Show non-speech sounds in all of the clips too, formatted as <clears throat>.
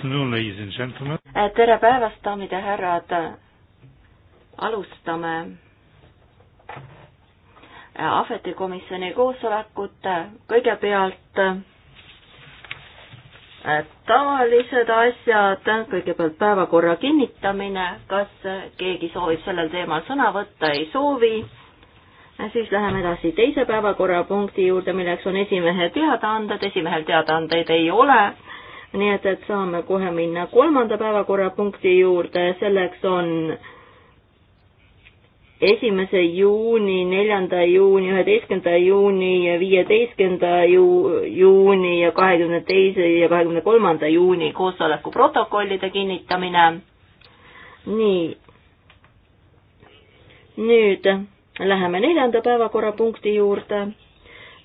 afternoon, ladies and gentlemen. Äh, tere päevast, daamid ja härrad. alustame äh, ahvetikomisjoni koosolekut. kõigepealt äh, tavalised asjad, kõigepealt päevakorra kinnitamine, kas keegi soovib sellel teemal sõna võtta, ei soovi. siis läheme edasi teise päevakorrapunkti juurde, milleks on esimehe teadaanded, esimehel teadaandeid ei ole nii et, et saame kohe minna kolmanda päevakorrapunkti juurde, selleks on esimese juuni, neljanda juuni, üheteistkümnenda juuni, viieteistkümnenda ju-, juuni ja kahekümne teise ja kahekümne kolmanda juuni koosoleku protokollide kinnitamine. nii. nüüd läheme neljanda päevakorrapunkti juurde,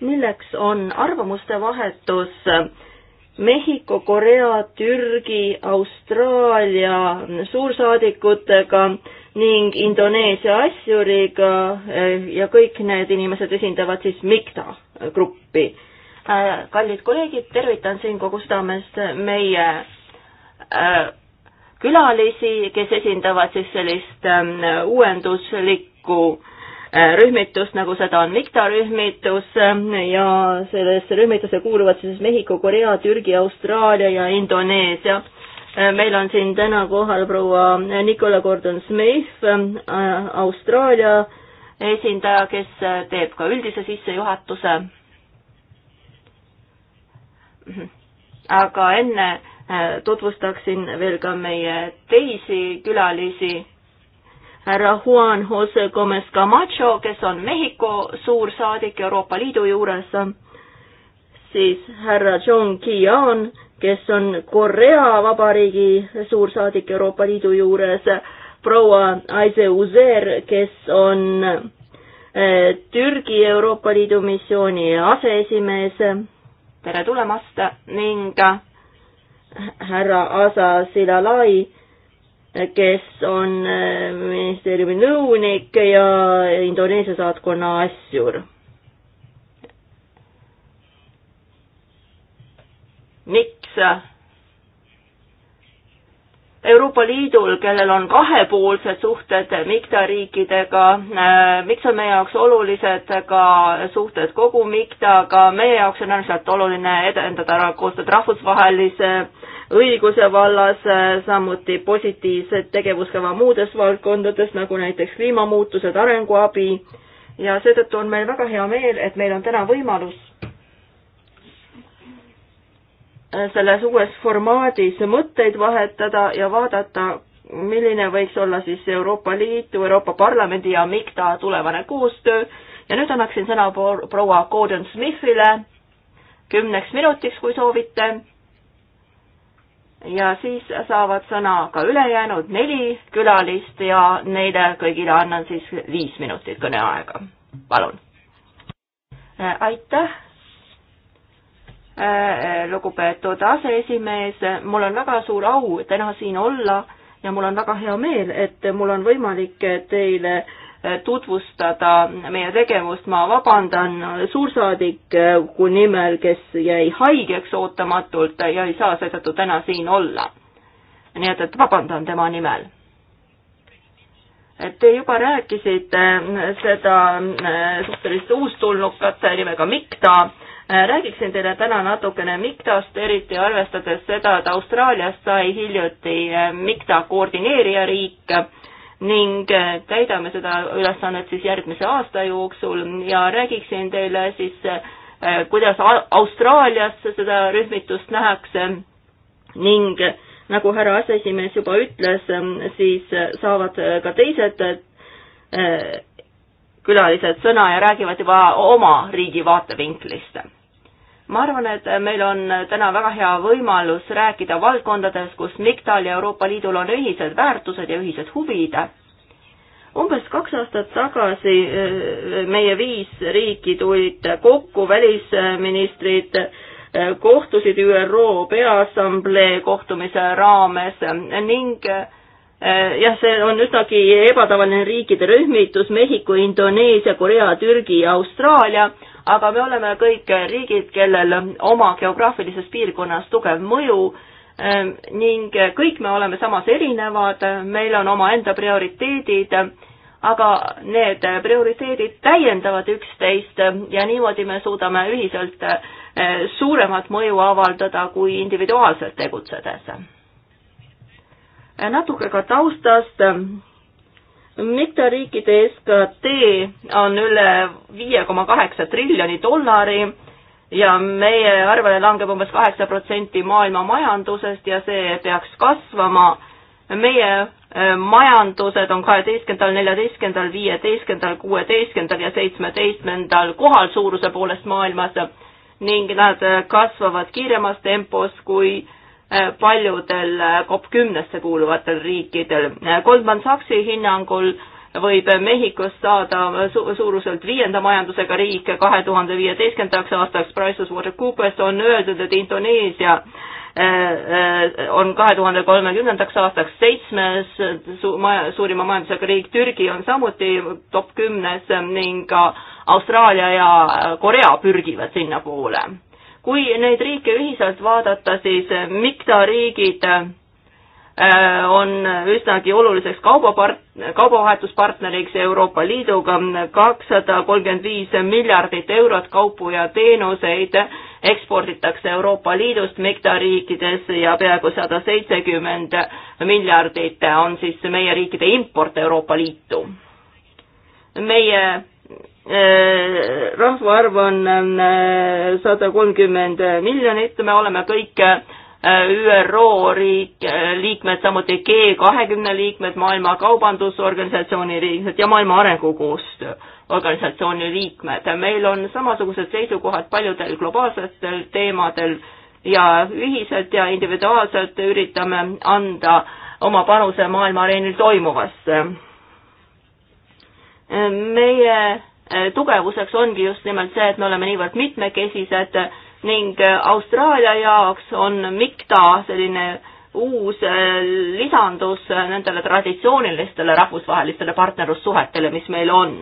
milleks on arvamuste vahetus Mehhiko, Korea, Türgi, Austraalia suursaadikutega ning Indoneesia asjuriga eh, ja kõik need inimesed esindavad siis MIGTA gruppi. Äh, kallid kolleegid, tervitan siin kogu südamest meie äh, külalisi, kes esindavad siis sellist ähm, uuenduslikku Äh, rühmitus, nagu seda on MIGTA rühmitus ähm, ja sellesse rühmitusse kuuluvad siis Mehhiko, Korea, Türgi, Austraalia ja Indoneesia. Äh, meil on siin täna kohal proua Nicola Gordon-Smith, ähm, äh, Austraalia esindaja, kes teeb ka üldise sissejuhatuse. aga enne tutvustaksin veel ka meie teisi külalisi härra Juan Jose Gomez Camacho, kes on Mehhiko suursaadik Euroopa Liidu juures, siis härra John Kian, kes on Korea Vabariigi suursaadik Euroopa Liidu juures, proua Aise Uzer, kes on eh, Türgi Euroopa Liidu missiooni aseesimees, tere tulemast, ning eh, härra Asa Silalai, kes on äh, ministeeriumi nõunik ja Indoneesia saatkonna asjur. miks Euroopa Liidul, kellel on kahepoolsed suhted MIGTA riikidega, äh, miks on meie jaoks olulised ka suhted kogu MIGTA-ga, meie jaoks on äärmiselt oluline edendada koostööd rahvusvahelise õiguse vallas, äh, samuti positiivset tegevuskava muudes valdkondades, nagu näiteks kliimamuutused, arenguabi ja seetõttu on meil väga hea meel, et meil on täna võimalus selles uues formaadis mõtteid vahetada ja vaadata, milline võiks olla siis Euroopa Liidu, Euroopa Parlamendi ja MIGTA tulevane koostöö ja nüüd annaksin sõna proua Gordon Smithile kümneks minutiks, kui soovite. ja siis saavad sõna ka ülejäänud neli külalist ja neile kõigile annan siis viis minutit kõneaega. palun. Äh, aitäh Äh, lugupeetud aseesimees, mul on väga suur au täna siin olla ja mul on väga hea meel, et mul on võimalik teile äh, tutvustada meie tegevust, ma vabandan suursaadiku äh, nimel, kes jäi haigeks ootamatult ja ei saa seetõttu täna siin olla. nii et, et vabandan tema nimel Te juba rääkisite seda suhtelist uustulnukat nimega Mikta Äh, räägiksin teile täna natukene MIGTA-st, eriti arvestades seda, et Austraaliast sai hiljuti äh, MIGTA koordineerija riik ning äh, täidame seda ülesannet siis järgmise aasta jooksul ja räägiksin teile siis, kuidas Austraalias seda rühmitust nähakse ning nagu härra aseesimees juba ütles, siis saavad ka teised külalised sõna ja räägivad juba oma riigi vaatevinklist. ma arvan, et meil on täna väga hea võimalus rääkida valdkondades, kus MIGTAL ja Euroopa Liidul on ühised väärtused ja ühised huvid. umbes kaks aastat tagasi eh, meie viis riiki tulid kokku, välisministrid eh, kohtusid ÜRO Peaassamblee kohtumise raames ning eh, Äh, jah, see on üsnagi ebatavaline riikide rühmitus, Mehhiko, Indoneesia, Korea, Türgi ja Austraalia, aga me oleme kõik riigid, kellel oma geograafilises piirkonnas tugev mõju ähm, ning kõik me oleme samas erinevad, meil on omaenda prioriteedid, aga need prioriteedid täiendavad üksteist ja niimoodi me suudame ühiselt äh, suuremat mõju avaldada kui individuaalselt tegutsedes natuke ka taustast. mitte riikide SKT on üle viie koma kaheksa triljoni dollari ja meie arvele langeb umbes kaheksa protsenti maailma majandusest ja see peaks kasvama. meie eh, majandused on kaheteistkümnendal, neljateistkümnendal, viieteistkümnendal, kuueteistkümnendal ja seitsmeteistkümnendal kohal suuruse poolest maailmas ning nad eh, kasvavad kiiremas tempos kui Äh, paljudel äh, COP kümnesse kuuluvatel riikidel. Äh, Goldman Sachsi hinnangul võib Mehhikost saada su suuruselt viienda majandusega riik kahe tuhande viieteistkümnendaks aastaks. PricewaterhouseCoopers on öeldud, et Indoneesia on kahe tuhande kolmekümnendaks aastaks seitsmes su maja, suurima majandusega riik, Türgi on samuti top kümnes ning ka Austraalia ja Korea pürgivad sinnapoole kui neid riike ühiselt vaadata, siis eh, mikta riigid eh, on üsnagi oluliseks kaubapart-, kaubavahetuspartneriks Euroopa Liiduga, kakssada kolmkümmend viis miljardit eurot kaupu ja teenuseid eksporditakse Euroopa Liidust mikta riikides ja peaaegu sada seitsekümmend miljardit on siis meie riikide import Euroopa Liitu. meie Äh, rahvaarv on ähm, äh, sada kolmkümmend miljonit, me oleme kõik äh, ÜRO riik, liikmed, samuti G kahekümne liikmed, Maailma Kaubandusorganisatsiooni liikmed ja Maailma Arengukoostöö organisatsiooni liikmed. meil on samasugused seisukohad paljudel globaalsetel teemadel ja ühiselt ja individuaalselt üritame anda oma panuse maailma areenil toimuvasse. meie Eh, tugevuseks ongi just nimelt see, et me oleme niivõrd mitmekesised ning eh, Austraalia jaoks on mikta selline uus eh, lisandus nendele traditsioonilistele rahvusvahelistele partnerlussuhetele, mis meil on.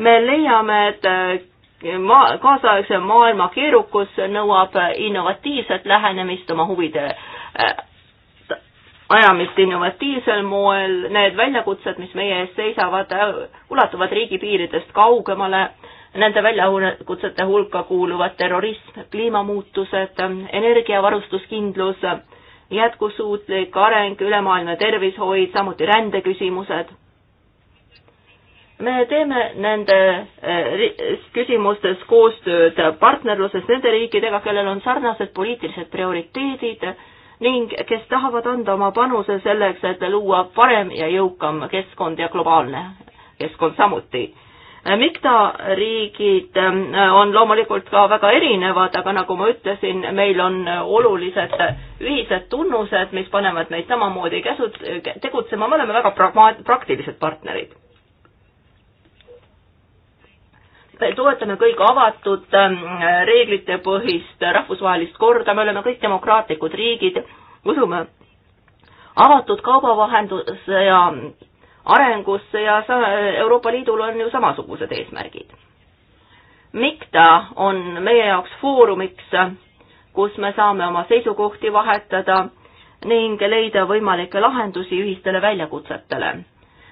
me leiame, et maa, kaasaegse maailma keerukus nõuab innovatiivset lähenemist oma huvide ajamist innovatiivsel moel, need väljakutsed, mis meie ees seisavad, ulatuvad riigipiiridest kaugemale, nende väljakutsete hulka kuuluvad terrorism, kliimamuutused, energiavarustuskindlus, jätkusuutlik areng, ülemaailmne tervishoid, samuti rändeküsimused me teeme nende eh, küsimustes koostööd partnerluses nende riikidega, kellel on sarnased poliitilised prioriteedid ning kes tahavad anda oma panuse selleks, et luua parem ja jõukam keskkond ja globaalne keskkond samuti. MIGTA riigid ähm, on loomulikult ka väga erinevad, aga nagu ma ütlesin, meil on olulised ühised tunnused, mis panevad meid samamoodi käsut-, tegutsema, me oleme väga pragma-, praktilised partnerid me toetame kõik avatud ähm, reeglitepõhist rahvusvahelist korda, me oleme kõik demokraatlikud riigid, usume avatud kaubavahendusse ja arengusse ja Euroopa Liidul on ju samasugused eesmärgid. MICTA on meie jaoks foorumiks, kus me saame oma seisukohti vahetada ning leida võimalikke lahendusi ühistele väljakutsetele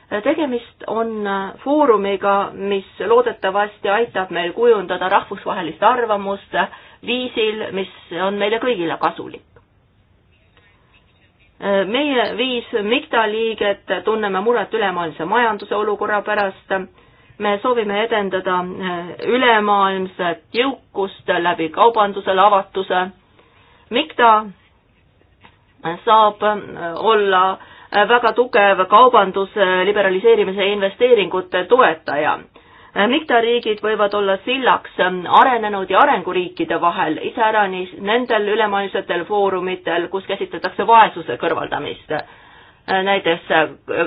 tegemist on foorumiga, mis loodetavasti aitab meil kujundada rahvusvahelist arvamust viisil, mis on meile kõigile kasulik. meie viis MIGTA liiget tunneme muret ülemaailmse majanduse olukorra pärast, me soovime edendada ülemaailmset jõukust läbi kaubandusele avatuse. MIGTA saab olla äh, Äh, väga tugev kaubanduse äh, liberaliseerimise ja investeeringute toetaja. Äh, MIGTA riigid võivad olla sillaks ähm, arenenud ja arenguriikide vahel, iseäranis nendel ülemaailmsetel foorumitel, kus käsitletakse vaesuse kõrvaldamist. näiteks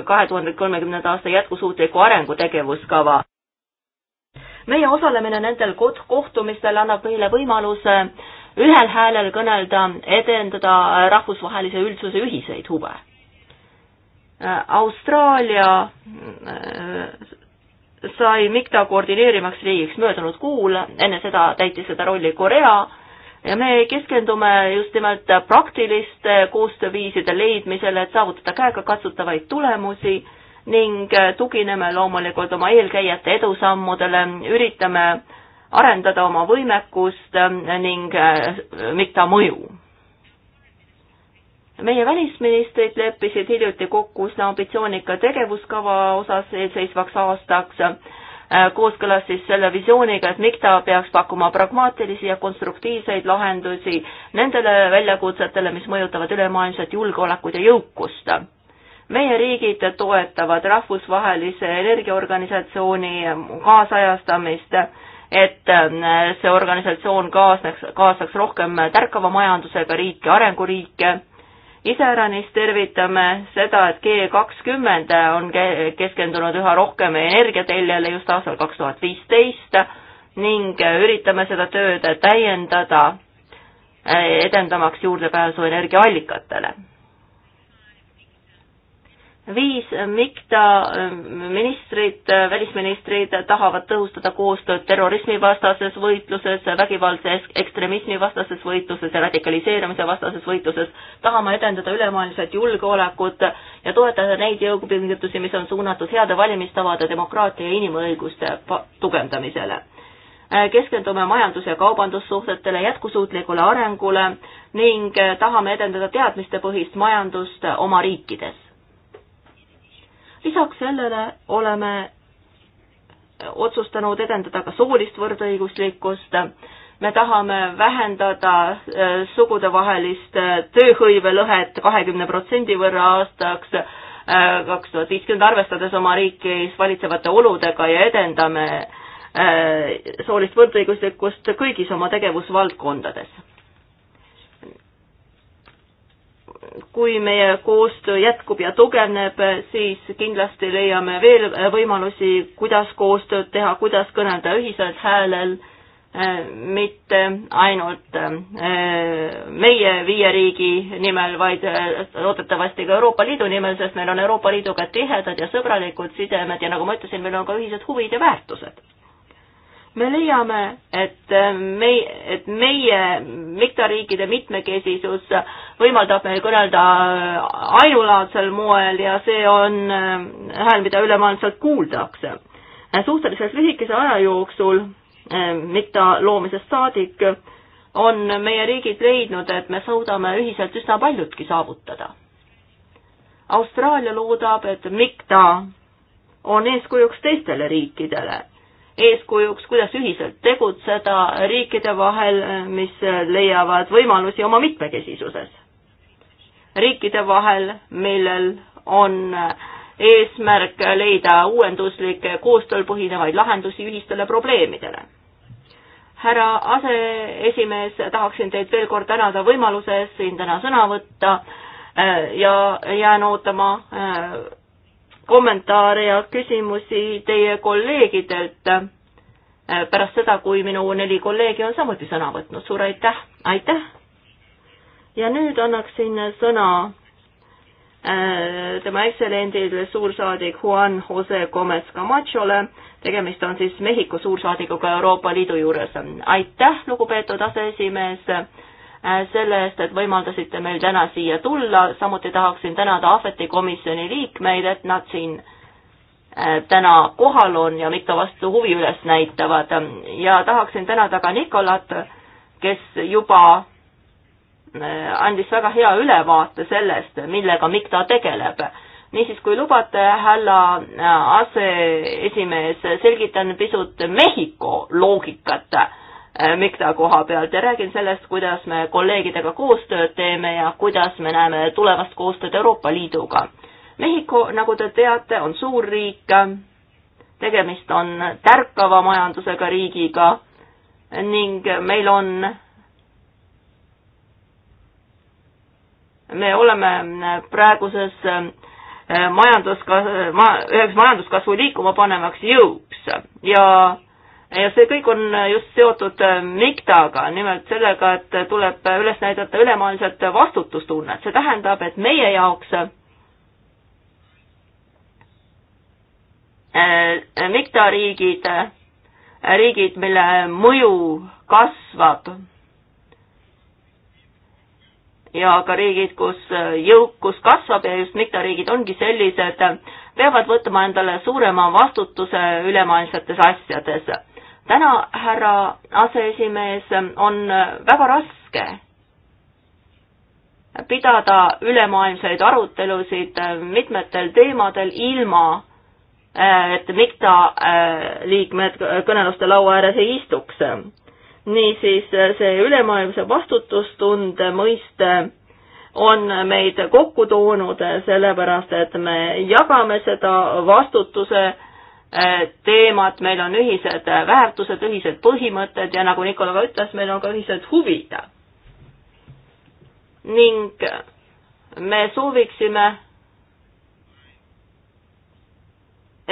kahe tuhande kolmekümnenda aasta jätkusuutliku arengu tegevuskava. meie osalemine nendel kohtumistel annab meile võimaluse ühel häälel kõnelda, edendada rahvusvahelise üldsuse ühiseid huve Äh, Austraalia äh, sai MIGTA koordineerimaks riigiks möödunud kuul, enne seda täitis seda rolli Korea ja me keskendume just nimelt praktiliste koostööviiside leidmisele, et saavutada käegakatsutavaid tulemusi ning tugineme loomulikult oma eelkäijate edusammudele, üritame arendada oma võimekust ning äh, MIGTA mõju meie välisministrid leppisid hiljuti kokku üsna ambitsioonika tegevuskava osas eelseisvaks aastaks, äh, kooskõlas siis selle visiooniga, et MIGTA peaks pakkuma pragmaatilisi ja konstruktiivseid lahendusi nendele väljakutsetele, mis mõjutavad ülemaailmset julgeolekut ja jõukust. meie riigid toetavad rahvusvahelise energiaorganisatsiooni kaasajastamist, et äh, see organisatsioon kaasneks, kaasaks rohkem tärkava majandusega riike, arenguriike iseäranis tervitame seda, et G kakskümmend on keskendunud üha rohkem energiateljele just aastal kaks tuhat viisteist ning üritame seda tööd täiendada, edendamaks juurdepääsu energiaallikatele viis, miks ta ähm, ministrid, äh, välisministrid tahavad tõhustada koostööd terrorismivastases võitluses, vägivaldse ekstremismi vastases võitluses ja radikaliseerumise vastases võitluses. tahame edendada ülemaailmset julgeolekut ja toetada neid jõupingutusi, mis on suunatud heade valimistavade, demokraatia ja inimõiguste tugevdamisele äh, keskendume majandus- ja kaubandussuhtetele, jätkusuutlikule arengule ning äh, tahame edendada teadmistepõhist majandust oma riikides lisaks sellele oleme otsustanud edendada ka soolist võrdõiguslikkust. me tahame vähendada äh, sugudevahelist äh, tööhõivelõhet kahekümne protsendi võrra aastaks äh, kaks tuhat viiskümmend, arvestades oma riikis valitsevate oludega ja edendame soolist võrdõiguslikkust kõigis oma tegevusvaldkondades kui meie koostöö jätkub ja tugevneb, siis kindlasti leiame veel võimalusi, kuidas koostööd teha, kuidas kõnelda ühisel häälel, eh, mitte ainult eh, meie viie riigi nimel, vaid eh, loodetavasti ka Euroopa Liidu nimel, sest meil on Euroopa Liiduga tihedad ja sõbralikud sidemed ja nagu ma ütlesin, meil on ka ühised huvid ja väärtused me leiame, et äh, me, et meie mikta riikide mitmekesisus võimaldab meil kõnelda äh, ainulaadsel moel ja see on äh, hääl, mida ülemaailmselt kuuldakse. suhteliselt lühikese aja jooksul mikta loomisest saadik on meie riigid leidnud, et me suudame ühiselt üsna paljutki saavutada. Austraalia loodab, et mikta on eeskujuks teistele riikidele eeskujuks, kuidas ühiselt tegutseda riikide vahel, mis leiavad võimalusi oma mitmekesisuses. riikide vahel, millel on eesmärk leida uuenduslikke koostööl põhinevaid lahendusi ühistele probleemidele. härra aseesimees, tahaksin teid veel kord tänada võimaluse eest siin täna sõna võtta äh, ja jään ootama äh, kommentaare ja küsimusi teie kolleegidelt äh, pärast seda, kui minu neli kolleegi on samuti sõna võtnud. suur aitäh, aitäh! ja nüüd annaksin sõna äh, tema ekstsellendile suursaadik Juan Jose Gomez Camachole. tegemist on siis Mehhiko suursaadikuga Euroopa Liidu juures. aitäh, lugupeetud aseesimees Äh, selle eest, et võimaldasite meil täna siia tulla, samuti tahaksin tänada Ahveti komisjoni liikmeid, et nad siin äh, täna kohal on ja mikka vastu huvi üles näitavad ja tahaksin tänada ka Nikolat, kes juba äh, andis väga hea ülevaate sellest, millega Mikta tegeleb. niisiis, kui lubate, härra aseesimees, selgitan pisut Mehhiko loogikat Äh, Mikta koha pealt ja räägin sellest, kuidas me kolleegidega koostööd teeme ja kuidas me näeme tulevast koostööd Euroopa Liiduga. Mehhiko, nagu te teate, on suur riik, tegemist on tärkava majandusega riigiga ning meil on, me oleme praeguses äh, majanduskasv, ma, üheks majanduskasvu liikuma panevaks jõuks ja ja see kõik on just seotud äh, MIGTA-ga, nimelt sellega, et tuleb üles näidata ülemaailmset vastutustunnet, see tähendab, et meie jaoks äh, MIGTA riigid, äh, riigid, mille mõju kasvab ja ka riigid, kus jõukus kasvab ja just MIGTA riigid ongi sellised, peavad võtma endale suurema vastutuse ülemaailmsetes asjades täna, härra aseesimees, on väga raske pidada ülemaailmseid arutelusid mitmetel teemadel ilma, et MIGTA äh, liikmed kõneluste laua ääres ei istuks. niisiis see ülemaailmse vastutustunde mõiste on meid kokku toonud, sellepärast et me jagame seda vastutuse Eh, teemat, meil on ühised eh, väärtused, ühised põhimõtted ja nagu Nikolai ka ütles, meil on ka ühised huvid. ning eh, me sooviksime,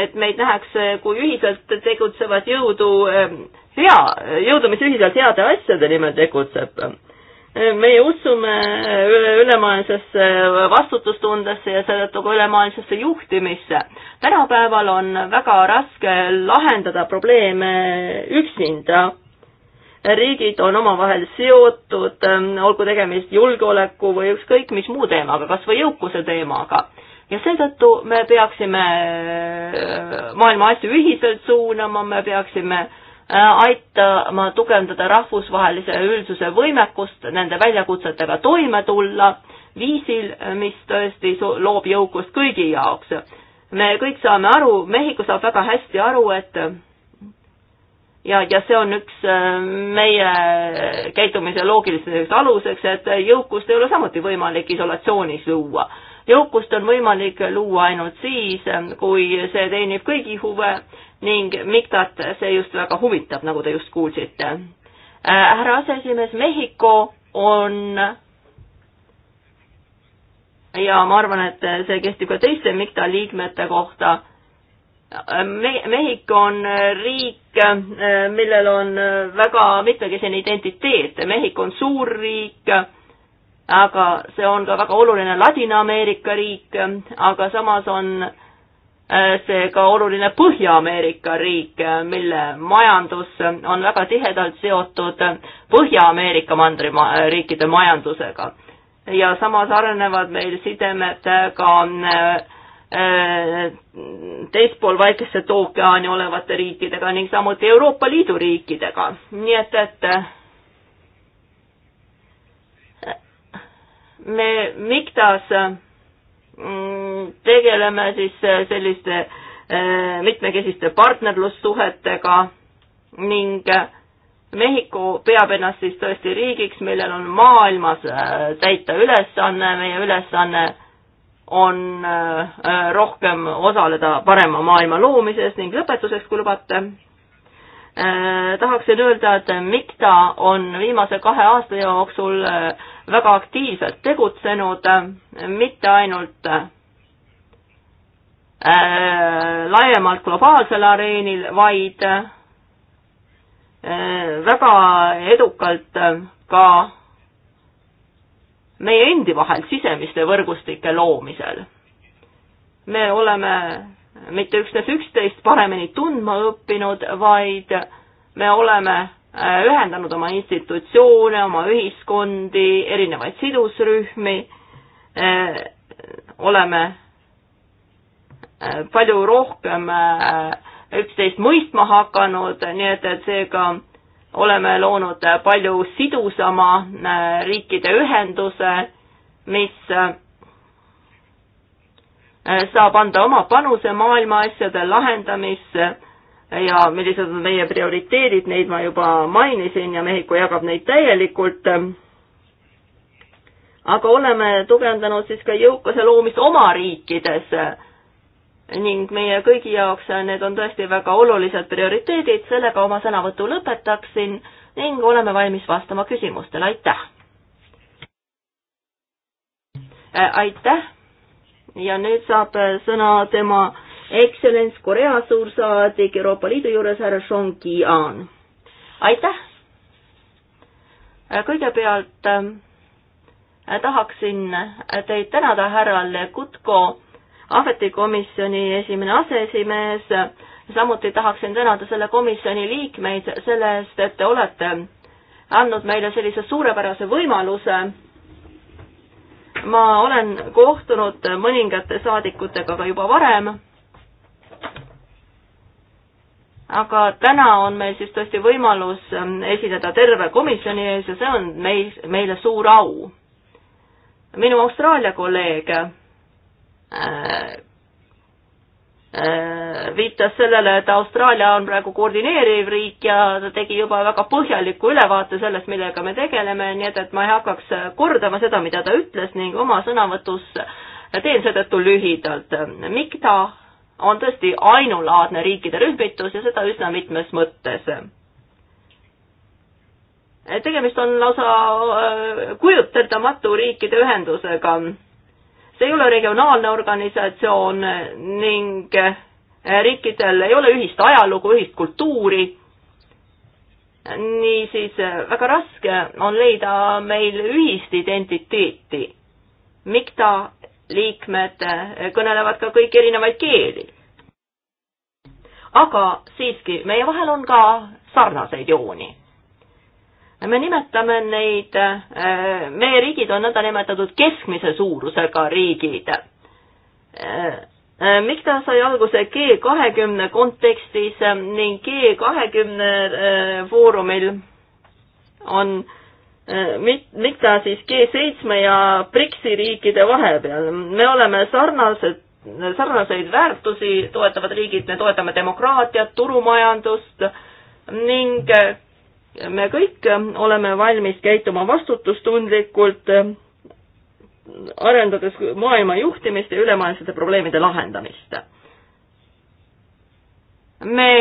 et meid nähakse kui ühiselt tegutsevat jõudu hea, jõudu, mis ühiselt heade asjade nimel tegutseb meie usume ülemaailmsesse vastutustundesse ja seetõttu ka ülemaailmsesse juhtimisse. tänapäeval on väga raske lahendada probleeme üksinda. riigid on omavahel seotud, olgu tegemist julgeoleku või ükskõik mis muu teemaga, kas või jõukuse teemaga. ja seetõttu me peaksime maailma asju ühiselt suunama, me peaksime äh, Äh, aitama tugevdada rahvusvahelise üldsuse võimekust nende väljakutsetega toime tulla viisil, mis tõesti loob jõukust kõigi jaoks. me kõik saame aru, Mehhiko saab väga hästi aru, et ja, ja see on üks äh, meie käitumise loogiliseks aluseks, et jõukust ei ole samuti võimalik isolatsioonis luua. jõukust on võimalik luua ainult siis, kui see teenib kõigi huve ning Miktat see just väga huvitab, nagu te just kuulsite. Äh, härra aseesimees, Mehhiko on ja ma arvan, et see kehtib ka teiste Mikta liikmete kohta äh, Me-, Mehhiko on riik, äh, millel on väga mitmekesine identiteet, Mehhiko on suur riik, aga see on ka väga oluline Ladina-Ameerika riik, aga samas on äh, Äh, seega oluline Põhja-Ameerika riik, äh, mille majandus on väga tihedalt seotud Põhja-Ameerika mandri äh, riikide majandusega. ja samas arenevad meil sidemed ka teispool Vaikset ookeani olevate riikidega ning samuti Euroopa Liidu riikidega, nii et, et me MIGTAS Mm, tegeleme siis äh, selliste äh, mitmekesiste partnerlussuhetega ning äh, Mehhiko peab ennast siis tõesti riigiks, millel on maailmas täita ülesanne, meie ülesanne on rohkem osaleda parema maailma loomises ning lõpetuseks, kui lubate, tahaksin öelda, et MIKTA on viimase kahe aasta jooksul väga aktiivselt tegutsenud, mitte ainult äh, laiemalt globaalsel areenil, vaid äh, väga edukalt ka meie endi vahel sisemiste võrgustike loomisel. me oleme mitte üksnes üksteist paremini tundma õppinud, vaid me oleme Äh, ühendanud oma institutsioone, oma ühiskondi, erinevaid sidusrühmi, äh, oleme äh, palju rohkem üksteist mõistma hakanud, nii et, et seega oleme loonud palju sidusama riikide ühenduse, mis saab anda oma panuse maailma asjade lahendamisse ja millised on meie prioriteedid, neid ma juba mainisin ja Mehhiko jagab neid täielikult. aga oleme tugevdanud siis ka jõukuse loomist oma riikides ning meie kõigi jaoks need on tõesti väga olulised prioriteedid, sellega oma sõnavõtu lõpetaksin ning oleme valmis vastama küsimustele, aitäh! aitäh ja nüüd saab sõna tema Excellence Korea suursaadik Euroopa Liidu juures, härra Sean Kian. aitäh! kõigepealt äh, tahaksin teid tänada, härra Kutko, ahvetikomisjoni esimene aseesimees, samuti tahaksin tänada selle komisjoni liikmeid selle eest, et te olete andnud meile sellise suurepärase võimaluse. ma olen kohtunud mõningate saadikutega ka juba varem aga täna on meil siis tõesti võimalus ähm, esineda terve komisjoni ees ja see on meil, meile suur au. minu Austraalia kolleeg äh, äh, viitas sellele, et Austraalia on praegu koordineeriv riik ja ta tegi juba väga põhjaliku ülevaate sellest, millega me tegeleme, nii et, et ma ei hakkaks äh, kordama seda, mida ta ütles ning oma sõnavõtus äh, teen seetõttu lühidalt. Mikta on tõesti ainulaadne riikide rühmitus ja seda üsna mitmes mõttes. tegemist on lausa äh, kujuteldamatu riikide ühendusega. see ei ole regionaalne organisatsioon ning äh, riikidel ei ole ühist ajalugu, ühist kultuuri niisiis äh, väga raske on leida meil ühist identiteeti. Mikta liikmed eh, kõnelevad ka kõik erinevaid keeli. aga siiski, meie vahel on ka sarnaseid jooni. me nimetame neid, eh, meie riigid on nõndanimetatud keskmise suurusega riigid. Eh, Mikta sai alguse G kahekümne kontekstis ning G kahekümne foorumil on äh, Äh, mit-, mida siis G7 ja BRICS-i riikide vahepeal. me oleme sarnased, sarnaseid väärtusi toetavad riigid, me toetame demokraatiat, turumajandust ning äh, me kõik oleme valmis käituma vastutustundlikult, äh, arendades maailma juhtimist ja ülemaailmsete probleemide lahendamist. me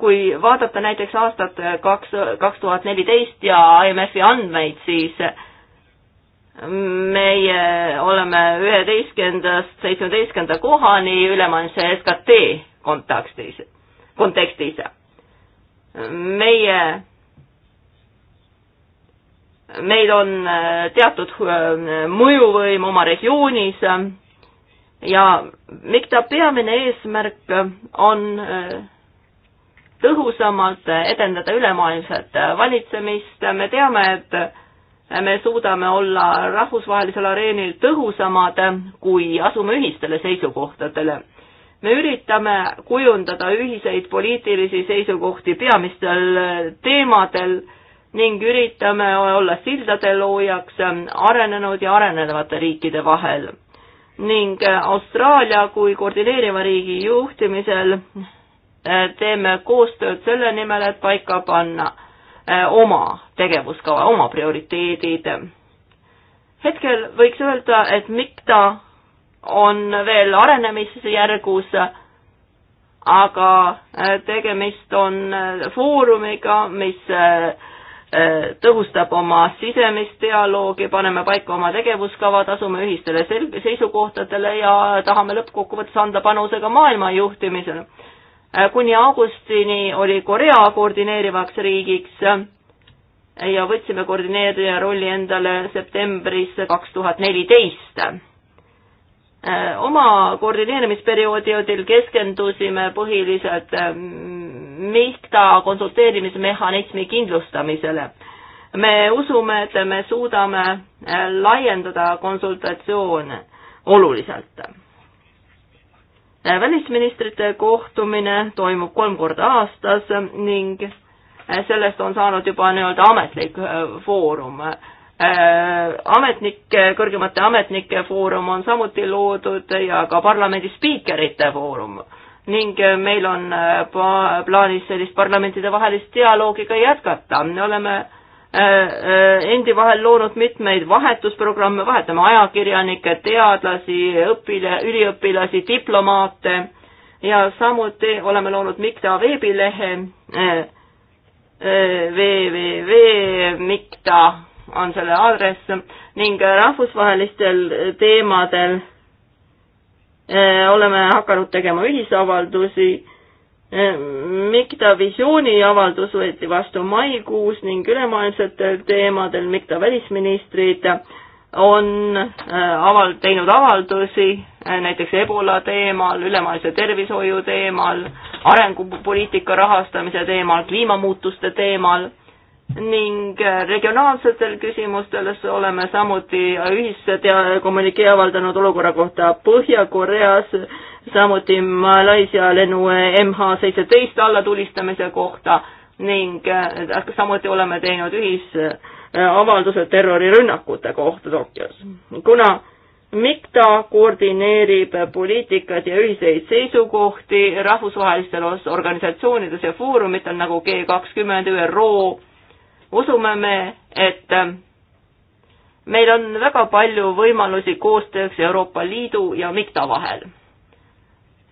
kui vaadata näiteks aastat äh, kaks, kaks tuhat neliteist ja IMF-i andmeid, siis meie oleme üheteistkümnendast seitsmeteistkümnenda kohani ülemaailmse SKT kontekstis, kontekstis. meie, meil on äh, teatud äh, mõjuvõim oma regioonis ja mida peamine eesmärk on tõhusamalt edendada ülemaailmset valitsemist, me teame, et me suudame olla rahvusvahelisel areenil tõhusamad, kui asume ühistele seisukohtadele. me üritame kujundada ühiseid poliitilisi seisukohti peamistel teemadel ning üritame olla sildade loojaks arenenud ja arenevate riikide vahel. ning Austraalia kui koordineeriva riigi juhtimisel Äh, teeme koostööd selle nimel, et paika panna äh, oma tegevuskava, oma prioriteedid. hetkel võiks öelda, et MIKTA on veel arenemisjärgus, aga äh, tegemist on foorumiga, mis tõhustab oma sisemist dialoogi, paneme paika oma tegevuskavad, asume ühistele seisukohtadele ja tahame lõppkokkuvõttes anda panuse ka maailma juhtimisele Äh, kuni augustini oli Korea koordineerivaks riigiks äh, ja võtsime koordineerija rolli endale septembris kaks tuhat neliteist. Äh, oma koordineerimisperioodil keskendusime põhiliselt MIHTA konsulteerimismehhanismi kindlustamisele. me usume, et me suudame laiendada konsultatsioone oluliselt Äh, välisministrite kohtumine toimub kolm korda aastas ning äh, sellest on saanud juba nii-öelda ametlik äh, foorum. Ametnike, kõrgemate ametnike foorum on samuti loodud ja ka parlamendi spiikerite foorum ning meil on plaanis sellist parlamentidevahelist dialoogi ka jätkata, me oleme äh, Äh, äh, endi vahel loonud mitmeid vahetusprogramme, vahetame ajakirjanikke, teadlasi, õpile, üliõpilasi, diplomaate ja samuti oleme loonud MIKTA veebilehe äh, www.mikta on selle aadress ning rahvusvahelistel teemadel oleme hakanud tegema ühisavaldusi Ehm, Mikta visiooni avaldus võeti vastu maikuus ning ülemaailmsetel teemadel Mikta välisministrid on äh, aval-, teinud avaldusi äh, näiteks Ebola teemal, ülemaailmse tervishoiu teemal, arengupoliitika rahastamise teemal, kliimamuutuste teemal ning äh, regionaalsetel küsimustel oleme samuti ühistea-, kommünikee avaldanud olukorra kohta Põhja-Koreas, samuti Malaisia lennu MH seitseteist allatulistamise kohta ning äh, samuti oleme teinud ühisavalduse äh, terrorirünnakute kohta Tokyos. kuna MIKTA koordineerib poliitikat ja ühiseid seisukohti rahvusvahelistes organisatsioonides ja foorumitel nagu G kakskümmend, ÜRO, usume me, et ähm, meil on väga palju võimalusi koostööks Euroopa Liidu ja MIGTA vahel.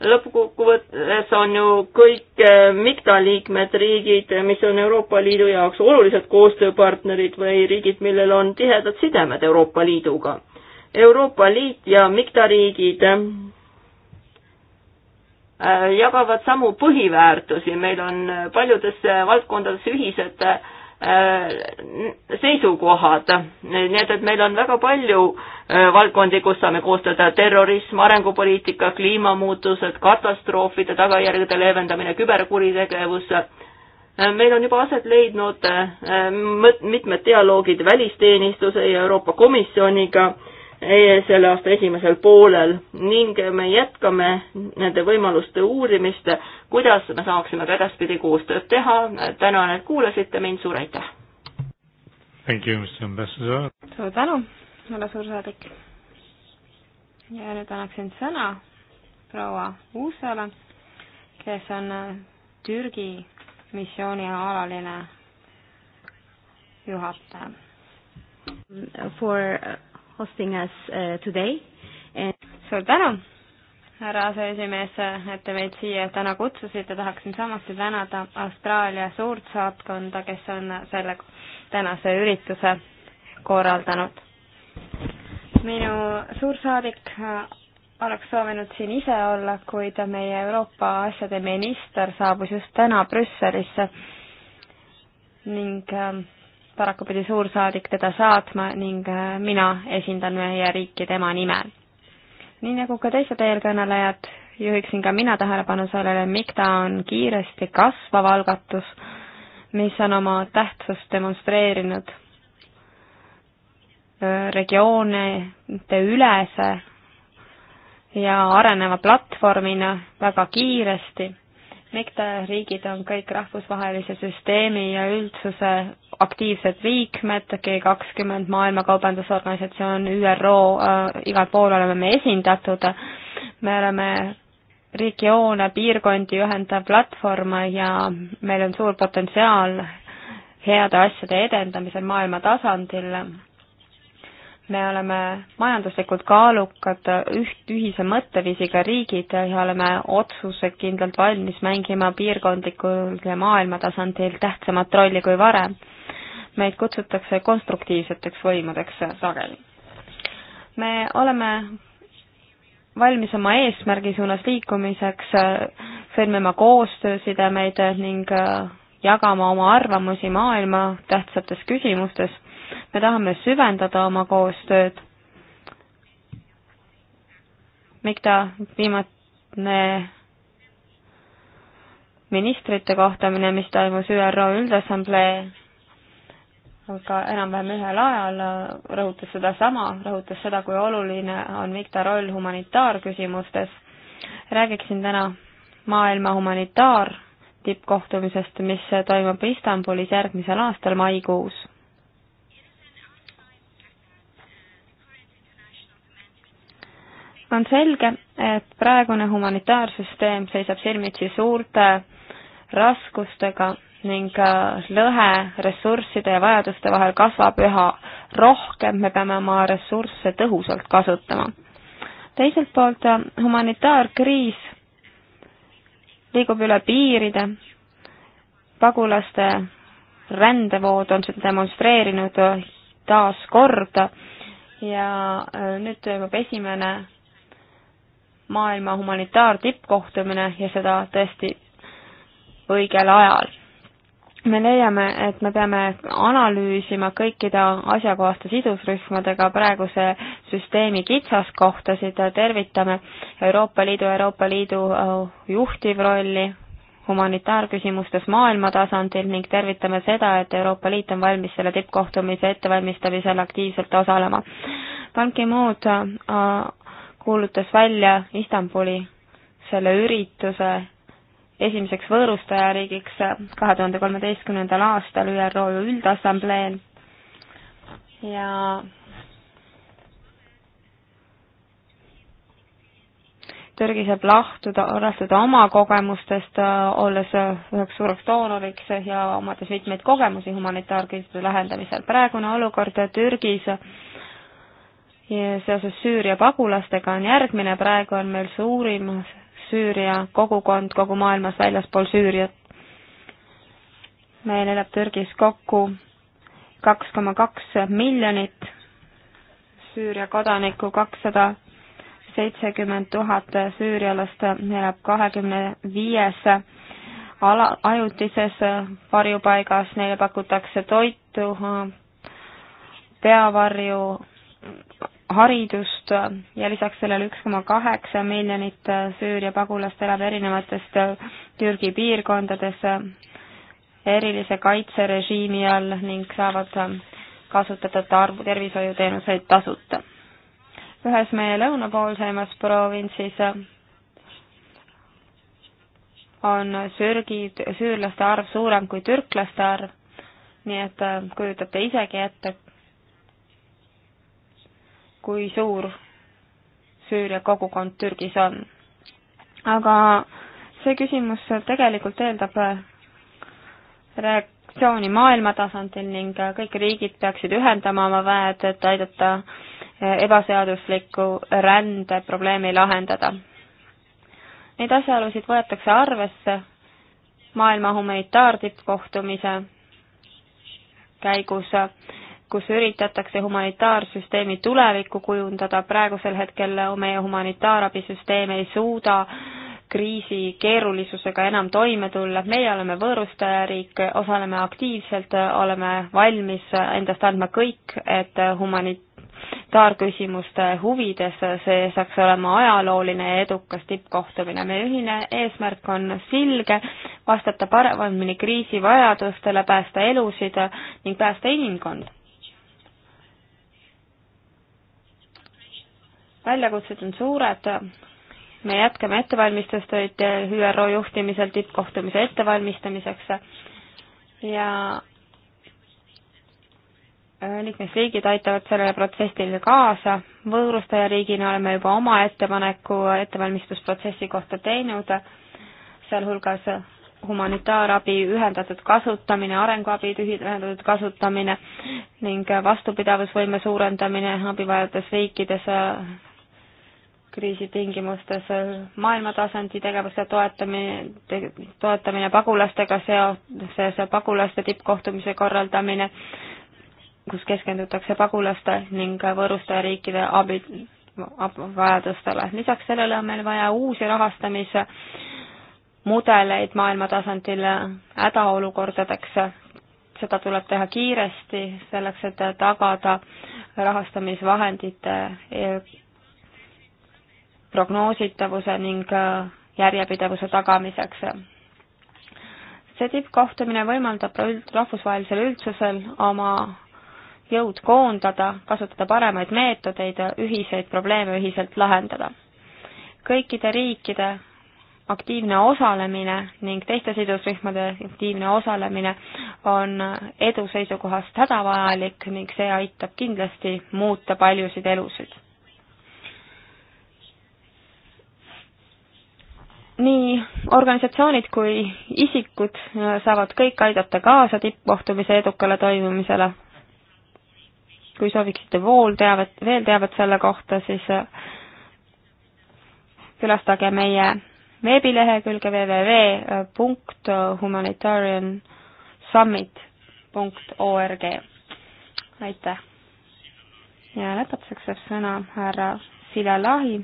lõppkokkuvõttes on ju kõik äh, MIGTA liikmed riigid, mis on Euroopa Liidu jaoks olulised koostööpartnerid või riigid, millel on tihedad sidemed Euroopa Liiduga. Euroopa Liit ja MIGTA riigid äh, jagavad samu põhiväärtusi, meil on äh, paljudes valdkondades ühised äh, Äh, seisukohad, nii et, et meil on väga palju äh, valdkondi, kus saame koostada terrorism, arengupoliitika, kliimamuutused, katastroofide tagajärgede leevendamine, küberkuritegevus. Äh, meil on juba aset leidnud mitmed dialoogid välisteenistuse ja Euroopa Komisjoniga selle aasta esimesel poolel ning me jätkame nende võimaluste uurimist, kuidas me saaksime ka edaspidi koostööd teha. tänan, et kuulasite mind, suur aitäh! suur tänu, härra suursaadik! ja nüüd annaksin sõna proua Uusale, kes on äh, Türgi missiooni alaline juhataja. For hosting us uh, today and.... suur tänu, härra aseesimees, et te meid siia täna kutsusite, tahaksin samuti tänada Austraalia suurt saatkonda, kes on selle tänase ürituse korraldanud. minu suursaadik äh, oleks soovinud siin ise olla, kuid meie Euroopa asjade minister saabus just täna Brüsselisse ning ähm, paraku pidi suursaadik teda saatma ning äh, mina esindan meie riiki tema nimel. nii nagu ka teised eelkõnelejad, juhiksin ka mina tähelepanu sellele, MIGTA on kiiresti kasvav algatus, mis on oma tähtsust demonstreerinud äh, regioonide ülese ja areneva platvormina väga kiiresti mitte riigid on kõik rahvusvahelise süsteemi ja üldsuse aktiivsed liikmed, G kakskümmend, Maailma Kaubandusorganisatsioon, ÜRO äh,, igal pool oleme me esindatud, me oleme regioone, piirkondi ühendav platvorm ja meil on suur potentsiaal heade asjade edendamisel maailma tasandil me oleme majanduslikult kaalukad üht, ühise mõtteviisiga riigid ja oleme otsusekindlalt valmis mängima piirkondlikul ja maailmatasandil tähtsamat rolli kui varem. meid kutsutakse konstruktiivseteks võimudeks sageli. me oleme valmis oma eesmärgi suunas liikumiseks, sõlmima koostöösidemeid ning jagama oma arvamusi maailma tähtsates küsimustes me tahame süvendada oma koostööd. Mikta viimane ministrite kohtumine, mis toimus ÜRO Üldassamblee aga enam-vähem ühel ajal rõhutas sedasama, rõhutas seda, kui oluline on Mikta roll humanitaarküsimustes. räägiksin täna maailma humanitaar tippkohtumisest, mis toimub Istanbulis järgmisel aastal maikuus. on selge, et praegune humanitaarsüsteem seisab silmitsi suurte raskustega ning äh, lõhe ressursside ja vajaduste vahel kasvab üha rohkem, me peame oma ressursse tõhusalt kasutama. teiselt poolt äh, humanitaarkriis liigub üle piiride, pagulaste rändevood on seda demonstreerinud taas kord ja äh, nüüd toimub esimene maailma humanitaartippkohtumine ja seda tõesti õigel ajal. me leiame, et me peame analüüsima kõikide asjakohaste sidusrühmadega praeguse süsteemi kitsaskohtasid, tervitame Euroopa Liidu, Euroopa Liidu äh, juhtivrolli humanitaarküsimustes maailma tasandil ning tervitame seda, et Euroopa Liit on valmis selle tippkohtumise ettevalmistamisel aktiivselt osalema. Ban Ki-mood äh, kuulutas välja Istanbuli selle ürituse esimeseks võõrustajariigiks kahe tuhande kolmeteistkümnendal aastal ÜRO Üldassambleel ja Türgi saab lahtuda, lähtuda oma kogemustest, olles üheks suureks doonoriks ja omades mitmeid kogemusi humanitaarkriiside lahendamisel. praegune olukord Türgis seoses Süüria pagulastega on järgmine, praegu on meil suurim Süüria kogukond kogu maailmas väljaspool Süüriat. meil elab Türgis kokku kaks koma kaks miljonit Süüria kodanikku, kakssada seitsekümmend tuhat süürialast elab kahekümne viies ala, ajutises varjupaigas, neile pakutakse toitu, peavarju, haridust äh, ja lisaks sellele üks koma kaheksa miljonit äh, Süüria pagulast elab erinevatest äh, Türgi piirkondades erilise kaitserežiimi all ning saavad kasutada arvu tervishoiuteenuseid tasuta. ühes meie lõunapoolseimas provintsis on sürgid, süürlaste arv suurem kui türklaste arv, nii et kujutate isegi ette, kui suur Süüria kogukond Türgis on. aga see küsimus tegelikult eeldab äh, reaktsiooni maailma tasandil ning äh, kõik riigid peaksid ühendama oma väed, et aidata äh, ebaseadusliku rände probleemi lahendada. Neid asjaolusid võetakse arvesse maailma humanitaartippkohtumise käigus kus üritatakse humanitaarsüsteemi tulevikku kujundada, praegusel hetkel meie humanitaarabisüsteem ei suuda kriisi keerulisusega enam toime tulla, meie oleme võõrustajariik, osaleme aktiivselt, oleme valmis endast andma kõik, et humanitaarküsimuste huvides see saaks olema ajalooline ja edukas tippkohtumine. meie ühine eesmärk on selge, vastata paremini kriisi vajadustele, päästa elusid ning päästa inimkond. väljakutsed on suured, me jätkame ettevalmistustöid ÜRO juhtimisel tippkohtumise ettevalmistamiseks ja liikmesriigid aitavad sellele protsessile kaasa, võõrustajariigina oleme juba oma ettepaneku ettevalmistusprotsessi kohta teinud, sealhulgas humanitaarabi ühendatud kasutamine, arenguabi ühendatud kasutamine ning vastupidavusvõime suurendamine abivajajates riikides kriisitingimustes maailmatasandi tegevuste toetamine te,, toetamine pagulastega seoses, pagulaste tippkohtumise korraldamine, kus keskendutakse pagulaste ning võõrustajariikide abi, vajadustele. lisaks sellele on meil vaja uusi rahastamise mudeleid maailma tasandil hädaolukordadeks. seda tuleb teha kiiresti, selleks et tagada rahastamisvahendite prognoositavuse ning äh, järjepidevuse tagamiseks. see tippkohtumine võimaldab rahvusvahelisel üldsusel oma jõud koondada, kasutada paremaid meetodeid, ühiseid probleeme ühiselt lahendada. kõikide riikide aktiivne osalemine ning teiste sidusrühmade aktiivne osalemine on edu seisukohast hädavajalik ning see aitab kindlasti muuta paljusid elusid. nii organisatsioonid kui isikud äh, saavad kõik aidata kaasa tippkohtumise edukale toimumisele. kui sooviksite vool teavet, veel teavet selle kohta, siis äh, külastage meie veebilehekülge www.humanitariansummit.org. aitäh! ja lõpetuseks saab sõna härra Sila Lahi,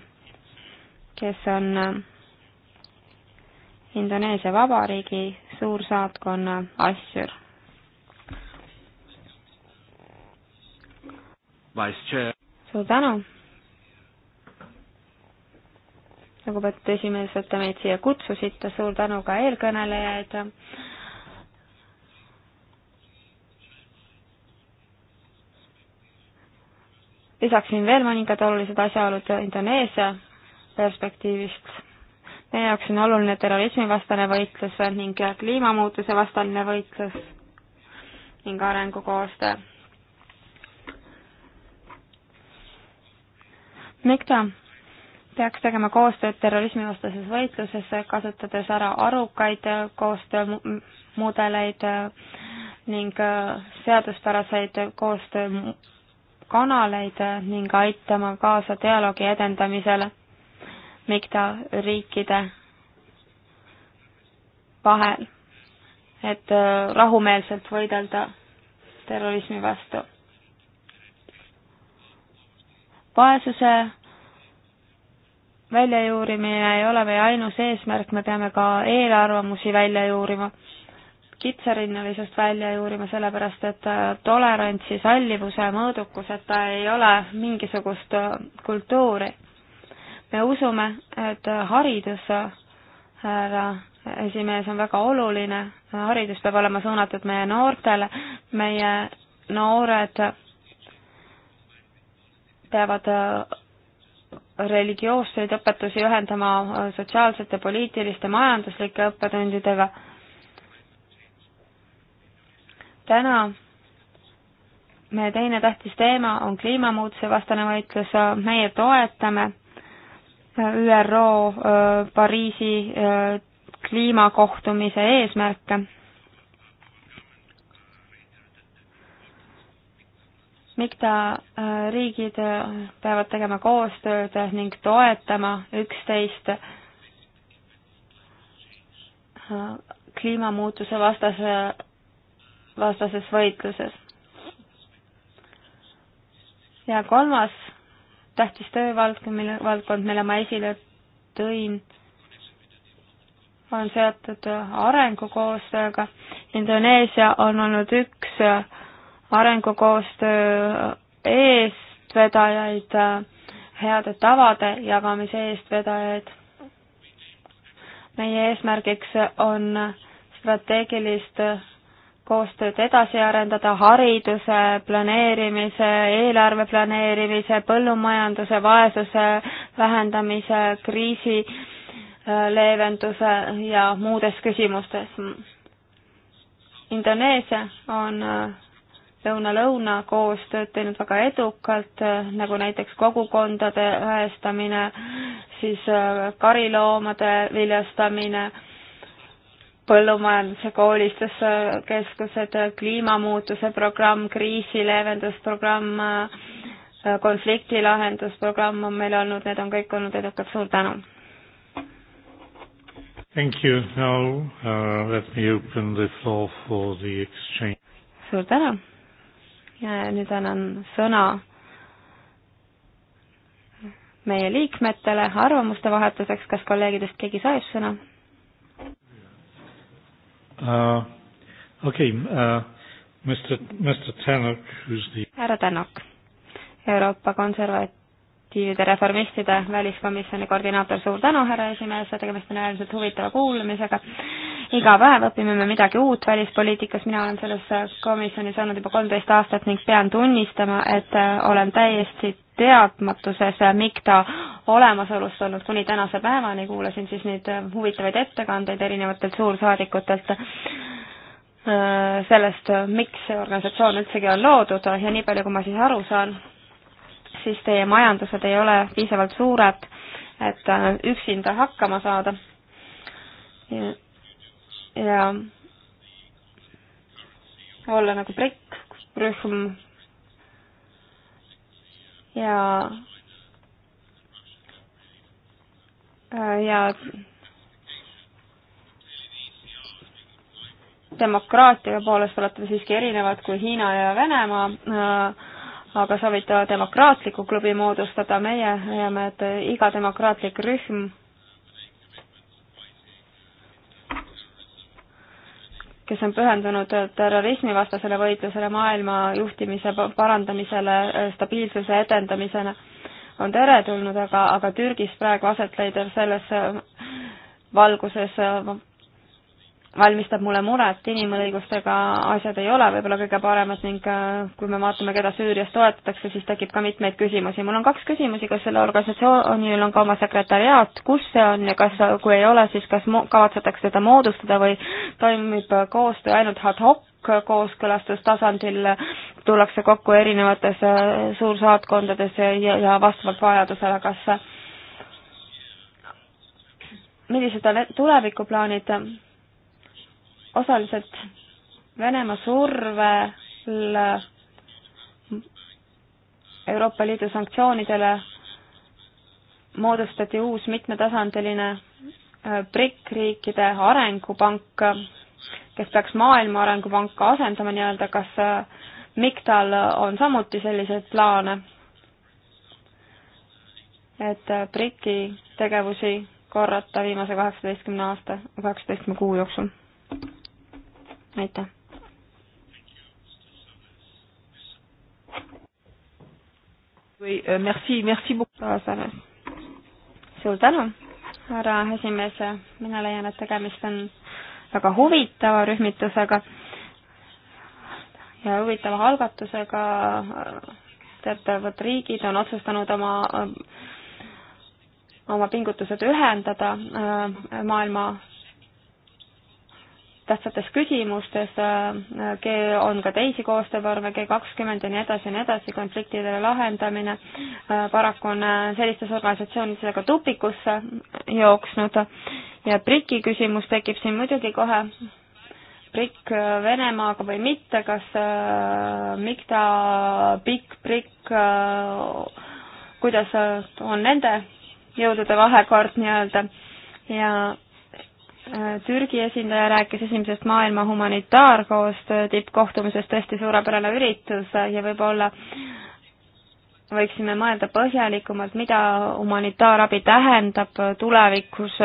kes on äh, Indoneesia Vabariigi suursaatkonna asjur. suur tänu! lugupeetud esimees, et te meid siia kutsusite, suur tänu ka eelkõnelejaid. lisaksin veel mõningad olulised asjaolud Indoneesia perspektiivist meie jaoks on oluline terrorismivastane võitlus ning kliimamuutuse vastaline võitlus ning arengukoostöö. Mikta peaks tegema koostööd terrorismivastases võitluses, kasutades ära arukaid koostöömudeleid ning seaduspäraseid koostöökanaleid ning aitama kaasa dialoogi edendamisele mikta riikide vahel, et äh, rahumeelselt võidelda terrorismi vastu. vaesuse väljajuurimine ei ole meie ainus eesmärk, me peame ka eelarvamusi välja juurima, kitsarinnalisust välja juurima, sellepärast et äh, tolerantsi, sallivuse mõõdukuseta ei ole mingisugust äh, kultuuri me usume, et haridus, härra esimees, on väga oluline, haridus peab olema suunatud meie noortele, meie noored peavad religioosseid õpetusi ühendama sotsiaalsete, poliitiliste, majanduslike õppetundidega. täna meie teine tähtis teema on kliimamuutuse vastane võitlus, meie toetame ÜRO Pariisi kliimakohtumise eesmärke. mikta riigid peavad tegema koostööd ning toetama üksteist kliimamuutuse vastase, vastases võitluses. ja kolmas tähtis töövaldkond, mille, valdkond, mille ma esile tõin, on seotud arengukoostööga. Indoneesia on olnud üks arengukoostöö eestvedajaid, heade tavade jagamise eestvedajaid. meie eesmärgiks on strateegilist koostööd edasi arendada hariduse planeerimise, eelarve planeerimise, põllumajanduse, vaesuse vähendamise, kriisi äh, leevenduse ja muudes küsimustes. Indoneesia on äh, lõuna-lõuna koostööd teinud väga edukalt, äh, nagu näiteks kogukondade õestamine, siis kariloomade viljastamine põllumajanduse koolituskeskused, kliimamuutuse programm, kriisileevendusprogramm, konflikti lahendusprogramm on meil olnud, need on kõik olnud edukad, suur tänu! Thank you. Now, uh, let me open the floor for the exchange. Suur tänu! Ja nüüd annan sõna meie liikmetele arvamuste vahetuseks. Kas kolleegidest keegi sai sõna? uh,. okei okay, uh,, Mr, Mr Tänak, who's the härra Tänak, Euroopa konservatiivide reformistide väliskomisjoni koordinaator, suur tänu, härra esimees, tegemist on äärmiselt huvitava kuulamisega iga päev õpime me midagi uut välispoliitikas, mina olen selles komisjonis olnud juba kolmteist aastat ning pean tunnistama, et äh, olen täiesti teadmatuses äh, MIGTA olemasolust olnud kuni tänase päevani, kuulasin siis neid äh, huvitavaid ettekandeid erinevatelt suursaadikutelt sellest, miks see organisatsioon üldsegi on loodud ja nii palju, kui ma siis aru saan, siis teie majandused ei ole piisavalt suured, et üksinda hakkama saada ja olla nagu brekkrühm ja äh, ja demokraatia poolest olete siiski erinevad kui Hiina ja Venemaa, äh, aga soovite demokraatliku klubi moodustada, meie leiame, et iga demokraatlik rühm kes on pühendunud terrorismivastasele võitlusele, maailma juhtimise parandamisele, stabiilsuse edendamisele, on teretulnud, aga, aga Türgis praegu aset leidev selles valguses valmistab mulle muret, inimõigustega asjad ei ole võib-olla kõige paremad ning äh, kui me vaatame, keda Süürias toetatakse, siis tekib ka mitmeid küsimusi. mul on kaks küsimusi, kas sellel organisatsioonil on ka oma sekretäriaat, kus see on ja kas, kui ei ole, siis kas kavatsetakse seda moodustada või toimib koostöö ainult ad hoc kooskõlastustasandil, tullakse kokku erinevates äh, suursaatkondades ja, ja vastavalt vajadusele, kas millised on tulevikuplaanid osaliselt Venemaa survel Euroopa Liidu sanktsioonidele moodustati uus mitmetasandiline äh, BRIC riikide arengupank, kes peaks Maailma Arengupanka asendama nii-öelda, kas äh, MIGTAL on samuti selliseid plaane, et äh, BRIC-i tegevusi korrata viimase kaheksateistkümne aasta, kaheksateistkümne kuu jooksul? aitäh. või euh, merci, merci beaucoup. suur tänu, härra esimees, mina leian, et tegemist on väga huvitava rühmitusega ja huvitava algatusega. teatavad riigid on otsustanud oma, oma pingutused ühendada äh, maailma tähtsates küsimustes, äh, on ka teisi koostöövorme, G kakskümmend ja nii edasi ja nii edasi, konfliktide lahendamine, äh, paraku on äh, sellistes organisatsioonides ka tupikusse jooksnud ja BRIC-i küsimus tekib siin muidugi kohe, BRIC Venemaaga või mitte, kas MIGTA, BIC, BRIC, kuidas on nende jõudude vahekord nii-öelda ja Türgi esindaja rääkis esimesest maailma humanitaarkoostöö tippkohtumisest, tõesti suurepärane üritus ja võib-olla võiksime mõelda põhjalikumalt, mida humanitaarabi tähendab tulevikus.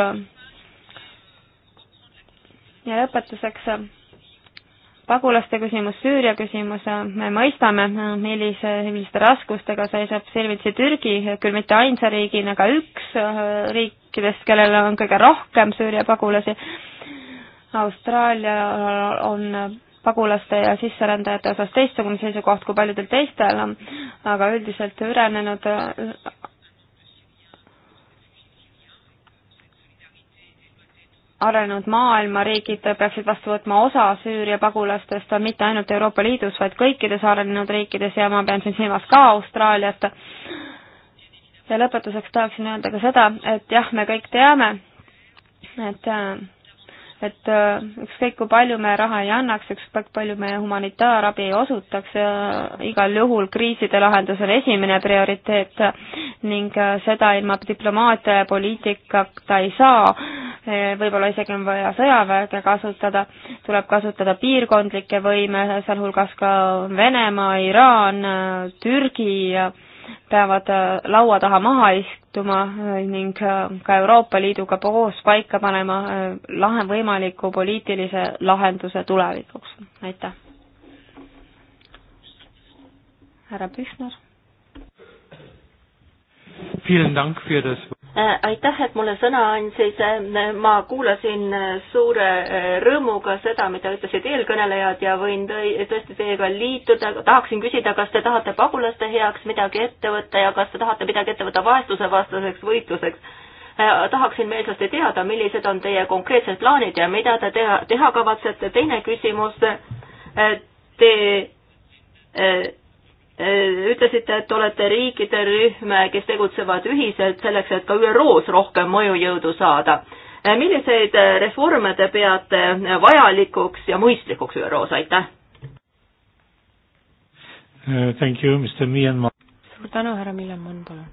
ja lõpetuseks pagulaste küsimus, Süüria küsimus, me mõistame, millise, milliste raskustega seisab silmitsi Türgi, küll mitte ainsa riigina, aga üks äh, riikidest, kellel on kõige rohkem Süüria pagulasi. Austraalia on pagulaste ja sisserändajate osas teistsugune seisukoht kui paljudel teistel, aga üldiselt ürenenud arenenud maailma riigid peaksid vastu võtma osa Süüria pagulastest, mitte ainult Euroopa Liidus, vaid kõikides arenenud riikides ja ma pean siin silmas ka Austraaliat. ja lõpetuseks tahaksin öelda ka seda, et jah, me kõik teame, et äh, et äh, ükskõik kui palju me raha ei annaks, ükskõik palju me humanitaarabi ei osutaks, äh, igal juhul kriiside lahendus on esimene prioriteet ning äh, seda ilma diplomaatia ja poliitikata ei saa. võib-olla isegi on vaja sõjaväge kasutada, tuleb kasutada piirkondlikke võime, sealhulgas ka Venemaa, Iraan, Türgi ja peavad äh, laua taha maha istuma äh, ning äh, ka Euroopa Liiduga koos paika panema lahe, võimaliku poliitilise lahenduse tulevikuks. aitäh. härra Pühner. Äh, aitäh, et mulle sõna andsid. Äh, ma kuulasin äh, suure rõõmuga seda, mida ütlesid eelkõnelejad ja võin tõesti teiega liituda. tahaksin küsida, kas te tahate pagulaste heaks midagi ette võtta ja kas te tahate midagi ette võtta vaesusevastaseks võitluseks? tahaksin meelsasti teada, millised on teie konkreetsed plaanid ja mida te teha, teha kavatsete. teine küsimus. Te ütlesite, et olete riikide rühm, kes tegutsevad ühiselt selleks, et ka ÜRO-s rohkem mõjujõudu saada. milliseid reforme te peate vajalikuks ja mõistlikuks ÜRO-s, aitäh uh,! Thank you, Mr Myanmar. suur tänu, härra Millemann, palun.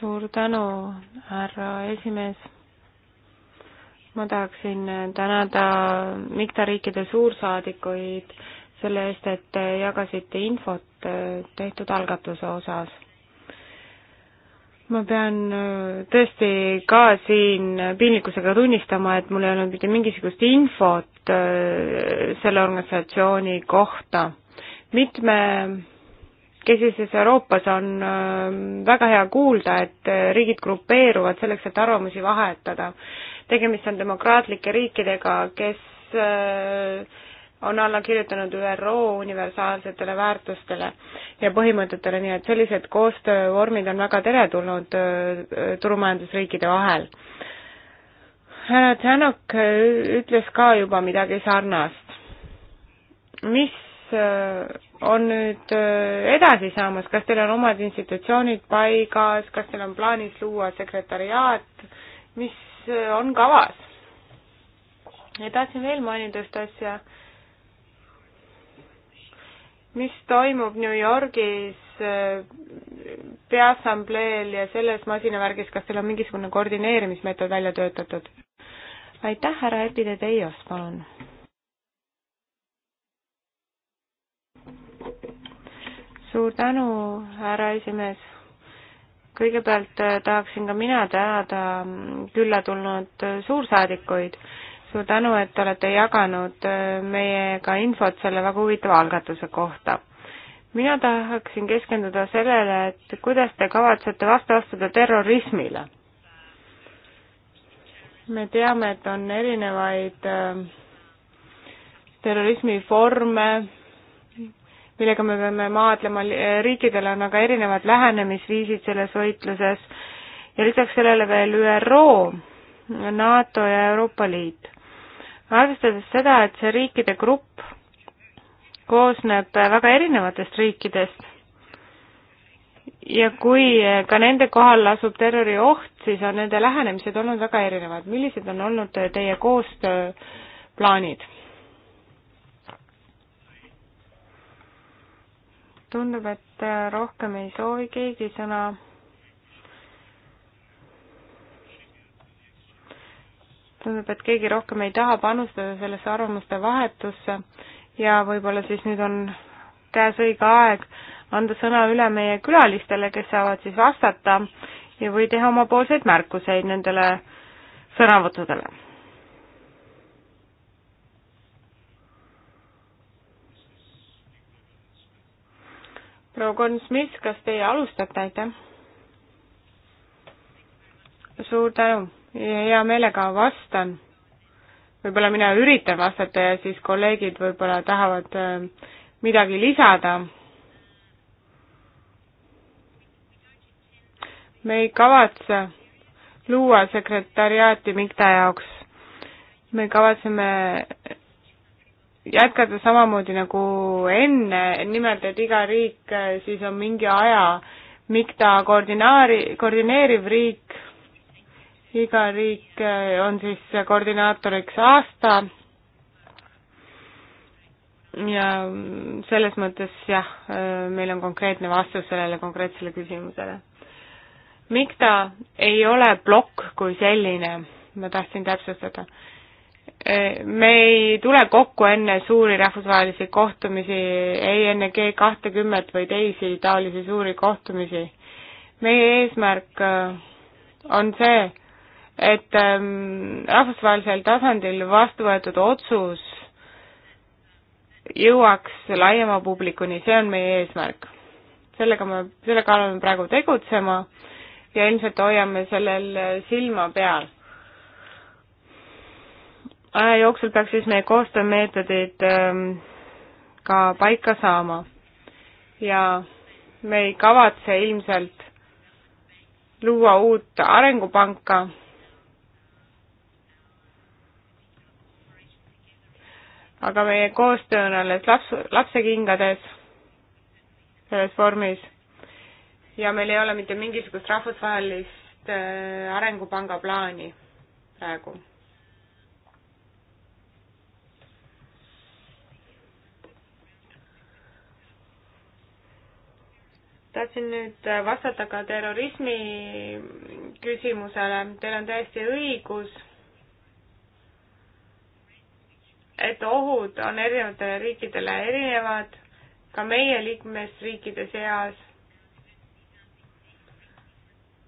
suur tänu, härra esimees. ma tahaksin tänada Mikta riikide suursaadikuid selle eest, et jagasite infot äh, tehtud algatuse osas. ma pean äh, tõesti ka siin piinlikkusega tunnistama, et mul ei olnud mitte mingisugust infot äh, selle organisatsiooni kohta. mitme kesises Euroopas on väga hea kuulda, et riigid grupeeruvad selleks, et arvamusi vahetada. tegemist on demokraatlike riikidega, kes on alla kirjutanud ÜRO universaalsetele väärtustele ja põhimõtetele, nii et sellised koostöövormid on väga teretulnud turumajandusriikide vahel. härra Tšanok ütles ka juba midagi sarnast. mis on nüüd edasi saamas, kas teil on omad institutsioonid paigas, kas teil on plaanis luua sekretariaat, mis on kavas? ja tahtsin veel mainida ühte asja mis toimub New Yorgis äh, peaassambleel ja selles masinavärgis, kas teil on mingisugune koordineerimismeetod välja töötatud? aitäh, härra Epide Teios, palun. suur tänu, härra esimees. kõigepealt äh, tahaksin ka mina tänada mm, külla tulnud suursaadikuid suur tänu, et olete jaganud äh, meiega infot selle väga huvitava algatuse kohta. mina tahaksin keskenduda sellele, et kuidas te kavatsete vastu astuda terrorismile. me teame, et on erinevaid äh, terrorismivorme, millega me peame maadlema, riikidel on aga erinevad lähenemisviisid selles võitluses ja lisaks sellele veel ÜRO, NATO ja Euroopa Liit arvestades seda, et see riikide grupp koosneb väga erinevatest riikidest ja kui ka nende kohal asub terrorioht, siis on nende lähenemised olnud väga erinevad. millised on olnud teie koostööplaanid? tundub, et rohkem ei soovi keegi sõna tundub, et keegi rohkem ei taha panustada sellesse arvamuste vahetusse ja võib-olla siis nüüd on käes õige aeg anda sõna üle meie külalistele, kes saavad siis vastata ja, või teha omapoolseid märkuseid nendele sõnavõttudele. proua Korn-Smith, kas teie alustate, aitäh? suur tänu hea meelega vastan. võib-olla mina üritan vastata ja siis kolleegid võib-olla tahavad äh, midagi lisada. me ei kavatse luua sekretariaati Mikta jaoks. me kavatseme jätkata samamoodi nagu enne, nimelt et iga riik äh, siis on mingi aja Mikta koordinaari, koordineeriv riik iga riik eh, on siis koordinaatoriks aasta ja selles mõttes jah, eh, meil on konkreetne vastus sellele konkreetsele küsimusele. MIGTA ei ole plokk kui selline, ma tahtsin täpsustada. Eh, me ei tule kokku enne suuri rahvusvahelisi kohtumisi, ei enne G kahtekümmet või teisi taolisi suuri kohtumisi. meie eesmärk on see, et ähm, rahvusvahelisel tasandil vastu võetud otsus jõuaks laiema publikuni, see on meie eesmärk. sellega me, selle kallal me praegu tegutsema ja ilmselt hoiame sellel silma peal. aja jooksul peaks siis meie koostöömeetodid ähm, ka paika saama ja me ei kavatse ilmselt luua uut arengupanka aga meie koostöö on alles laps, lapsekingades selles vormis ja meil ei ole mitte mingisugust rahvusvahelist äh, arengupanga plaani praegu. tahtsin nüüd äh, vastata ka terrorismi küsimusele, teil on täiesti õigus et ohud on erinevatele riikidele erinevad, ka meie liikmesriikide seas.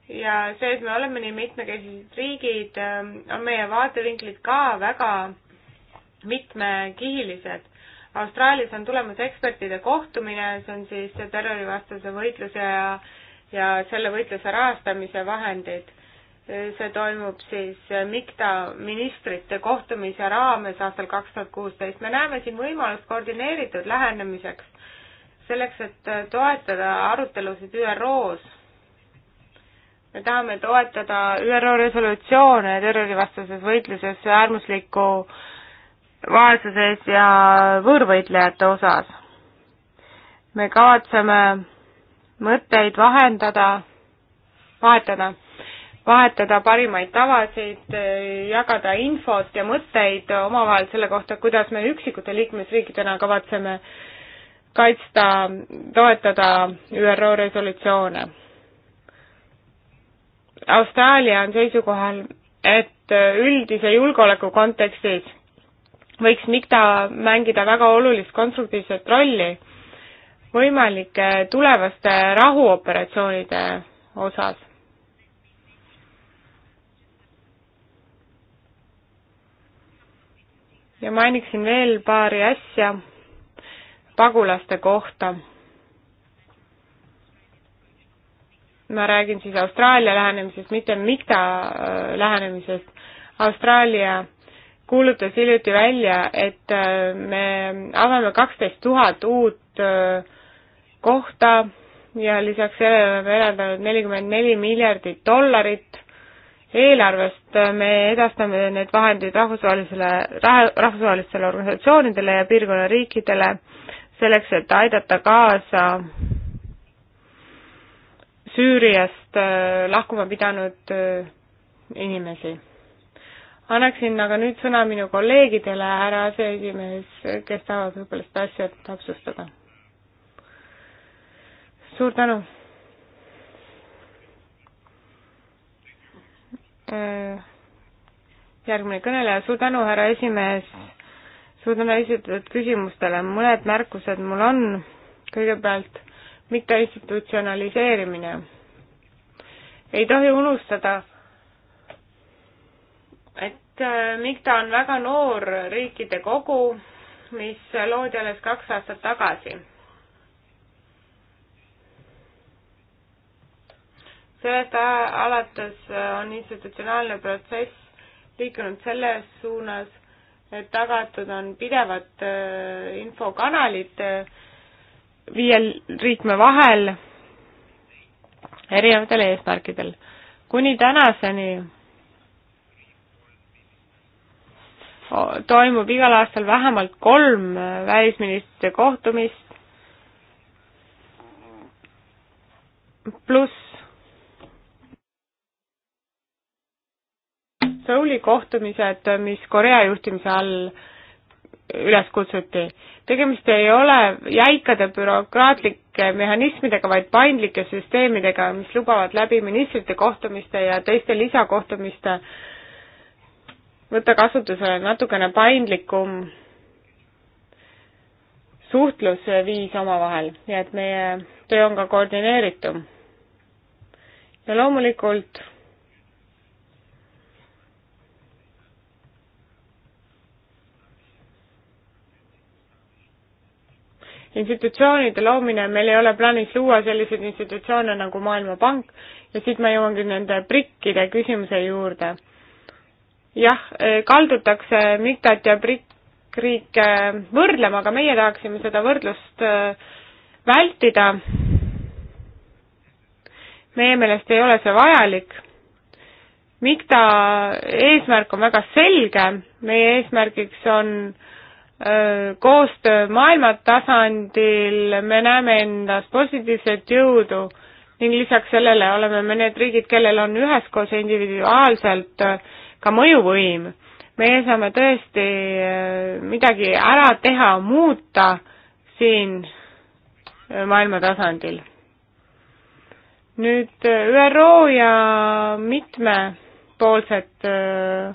ja see, et me oleme nii mitmekesised riigid, ähm, on meie vaatevinklid ka väga mitmekihilised. Austraalias on tulemas ekspertide kohtumine, see on siis terrorivastase võitluse ja, ja selle võitluse rahastamise vahendid see toimub siis MIGTA ministrite kohtumise raames aastal kaks tuhat kuusteist. me näeme siin võimalust koordineeritud lähenemiseks, selleks et toetada arutelusid ÜRO-s. me tahame toetada ÜRO resolutsioone terrorivastases võitluses äärmusliku vaesuses ja võõrvõitlejate osas. me kavatseme mõtteid vahendada, vahetada vahetada parimaid tavasid, jagada infot ja mõtteid omavahel selle kohta, kuidas me üksikute liikmesriikidena kavatseme kaitsta, toetada ÜRO resolutsioone. Austraalia on seisukohal, et üldise julgeoleku kontekstis võiks MIGTA mängida väga olulist konstruktiivset rolli võimalike tulevaste rahuoperatsioonide osas ja mainiksin veel paari asja pagulaste kohta. ma räägin siis Austraalia lähenemisest, mitte MITA äh, lähenemisest. Austraalia kuulutas hiljuti välja, et äh, me avame kaksteist tuhat uut äh, kohta ja lisaks sellele oleme eraldanud nelikümmend neli miljardit dollarit eelarvest me edastame need vahendid rahvusvahelisele, rahvusvahelistele organisatsioonidele ja piirkonna riikidele selleks, et aidata kaasa Süüriast äh, lahkuma pidanud äh, inimesi. annaksin aga nüüd sõna minu kolleegidele, härra aseesimees, kes tahavad võib-olla seda asja täpsustada. suur tänu! Äh, järgmine kõneleja, suur tänu, härra esimees, suur tänu esitatud küsimustele, mõned märkused mul on, kõigepealt mitteinstitutsionaliseerimine. ei tohi unustada, et äh, MIGTA on väga noor riikide kogu, mis loodi alles kaks aastat tagasi sellest alates äh, on institutsionaalne protsess liikunud selles suunas, et tagatud on pidevad äh, infokanalid äh, viie liikme vahel erinevatel eesmärkidel. kuni tänaseni toimub igal aastal vähemalt kolm välisministrite kohtumist, pluss Seuli kohtumised, mis Korea juhtimise all üles kutsuti. tegemist ei ole jäikade bürokraatlike mehhanismidega, vaid paindlike süsteemidega, mis lubavad läbi ministrite kohtumiste ja teiste lisakohtumiste võtta kasutusele natukene paindlikum suhtlusviis omavahel, nii et meie töö on ka koordineeritum. ja loomulikult institutsioonide loomine, meil ei ole plaanis luua selliseid institutsioone nagu Maailmapank ja siit ma jõuangi nende brikkide küsimuse juurde. jah, eh, kaldutakse MIGTAT ja BRIC riike võrdlema, aga meie tahaksime seda võrdlust eh, vältida. meie meelest ei ole see vajalik MIGTA eesmärk on väga selge, meie eesmärgiks on äh, koostöö maailma tasandil, me näeme endas positiivset jõudu ning lisaks sellele oleme me need riigid, kellel on üheskoos ja individuaalselt ka mõjuvõim. meie saame tõesti äh, midagi ära teha, muuta siin maailma tasandil. nüüd äh, ÜRO ja mitmepoolsed äh,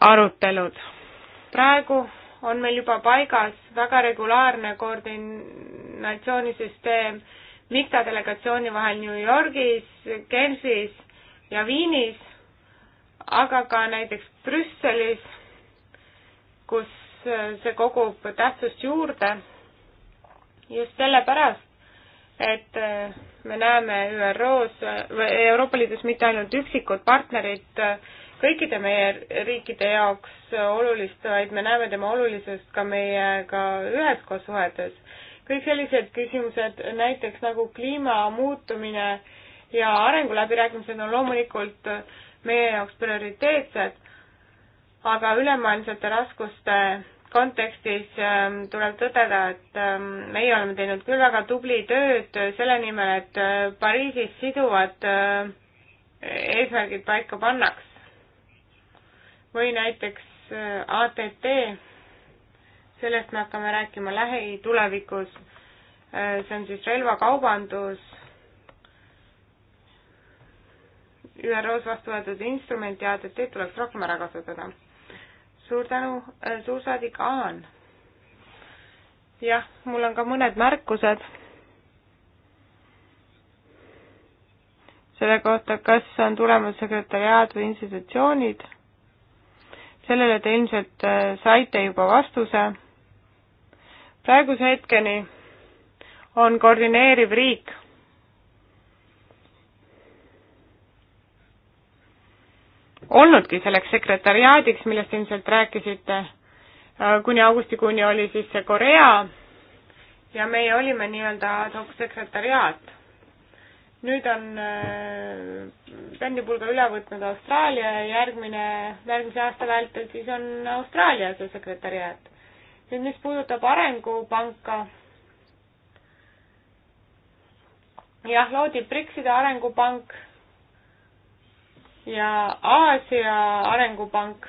arutelud praegu on meil juba paigas väga regulaarne koordinatsioonisüsteem MIGTA delegatsiooni vahel New Yorgis, Genfis ja Viinis, aga ka näiteks Brüsselis, kus äh, see kogub tähtsust juurde just sellepärast, et äh, me näeme ÜRO-s, Euroopa Liidus mitte ainult üksikud partnerid, äh, kõikide meie riikide jaoks olulist, vaid me näeme tema olulisust ka meiega üheskoos suhetes. kõik sellised küsimused, näiteks nagu kliima muutumine ja arenguläbirääkimised on loomulikult meie jaoks prioriteetsed, aga ülemaailmsete raskuste kontekstis ähm, tuleb tõdeda, et ähm, meie oleme teinud küll väga tubli tööd selle nimel, et äh, Pariisis siduvad äh, eesmärgid paika pannaks või näiteks äh, ATT, sellest me hakkame rääkima lähitulevikus, äh, see on siis relvakaubandus, ÜRO-s vastu võetud instrument ja ATT tuleks rohkem ära kasutada. suur tänu, äh, suursaadik Aan. jah, mul on ka mõned märkused selle kohta, kas on tulemas sekretäriaat või institutsioonid sellele te ilmselt äh, saite juba vastuse. praeguse hetkeni on koordineeriv riik olnudki selleks sekretariaadiks, millest ilmselt rääkisite, äh, kuni augustikuuni oli siis see Korea ja meie olime nii-öelda sekretariaat nüüd on bändipulga äh, üle võtnud Austraalia ja järgmine, järgmise aasta vältel siis on Austraalia see sekretäriaat. nüüd, mis puudutab arengupanka, jah, loodi BRICS-ide arengupank ja Aasia arengupank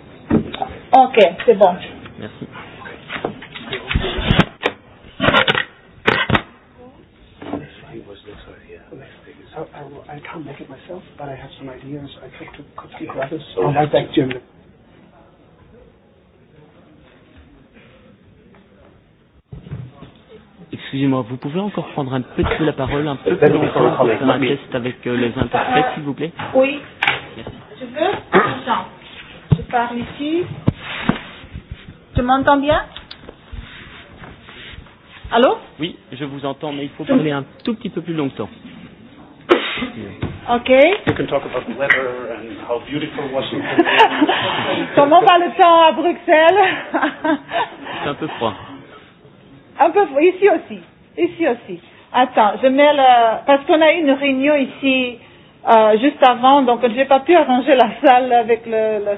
Ok, c'est bon. Merci. So oh, I, will, I can't make it myself, but I have some ideas. I talked to a couple of others. So I'll back Jim. Excusez-moi, vous pouvez encore prendre un petit peu la parole, un peu plus longtemps pour faire un test avec euh, les interprètes, s'il vous plaît Oui. Merci. Tu veux Je parle ici. Tu m'entends bien Allô Oui, je vous entends, mais il faut parler un tout petit peu plus longtemps. Ok. You can talk about the weather and how beautiful Washington <laughs> Comment va le temps à Bruxelles C'est un peu froid. Un peu froid, ici aussi. Ici aussi. Attends, je mets le... Parce qu'on a eu une réunion ici euh, juste avant, donc je n'ai pas pu arranger la salle avec le, le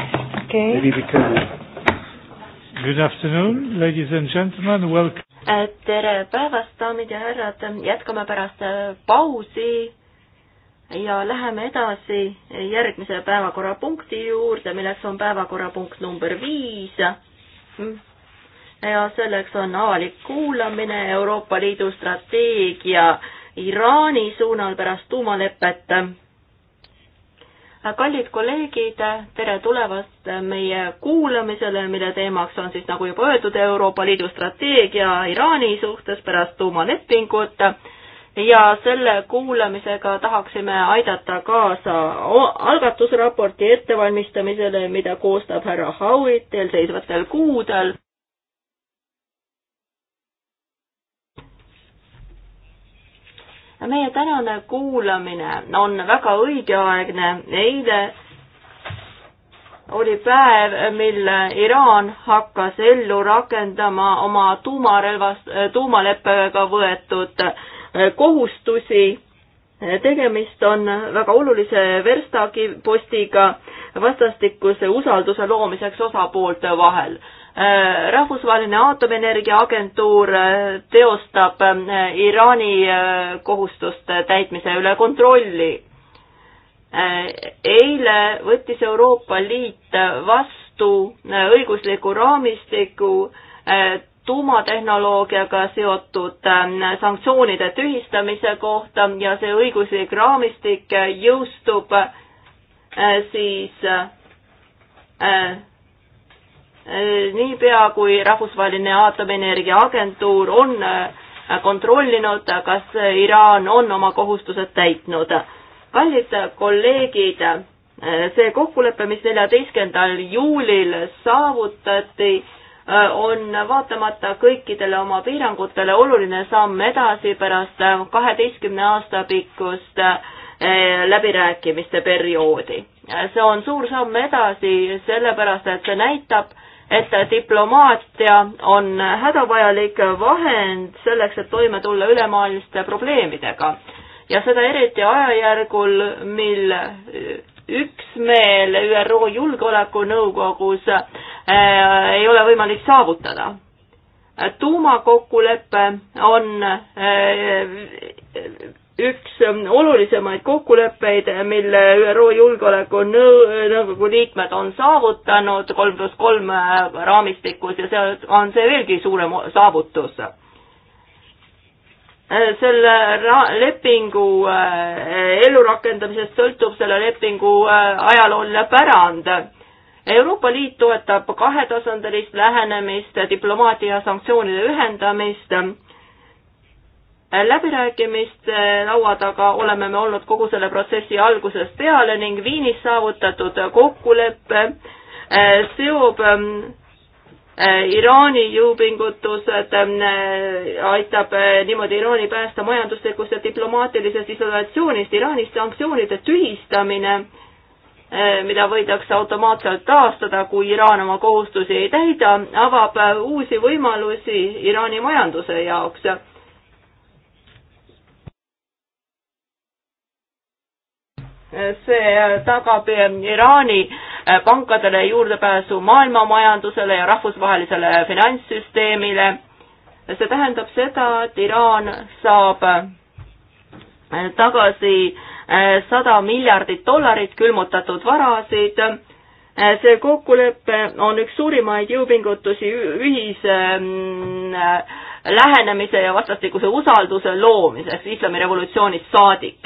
Okay. Maybe we can... Good afternoon, ladies and gentlemen, welcome. Äh, tere päevast, daamid ja härrad, jätkame pärast äh, pausi ja läheme edasi järgmise päevakorrapunkti juurde, milleks on päevakorrapunkt number viis. ja selleks on avalik kuulamine Euroopa Liidu strateegia Iraani suunal pärast tuumalepet kallid kolleegid, tere tulemast meie kuulamisele, mille teemaks on siis nagu juba öeldud, Euroopa Liidu strateegia Iraani suhtes pärast tuumalepingut. ja selle kuulamisega tahaksime aidata kaasa algatusraporti ettevalmistamisele, mida koostab härra Howitt eelseisvatel kuudel meie tänane kuulamine on väga õigeaegne, eile oli päev, mil Iraan hakkas ellu rakendama oma tuumarelvast, tuumaleppega võetud kohustusi. tegemist on väga olulise verstakipostiga vastastikuse usalduse loomiseks osapoolte vahel Äh, rahvusvaheline aatomienergia agentuur äh, teostab äh, Iraani kohustuste täitmise üle kontrolli. eile võttis Euroopa Liit vastu õigusliku raamistiku tuumatehnoloogiaga seotud sanktsioonide tühistamise kohta ja see õiguslik raamistik jõustub siis Äh, niipea kui rahvusvaheline aatomienergia agentuur on äh, kontrollinud, kas Iraan on oma kohustused täitnud. kallid kolleegid, äh, see kokkulepe, mis neljateistkümnendal juulil saavutati, on vaatamata kõikidele oma piirangutele oluline samm edasi pärast kaheteistkümne aasta pikkust läbirääkimiste perioodi. see on suur samm edasi, sellepärast et see näitab, et diplomaatia on hädavajalik vahend selleks, et toime tulla ülemaailmste probleemidega ja seda eriti ajajärgul, mil üksmeel ÜRO Julgeolekunõukogus äh, ei ole võimalik saavutada. tuumakokkulepe on äh, üks ähm, olulisemaid kokkuleppeid, mille ÜRO Julgeolekunõukogu liikmed on saavutanud kolm pluss kolm äh, raamistikus ja see on see veelgi suurem saavutus. Äh, selle lepingu äh, ellurakendamisest sõltub selle lepingu ajalooline pärand Euroopa Liit toetab kahetasandilist lähenemist, diplomaatia sanktsioonide ühendamist läbirääkimiste laua taga oleme me olnud kogu selle protsessi algusest peale ning Viinis saavutatud kokkulepe eh, seob eh, eh, Iraani jõupingutused, aitab niimoodi Iraani päästa majanduslikust ja diplomaatilisest isolatsioonist, Iraanis sanktsioonide tühistamine, mida võidakse automaatselt taastada, kui Iraan oma kohustusi ei täida, avab uusi võimalusi Iraani majanduse jaoks see tagab Iraani pankadele juurdepääsu maailmamajandusele ja rahvusvahelisele finantssüsteemile. see tähendab seda, et Iraan saab tagasi eh, sada miljardit dollarit külmutatud varasid. Eh, see kokkulepe on üks suurimaid jõupingutusi ühise mm, eh, lähenemise ja vastastikuse usalduse loomiseks islamirevolutsioonist saadik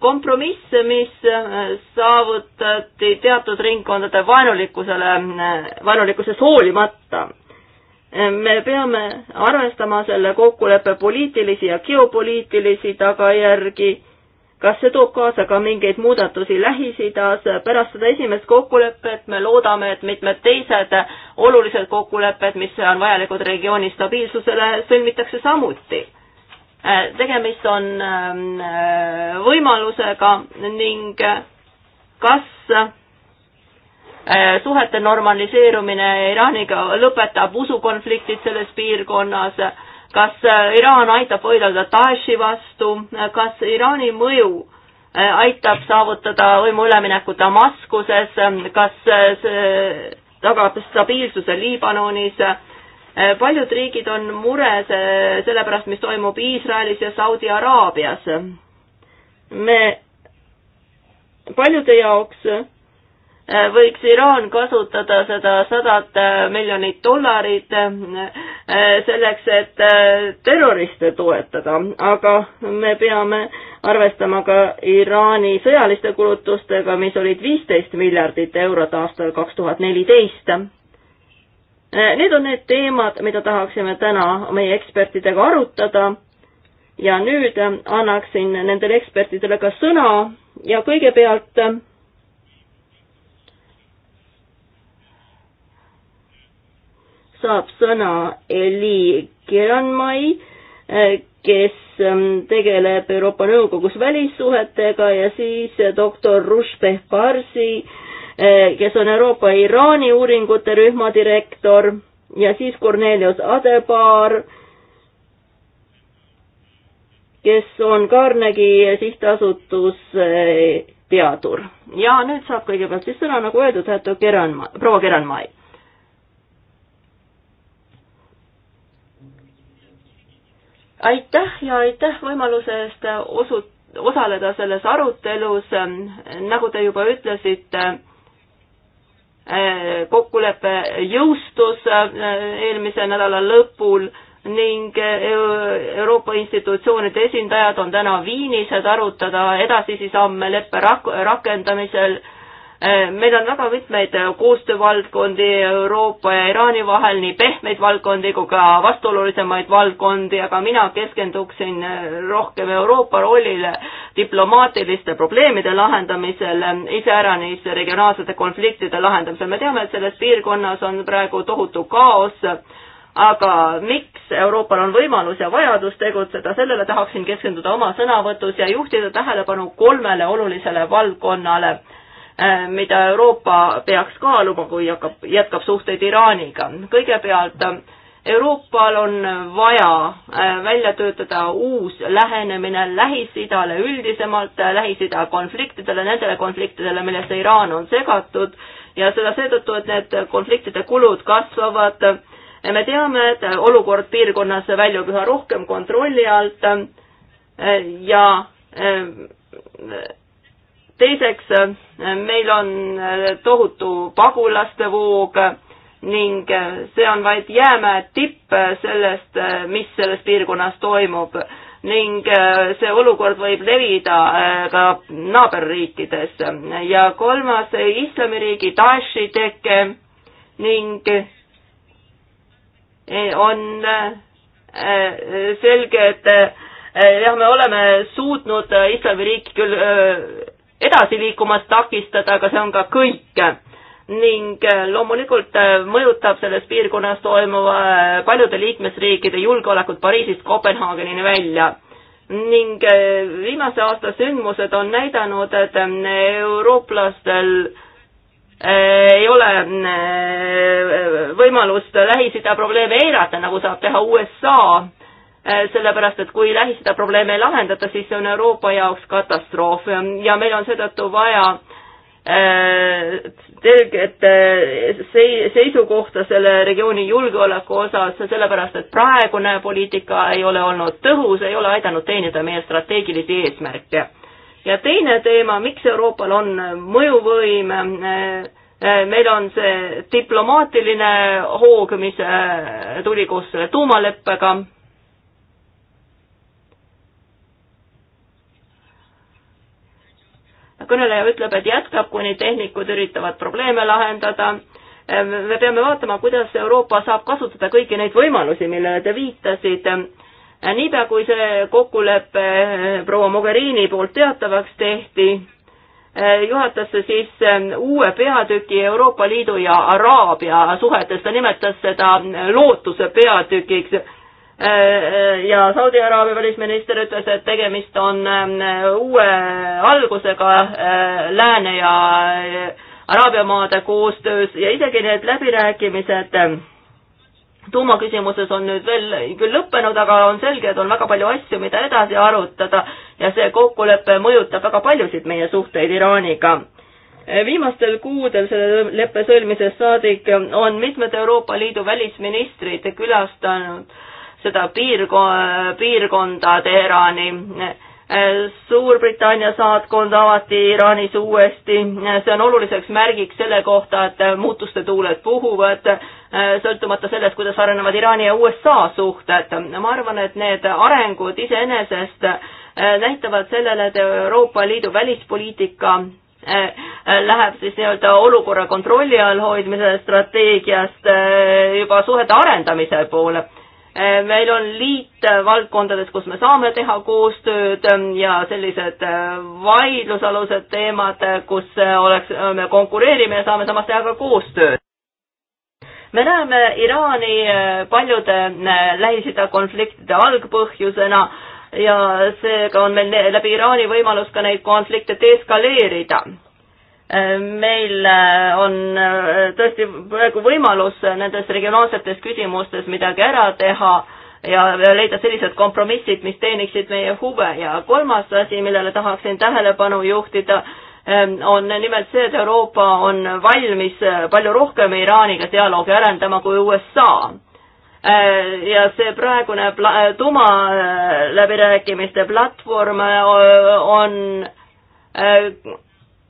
kompromiss, mis äh, saavutati teatud ringkondade vaenulikkusele, äh, vaenulikkusest hoolimata. Äh, me peame arvestama selle kokkuleppe poliitilisi ja geopoliitilisi tagajärgi kas see toob kaasa ka mingeid muudatusi Lähis-Idas, pärast seda esimest kokkulepet me loodame, et mitmed teised olulised kokkulepped, mis on vajalikud regiooni stabiilsusele, sõlmitakse samuti. Äh, tegemist on ähm, äh, võimalusega ning äh, kas suhete normaliseerumine Iraaniga lõpetab usukonfliktid selles piirkonnas, kas Iraan aitab võidelda Daeshi vastu, kas Iraani mõju aitab saavutada võimu ülemineku Damaskuses, kas see tagab stabiilsuse Liibanonis, Eh, paljud riigid on mures eh, selle pärast, mis toimub Iisraelis ja Saudi Araabias. me, paljude jaoks eh, võiks Iraan kasutada seda sadat miljonit dollarit selleks, et terroriste toetada, aga me peame arvestama ka Iraani sõjaliste kulutustega, mis olid viisteist miljardit eurot aastal kaks tuhat neliteist Äh, need on need teemad, mida tahaksime täna meie ekspertidega arutada ja nüüd äh, annaksin nendele ekspertidele ka sõna ja kõigepealt äh, saab sõna Eli Kiranmai, kes ähm, tegeleb Euroopa Nõukogus välissuhetega ja siis doktor Rushbeh Barsi, Eh, kes on Euroopa Iraani uuringute rühma direktor ja siis Cornelius Adebar, kes on Carnegie sihtasutuse eh, teadur. ja nüüd saab kõigepealt siis sõna, nagu öeldud, härra Keranmaa, proua Keranmaa. aitäh ja aitäh võimaluse eest osu-, osaleda selles arutelus, nagu te juba ütlesite kokkulepe jõustus äh, eelmise nädala lõpul ning äh, Euroopa institutsioonide esindajad on täna Viinis, et arutada edasisi samme leppe rakendamisel Äh, meil on väga mitmeid äh, koostöövaldkondi Euroopa ja Iraani vahel, nii pehmeid valdkondi kui ka vastuolulisemaid valdkondi, aga mina keskenduksin äh, rohkem Euroopa rollile diplomaatiliste probleemide lahendamisel, iseäranis regionaalsete konfliktide lahendamisel. me teame, et selles piirkonnas on praegu tohutu kaos aga miks Euroopal on võimalus ja vajadus tegutseda, sellele tahaksin keskenduda oma sõnavõtus ja juhtida tähelepanu kolmele olulisele valdkonnale Äh, mida Euroopa peaks kaaluma, kui hakkab, jätkab suhteid Iraaniga. kõigepealt Euroopal on vaja äh, välja töötada uus lähenemine Lähis-Idale üldisemalt, äh, Lähis-Ida konfliktidele, nendele konfliktidele, millesse Iraan on segatud ja seda seetõttu, et need konfliktide kulud kasvavad. me teame, et olukord piirkonnas väljub üha rohkem kontrolli alt ja teiseks, meil on äh, tohutu pagulaste voog ning äh, see on vaid jäämäe tipp äh, sellest, mis selles piirkonnas toimub ning see olukord võib levida ka naaberriikides ja kolmas islamiriigi Daeshi teke ning on selge, et jah, me oleme suutnud islamiriiki küll edasi liikumast takistada, aga see on ka kõik ning äh, loomulikult äh, mõjutab selles piirkonnas toimuva äh, paljude liikmesriikide julgeolekut Pariisist Kopenhaagenini välja. ning viimase aasta sündmused on näidanud, et eurooplastel ei ole võimalust Lähis-Ida probleeme eirata, nagu saab teha USA Äh, sellepärast et kui Lähis-Ida probleeme ei lahendata, siis see on Euroopa jaoks katastroof ja meil on seetõttu vaja äh, selget äh, seisukohta selle regiooni julgeoleku osas, sellepärast et praegune poliitika ei ole olnud tõhus, ei ole aidanud teenida meie strateegilisi eesmärke. ja teine teema, miks Euroopal on mõjuvõim, meil on see diplomaatiline hoog, mis tuli koos selle tuumaleppega kõneleja ütleb, et jätkab, kuni tehnikud üritavad probleeme lahendada. me peame vaatama, kuidas Euroopa saab kasutada kõiki neid võimalusi, millele te viitasite. niipea, kui see kokkulepe proua Mogherini poolt teatavaks tehti, juhatas see siis uue peatüki Euroopa Liidu ja Araabia suhetes, ta nimetas seda lootuse peatükiks Äh, äh, ja Saudi Araabia välisminister ütles, et tegemist on ähm, uue algusega äh, Lääne ja Araabia maade koostöös ja isegi need läbirääkimised ähm, tuumaküsimuses on nüüd veel küll lõppenud, aga on selge, et on väga palju asju, mida edasi arutada ja see kokkulepe mõjutab väga paljusid meie suhteid Iraaniga viimastel kuudel selle leppe sõlmisest saadik on mitmed Euroopa Liidu välisministrid külastanud seda piirko-, piirkonda Teherani. Suurbritannia saatkond avati Iraanis uuesti, see on oluliseks märgiks selle kohta, et muutuste tuuled puhuvad, sõltumata sellest, kuidas arenevad Iraani ja USA suhted. ma arvan, et need arengud iseenesest näitavad sellele, et Euroopa Liidu välispoliitika läheb siis nii-öelda olukorra kontrolli all hoidmise strateegiast juba suhete arendamise poole. Eh, meil on liit eh, valdkondades, kus me saame teha koostööd eh, ja sellised vaidlusalused teemad, kus oleks, me konkureerime ja saame samas teha ka koostööd. me näeme Iraani paljude Lähis-Ida konfliktide algpõhjusena ja seega on meil läbi Iraani võimalus ka neid konflikte deeskaleerida meil äh, on äh, tõesti praegu võimalus nendes regionaalsetes küsimustes midagi ära teha ja leida sellised kompromissid, mis teeniksid meie huve ja kolmas asi, millele tahaksin tähelepanu juhtida, ähm, on nimelt see, et Euroopa on valmis äh, palju rohkem Iraaniga dialoogi arendama kui USA. ja see praegune pla-, tuumaläbirääkimiste platvorm on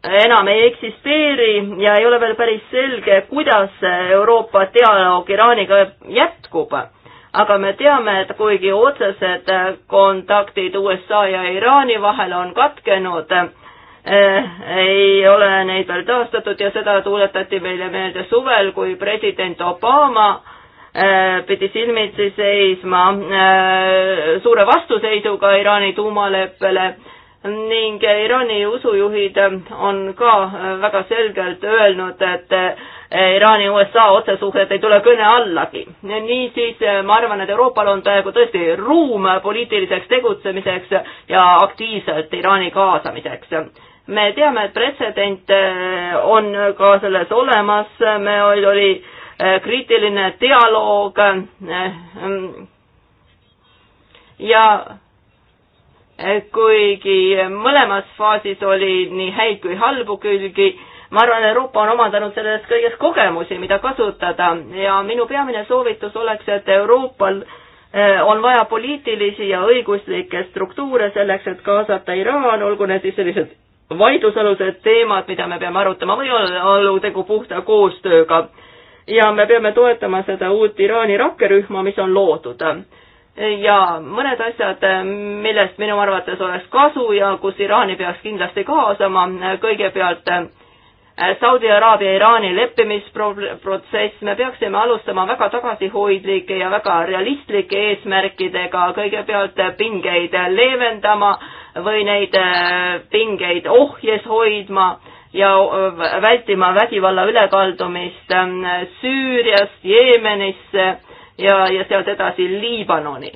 enam ei eksisteeri ja ei ole veel päris selge, kuidas Euroopa dialoog Iraaniga jätkub. aga me teame, et kuigi otsesed kontaktid USA ja Iraani vahel on katkenud, eh, ei ole neid veel taastatud ja seda tuuletati meile meelde suvel, kui president Obama eh, pidi silmitsi seisma eh, suure vastuseisuga Iraani tuumaleppele ning Iraani usujuhid on ka väga selgelt öelnud, et eh, Iraani ja USA otsesuhted ei tule kõne allagi. niisiis ma arvan, et Euroopal on praegu tõesti ruum poliitiliseks tegutsemiseks ja aktiivselt Iraani kaasamiseks. me teame, et pretsedent eh, on ka selles olemas, meil oli eh, kriitiline dialoog mm, ja kuigi mõlemas faasis oli nii häid kui halbu külgi. ma arvan, Euroopa on omandanud selles kõiges kogemusi, mida kasutada ja minu peamine soovitus oleks, et Euroopal eh, on vaja poliitilisi ja õiguslikke struktuure selleks, et kaasata Iraan, olgu need siis sellised vaidlusalused teemad, mida me peame arutama või olgu tegu puhta koostööga. ja me peame toetama seda uut Iraani rakkerühma, mis on loodud ja mõned asjad, millest minu arvates oleks kasu ja kus Iraani peaks kindlasti kaasama, kõigepealt eh, Saudi Araabia Iraani leppimisprotsess, me peaksime alustama väga tagasihoidlike ja väga realistlike eesmärkidega, kõigepealt eh, pingeid leevendama või neid eh, pingeid ohjes hoidma ja vältima vägivalla ülekaldumist Süüriast, Jeemenisse ja, ja sealt edasi Liibanoni.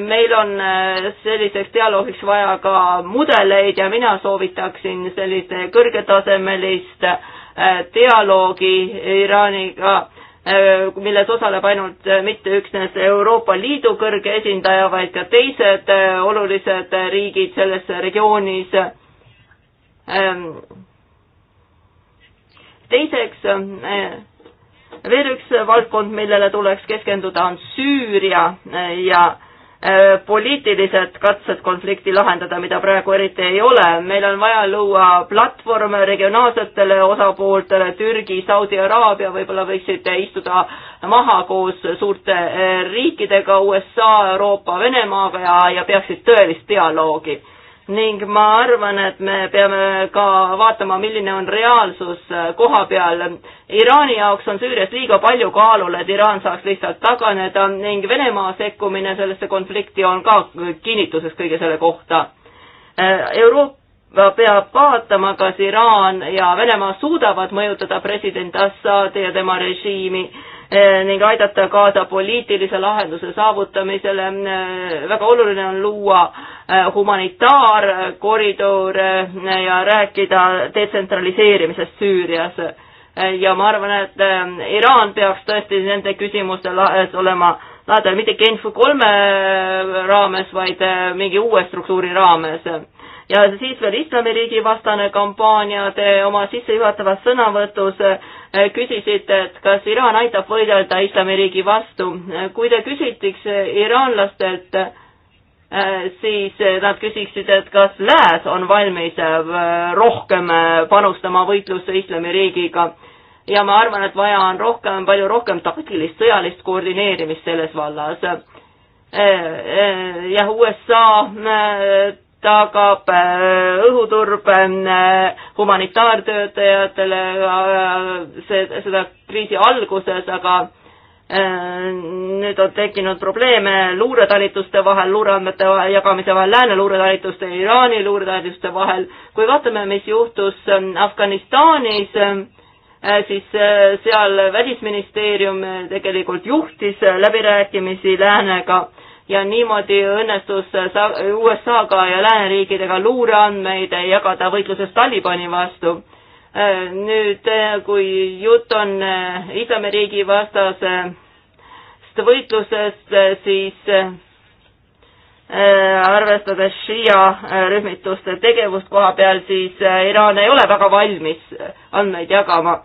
meil on äh, selliseks dialoogiks vaja ka mudeleid ja mina soovitaksin sellise kõrgetasemelist äh, dialoogi Iraaniga äh, milles osaleb ainult mitte üksnes Euroopa Liidu kõrge esindaja, vaid ka teised olulised riigid selles regioonis. Ähm, teiseks veel üks valdkond, millele tuleks keskenduda, on Süüria e, ja e, poliitilised katsed konflikti lahendada, mida praegu eriti ei ole. meil on vaja luua platvorm regionaalsetele osapooltele, Türgi, Saudi Araabia võib-olla võiksid istuda maha koos suurte e, riikidega, USA, Euroopa, Venemaaga ja, ja peaksid tõelist dialoogi ning ma arvan, et me peame ka vaatama, milline on reaalsus äh, koha peal. Iraani jaoks on Süürias liiga palju kaalul, et Iraan saaks lihtsalt taganeda ning Venemaa sekkumine sellesse konflikti on ka kinnituseks kõige selle kohta. Äh, Euroopa peab vaatama, kas Iraan ja Venemaa suudavad mõjutada president Assadi ja tema režiimi Eh, ning aidata kaasa poliitilise lahenduse saavutamisele. Eh, väga oluline on luua eh, humanitaarkoridor ja rääkida detsentraliseerimisest Süürias. ja ma arvan, et Iraan peaks tõesti nende küsimuste lahes olema lahendada mitte Genf kolme raames, vaid mingi uue struktuuri raames ja siis veel islamiriigi vastane kampaania, te oma sissejuhatavas sõnavõtus Äh, küsisite, et kas Iraan aitab võidelda islamiriigi vastu. Äh, kui te küsitakse äh, iraanlastelt, siis nad küsiksid, et kas lääs on valmis rohkem panustama võitlusse islamiriigiga. ja ma arvan, et vaja on rohkem, palju rohkem taktilist sõjalist koordineerimist selles vallas. jah, USA tagab äh, õhuturbe äh, humanitaartöötajatele äh, see, seda kriisi alguses, aga nüüd on tekkinud probleeme luuretalituste vahel, luureandmete jagamise vahel, Lääne luuretalituste ja Iraani luuretalituste vahel. kui vaatame, mis juhtus ähm, Afganistanis, ähm, siis seal välisministeerium tegelikult juhtis läbirääkimisi Läänega ja niimoodi õnnestus USA-ga ja lääneriikidega luureandmeid jagada võitluses Talibani vastu. Äh, nüüd, äh, kui jutt on äh, Islamiriigi vastasest võitlusest, siis arvestades Shia rühmituste tegevust koha peal, siis Iraan ei ole väga valmis andmeid jagama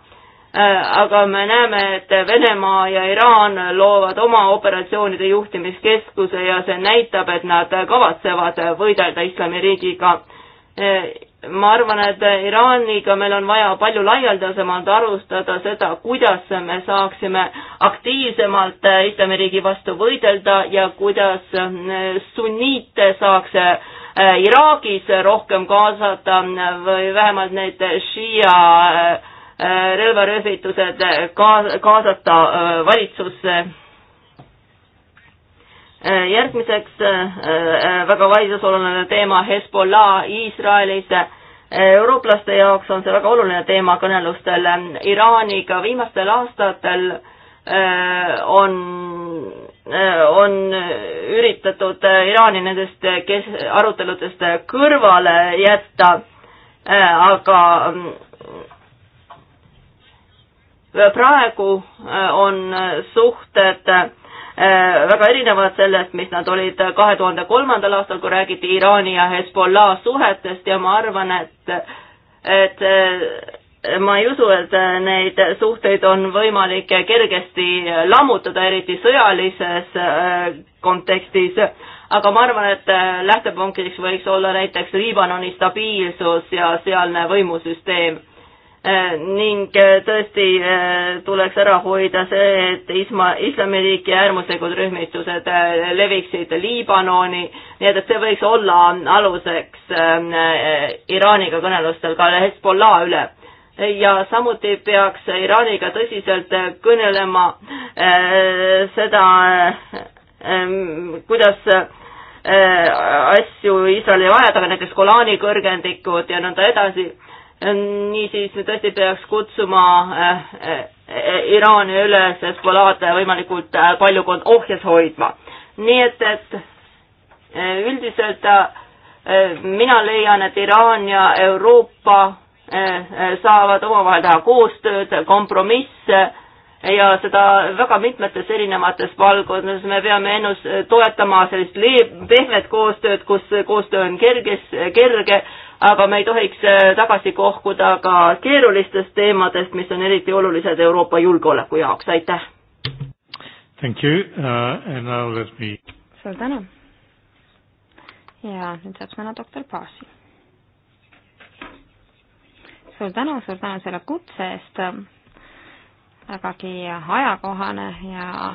Äh, aga me näeme, et Venemaa ja Iraan loovad oma operatsioonide juhtimiskeskuse ja see näitab, et nad kavatsevad võidelda islamiriigiga. Äh, ma arvan, et Iraaniga meil on vaja palju laialdasemalt arustada seda, kuidas me saaksime aktiivsemalt islamiriigi vastu võidelda ja kuidas äh, sunniite saaks Iraagis rohkem kaasata või vähemalt need šiia relvarühmitused kaasata äh, valitsusse. Äh, järgmiseks äh, väga vaidlusoluline teema Hezbollah Iisraelis. eurooplaste jaoks on see väga oluline teema kõnelustel Iraaniga viimastel aastatel on, on üritatud Iraani nendest kes, aruteludest kõrvale jätta, aga praegu äh, on äh, suhted äh, väga erinevad sellest, mis nad olid kahe tuhande kolmandal aastal, kui räägiti Iraani ja Hezbollah suhetest ja ma arvan, et, et ma ei usu, et neid suhteid on võimalik kergesti lammutada, eriti sõjalises kontekstis, aga ma arvan, et lähtepunktiks võiks olla näiteks Liibanoni stabiilsus ja sealne võimusüsteem Äh, ning äh, tõesti äh, tuleks ära hoida see, et isma, islamiriik ja äärmuslikud rühmitused leviksid Liibanoni, nii et, et see võiks olla aluseks ähm, Iraaniga kõnelustel ka Hezbollah üle. ja samuti peaks Iraaniga tõsiselt kõnelema seda, ähm, kuidas asju Iisraeli ajada, näiteks Golani kõrgendikud ja nõnda edasi niisiis tõesti peaks kutsuma äh, äh, äh, Iraani üles Hezbollah'd võimalikult palju ohjes hoidma. nii et, et üldiselt mina leian, et Iraan ja Euroopa saavad omavahel teha koostööd, kompromisse ja seda väga mitmetes erinevates valdkondades me peame ennast toetama sellist leeb-, pehmet koostööd, kus koostöö on kerges, kerge, aga me ei tohiks äh, tagasi kohkuda ka keerulistest teemadest, mis on eriti olulised Euroopa julgeoleku jaoks, aitäh! Thank you uh, and now let me suur tänu! ja nüüd saab sõna doktor Paasi. suur tänu, suur tänu selle kutse eest, vägagi ajakohane ja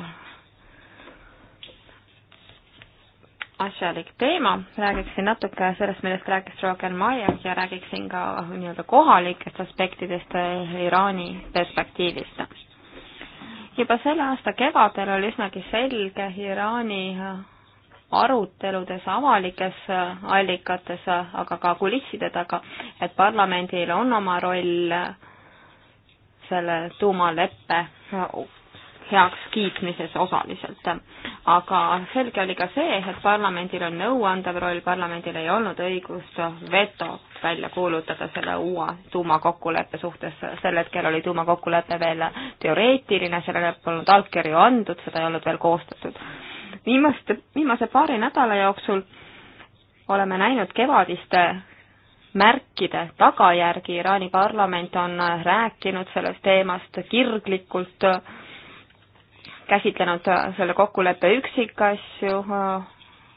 asjalik teema, räägiksin natuke sellest, millest rääkis Roger Maia ja räägiksin ka nii-öelda kohalikest aspektidest eh, Iraani perspektiivist. juba selle aasta kevadel oli üsnagi selge Iraani eh, aruteludes avalikes eh, allikates, aga ka kulisside taga, et parlamendil on oma roll selle tuumaleppe heakskiitmises osaliselt. aga selge oli ka see, et parlamendil on nõuandev roll, parlamendil ei olnud õigust vetot välja kuulutada selle uue tuumakokkuleppe suhtes, sel hetkel oli tuumakokkulepe veel teoreetiline, sellele polnud allkirju andnud, seda ei olnud veel koostatud. viimaste, viimase paari nädala jooksul oleme näinud kevadiste märkide tagajärgi, Iraani parlament on rääkinud sellest teemast kirglikult äh, käsitlenud selle kokkuleppe üksikasju,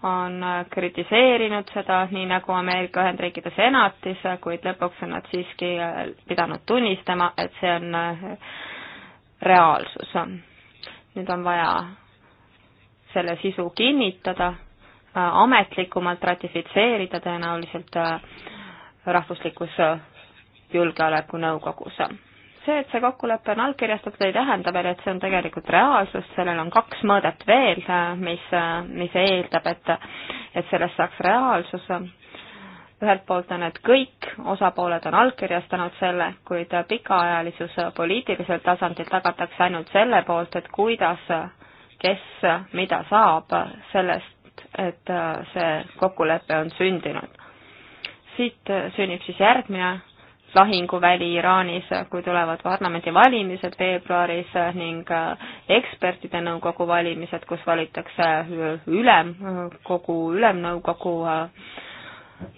on kritiseerinud seda, nii nagu Ameerika Ühendriikide senatis, kuid lõpuks on nad siiski pidanud tunnistama, et see on reaalsus. nüüd on vaja selle sisu kinnitada, ametlikumalt ratifitseerida tõenäoliselt rahvuslikus julgeolekunõukogus see, et see kokkulepe on allkirjastatud, ei tähenda veel, et see on tegelikult reaalsus, sellel on kaks mõõdet veel, mis, mis eeldab, et, et sellest saaks reaalsus. ühelt poolt on, et kõik osapooled on allkirjastanud selle, kuid pikaajalisus poliitilisel tasandil tagatakse ainult selle poolt, et kuidas, kes, mida saab sellest, et see kokkulepe on sündinud. siit sünnib siis järgmine lahinguväli Iraanis, kui tulevad parlamendivalimised veebruaris ning äh, ekspertide nõukogu valimised, kus valitakse ülemkogu, ülemnõukogu äh,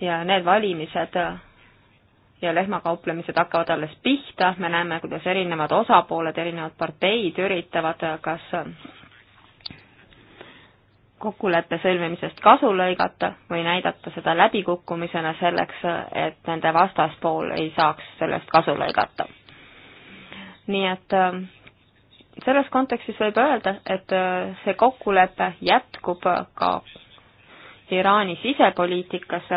ja need valimised äh, ja lehmakauplemised hakkavad alles pihta, me näeme, kuidas erinevad osapooled, erinevad parteid üritavad kas kokkuleppe sõlmimisest kasu lõigata või näidata seda läbikukkumisena selleks, et nende vastaspool ei saaks sellest kasu lõigata. nii et äh, selles kontekstis võib öelda, et äh, see kokkulepe jätkub ka Iraani sisepoliitikas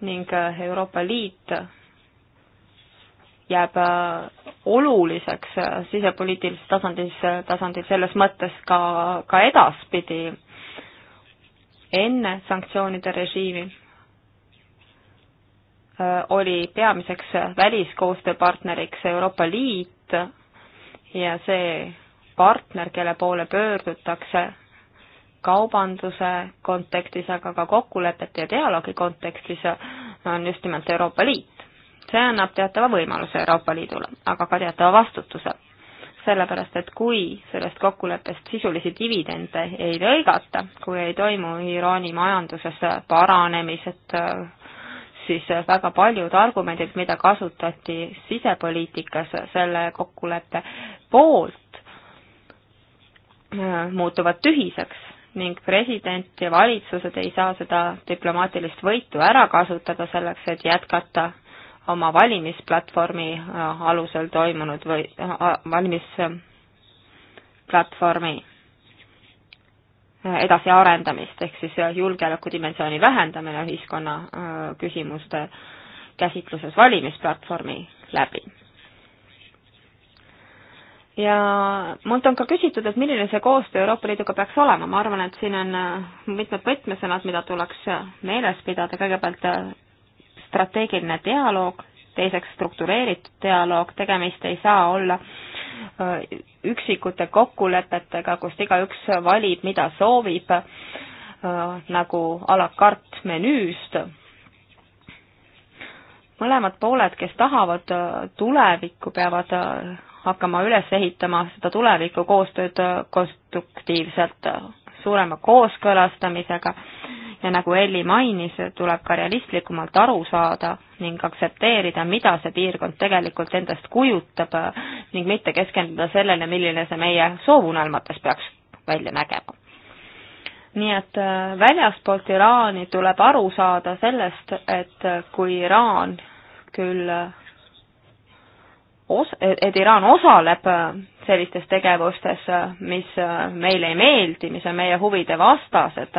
ning äh, Euroopa Liit jääb äh, oluliseks äh, sisepoliitilises tasandis, äh, tasandil selles mõttes ka, ka edaspidi, enne sanktsioonide režiimi oli peamiseks väliskoostööpartneriks Euroopa Liit ja see partner, kelle poole pöördutakse kaubanduse kontekstis, aga ka kokkulepete ja dialoogi kontekstis, on just nimelt Euroopa Liit see annab teatava võimaluse Euroopa Liidule, aga ka teatava vastutuse. sellepärast, et kui sellest kokkuleppest sisulisi dividende ei lõigata, kui ei toimu Iraani majanduses paranemised, siis väga paljud argumendid, mida kasutati sisepoliitikas selle kokkuleppe poolt, muutuvad tühiseks ning president ja valitsused ei saa seda diplomaatilist võitu ära kasutada selleks, et jätkata oma valimisplatvormi äh, alusel toimunud või äh, valimisplatvormi äh, edasiarendamist, ehk siis julgeolekudimensiooni vähendamine ühiskonna küsimuste käsitluses valimisplatvormi läbi. ja mult on ka küsitud, et milline see koostöö Euroopa Liiduga peaks olema, ma arvan, et siin on mitmed võtmesõnad, mida tuleks meeles pidada, kõigepealt strateegiline dialoog, teiseks struktureeritud dialoog, tegemist ei saa olla äh, üksikute kokkulepetega, kust igaüks valib, mida soovib, äh, nagu a la carte menüüst. mõlemad pooled, kes tahavad äh, tulevikku, peavad hakkama üles ehitama seda tulevikku koostööd konstruktiivselt suurema kooskõlastamisega ja nagu Elli mainis, tuleb ka realistlikumalt aru saada ning aktsepteerida, mida see piirkond tegelikult endast kujutab äh, ning mitte keskenduda sellele, milline see meie soovunelmates peaks välja nägema. nii et äh, väljaspoolt Iraani tuleb aru saada sellest, et äh, kui Iraan küll os-, et Iraan osaleb sellistes tegevustes, mis meile ei meeldi, mis on meie huvide vastased,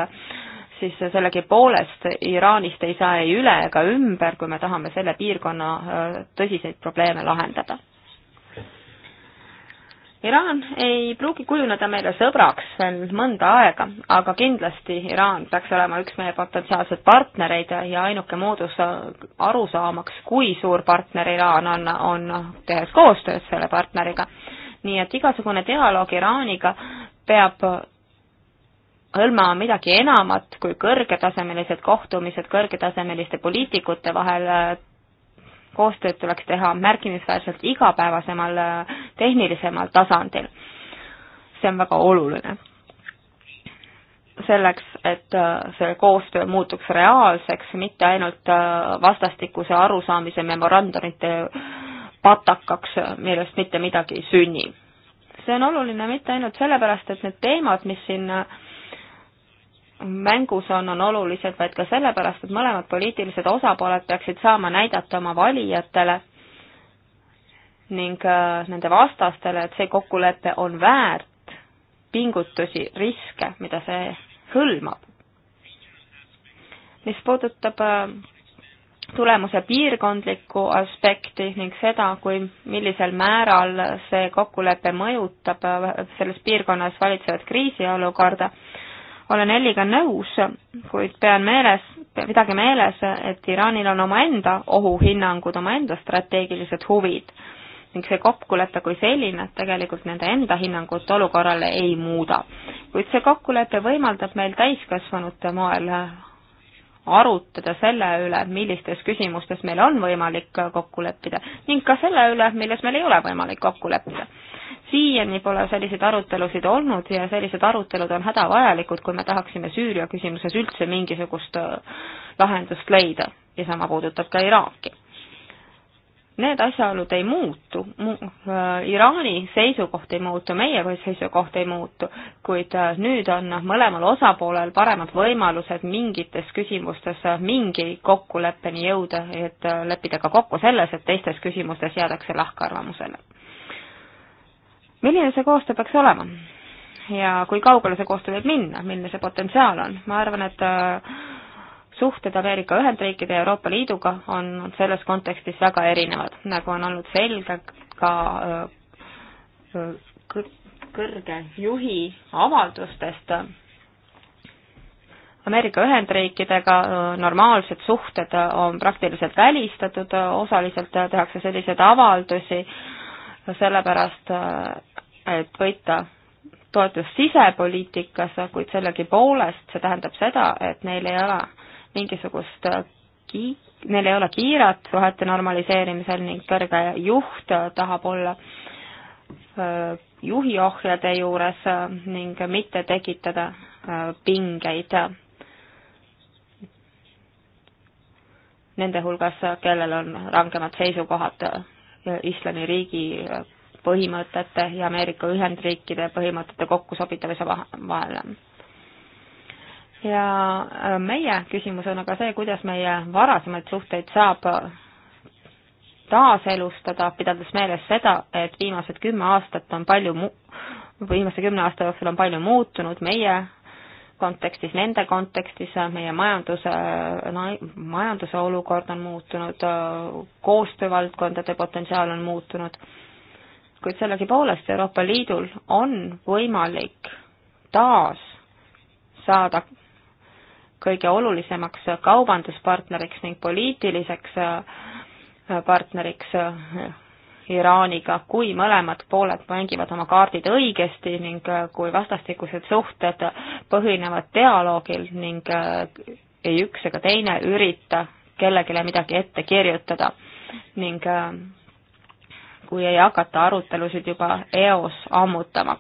siis sellegipoolest Iraanist ei saa ei üle ega ümber, kui me tahame selle piirkonna äh, tõsiseid probleeme lahendada. Iraan ei pruugi kujuneda meile sõbraks veel mõnda aega, aga kindlasti Iraan peaks olema üks meie potentsiaalseid partnereid ja ainuke moodus äh, aru saamaks, kui suur partner Iraan on, on tehes koostööd selle partneriga nii et igasugune dialoog Iraaniga peab hõlmama midagi enamat kui kõrgetasemelised kohtumised kõrgetasemeliste poliitikute vahel, koostööd tuleks teha märkimisväärselt igapäevasemal tehnilisemal tasandil. see on väga oluline. selleks, et see koostöö muutuks reaalseks, mitte ainult vastastikuse arusaamise memorandumite patakaks, millest mitte midagi ei sünni. see on oluline mitte ainult sellepärast, et need teemad, mis siin äh, mängus on, on olulised, vaid ka sellepärast, et mõlemad poliitilised osapooled peaksid saama näidata oma valijatele ning äh, nende vastastele, et see kokkulepe on väärt pingutusi, riske, mida see hõlmab. mis puudutab äh, tulemuse piirkondlikku aspekti ning seda, kui, millisel määral see kokkulepe mõjutab selles piirkonnas valitsevat kriisiolukorda. olen Elliga nõus, kuid pean meeles, pidage meeles, et Iraanil on omaenda ohuhinnangud, omaenda strateegilised huvid ning see kokkulepe kui selline tegelikult nende enda hinnangut olukorrale ei muuda. kuid see kokkulepe võimaldab meil täiskasvanute moel arutada selle üle, millistes küsimustes meil on võimalik kokku leppida ning ka selle üle, milles meil ei ole võimalik kokku leppida. siiani pole selliseid arutelusid olnud ja sellised arutelud on hädavajalikud, kui me tahaksime Süüria küsimuses üldse mingisugust äh, lahendust leida ja sama puudutab ka Iraaki need asjaolud ei muutu Mu,, äh, Iraani seisukoht ei muutu, meie seisukoht ei muutu, kuid äh, nüüd on mõlemal osapoolel paremad võimalused mingites küsimustes äh, mingi kokkuleppeni jõuda, et leppida ka kokku selles, et teistes küsimustes jäädakse lahkarvamusele. milline see koostöö peaks olema? ja kui kaugele see koostöö võib minna, milline see potentsiaal on? ma arvan, et suhted Ameerika Ühendriikide ja Euroopa Liiduga on selles kontekstis väga erinevad, nagu on olnud selge ka kõrge juhi avaldustest. Ameerika Ühendriikidega normaalsed suhted on praktiliselt välistatud, osaliselt tehakse selliseid avaldusi sellepärast, et võita toetus sisepoliitikas, kuid sellegipoolest see tähendab seda, et neil ei ole mingisugust äh, ki-, neil ei ole kiiret suhete normaliseerimisel ning kõrge juht äh, tahab olla äh, juhi ohjade juures ning mitte tekitada pingeid nende hulgas, kellel on rangemad seisukohad islamiriigi põhimõtete ja Ameerika Ühendriikide põhimõtete kokkusobitavuse vahel ja äh, meie küsimus on aga see, kuidas meie varasemaid suhteid saab äh, taaselustada, pidades meeles seda, et viimased kümme aastat on palju mu-, viimase kümne aasta jooksul on palju muutunud meie kontekstis, nende kontekstis, meie majanduse, äh, majanduse olukord on muutunud, koostöövaldkondade potentsiaal on muutunud, kuid sellegipoolest Euroopa Liidul on võimalik taas saada kõige olulisemaks kaubanduspartneriks ning poliitiliseks äh, partneriks äh, Iraaniga, kui mõlemad pooled mängivad oma kaardid õigesti ning äh, kui vastastikused suhted põhinevad dialoogil ning ei üks ega teine ürita kellelegi midagi ette kirjutada ning kui ei hakata arutelusid juba eos ammutama.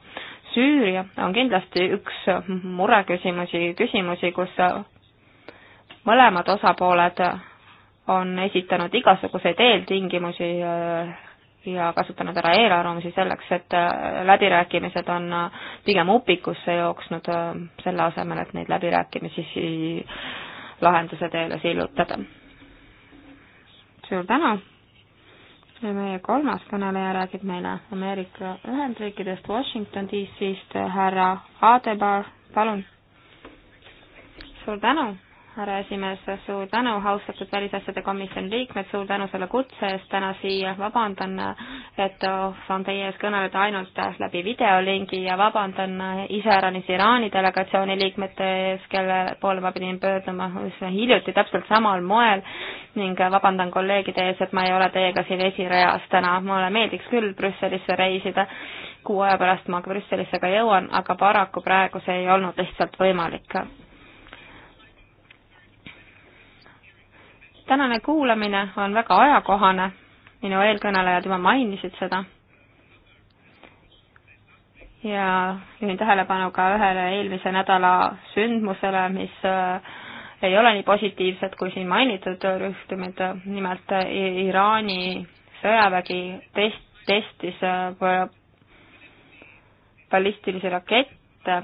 Süüria on kindlasti üks mureküsimusi, küsimusi, kus mõlemad osapooled on esitanud igasuguseid eeltingimusi äh, ja kasutanud ära eelarvamusi selleks, et äh, läbirääkimised on äh, pigem upikusse jooksnud, selle asemel, et neid läbirääkimisi lahenduse teele sillutada. suur tänu ja meie kolmas kõneleja räägib meile Ameerika Ühendriikidest, Washington DC-st, härra Adebar, palun. suur tänu härra esimees, suur tänu, austatud Välisasjade Komisjoni liikmed, suur tänu selle kutse eest täna siia, vabandan, et saan teie ees kõneleda ainult läbi videolingi ja vabandan iseäranis Iraani delegatsiooni liikmete ees, kelle poole ma pidin pöörduma üsna hiljuti täpselt samal moel ning vabandan kolleegide ees, et ma ei ole teiega siin esireas täna, mulle meeldiks küll Brüsselisse reisida, kuu aja pärast ma Brüsselisse ka jõuan, aga paraku praegu see ei olnud lihtsalt võimalik tänane kuulamine on väga ajakohane, minu eelkõnelejad juba mainisid seda. ja juhin tähelepanu ka ühele eelmise nädala sündmusele, mis äh, ei ole nii positiivsed kui siin mainitud juhtumid, nimelt Iraani sõjavägi test, testis äh, ballistilisi rakette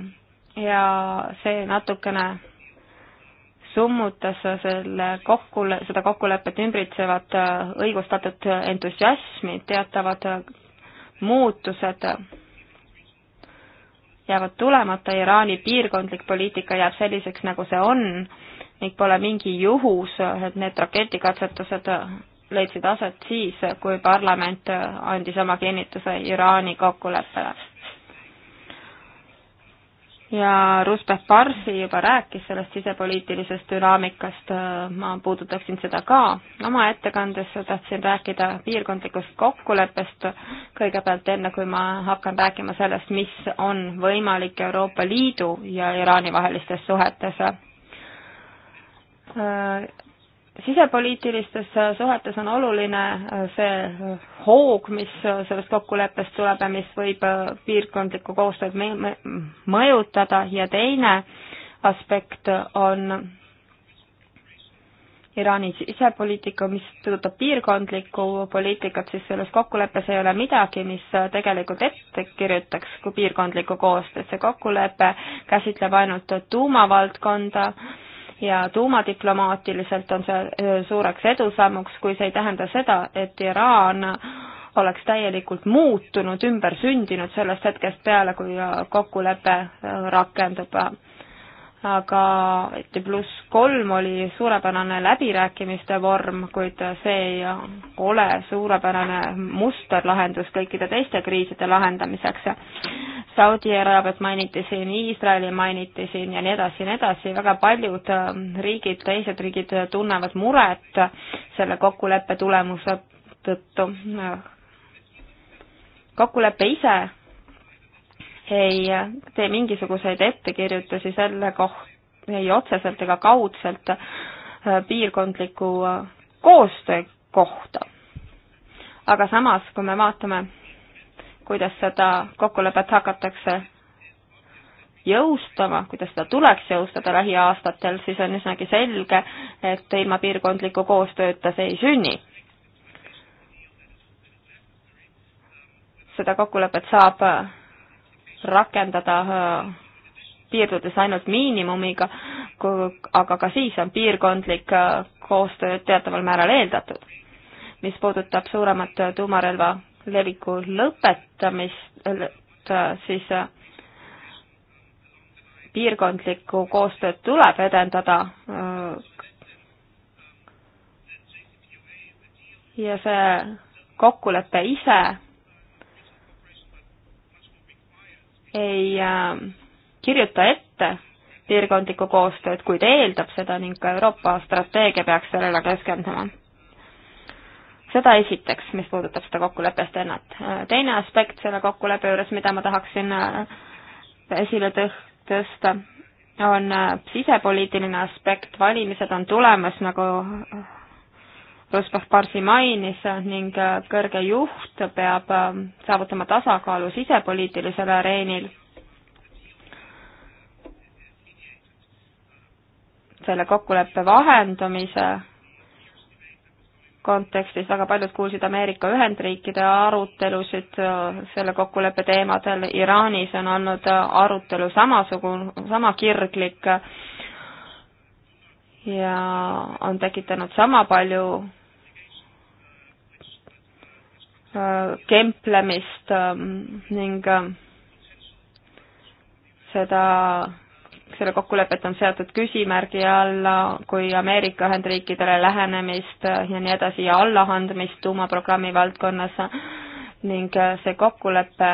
ja see natukene summutas selle kokkule-, seda kokkulepet ümbritsevat äh, õigustatud entusiasmi, teatavad äh, muutused jäävad tulemata, Iraani piirkondlik poliitika jääb selliseks, nagu see on ning pole mingi juhus, et need raketikatsetused äh, leidsid aset siis, kui parlament andis oma kinnituse Iraani kokkuleppele ja Ruspeh Parsi juba rääkis sellest sisepoliitilisest dünaamikast, äh, ma puudutaksin seda ka. oma ettekandes tahtsin rääkida piirkondlikust kokkuleppest, kõigepealt enne, kui ma hakkan rääkima sellest, mis on võimalik Euroopa Liidu ja Iraani vahelistes suhetes äh, sisepoliitilistes suhetes on oluline äh, see äh, hoog, mis äh, sellest kokkuleppest tuleb ja mis võib piirkondlikku koostööd mõjutada ja teine aspekt on Iraani sisepoliitika, mis puudutab piirkondlikku poliitikat, siis selles kokkuleppes ei ole midagi, mis tegelikult ette kirjutaks kui piirkondlikku koostööd, see kokkulepe käsitleb ainult tuumavaldkonda äh, ja tuumadiplomaatiliselt on see äh, suureks edusammuks, kui see ei tähenda seda, et Iraan oleks täielikult muutunud, ümber sündinud sellest hetkest peale, kui äh, kokkulepe äh, rakendub aga Eti pluss kolm oli suurepärane läbirääkimiste vorm, kuid see ei ole suurepärane musterlahendus kõikide teiste kriiside lahendamiseks. Saudi Araabiat mainiti siin, Iisraeli mainiti siin ja nii edasi ja nii edasi, väga paljud riigid, teised riigid tunnevad muret selle kokkuleppe tulemuse tõttu. kokkulepe ise ei tee mingisuguseid ettekirjutusi selle kohta, ei otseselt ega kaudselt äh, piirkondliku äh, koostöö kohta. aga samas, kui me vaatame, kuidas seda kokkulepet hakatakse jõustama, kuidas seda tuleks jõustada lähiaastatel, siis on üsnagi selge, et ilma piirkondliku koostööta see ei sünni. seda kokkulepet saab äh, rakendada äh, piirdudes ainult miinimumiga, aga ka siis on piirkondlik äh, koostöö teataval määral eeldatud. mis puudutab suuremat äh, tuumarelva leviku lõpetamist, siis piirkondlikku koostööd tuleb edendada ja see kokkulepe ise ei ähm, kirjuta ette piirkondlikku koostööd, kuid eeldab seda ning ka Euroopa strateegia peaks sellele keskenduma. seda esiteks, mis puudutab seda kokkulepest ennast. Äh, teine aspekt selle kokkuleppe juures, mida ma tahaksin äh, esile tõsta, on äh, sisepoliitiline aspekt, valimised on tulemas, nagu Rusbach Barsi mainis ning äh, kõrge juht peab äh, saavutama tasakaalu sisepoliitilisel areenil. selle kokkuleppe vahendumise kontekstis väga paljud kuulsid Ameerika Ühendriikide arutelusid äh, selle kokkuleppe teemadel, Iraanis on olnud arutelu samasugune, sama kirglik ja on tekitanud sama palju kemplemist ähm, ning ähm, seda, selle kokkulepet on seatud küsimärgi alla kui Ameerika Ühendriikidele lähenemist äh, ja nii edasi ja allaandmist tuumaprogrammi valdkonnas ning äh, see kokkulepe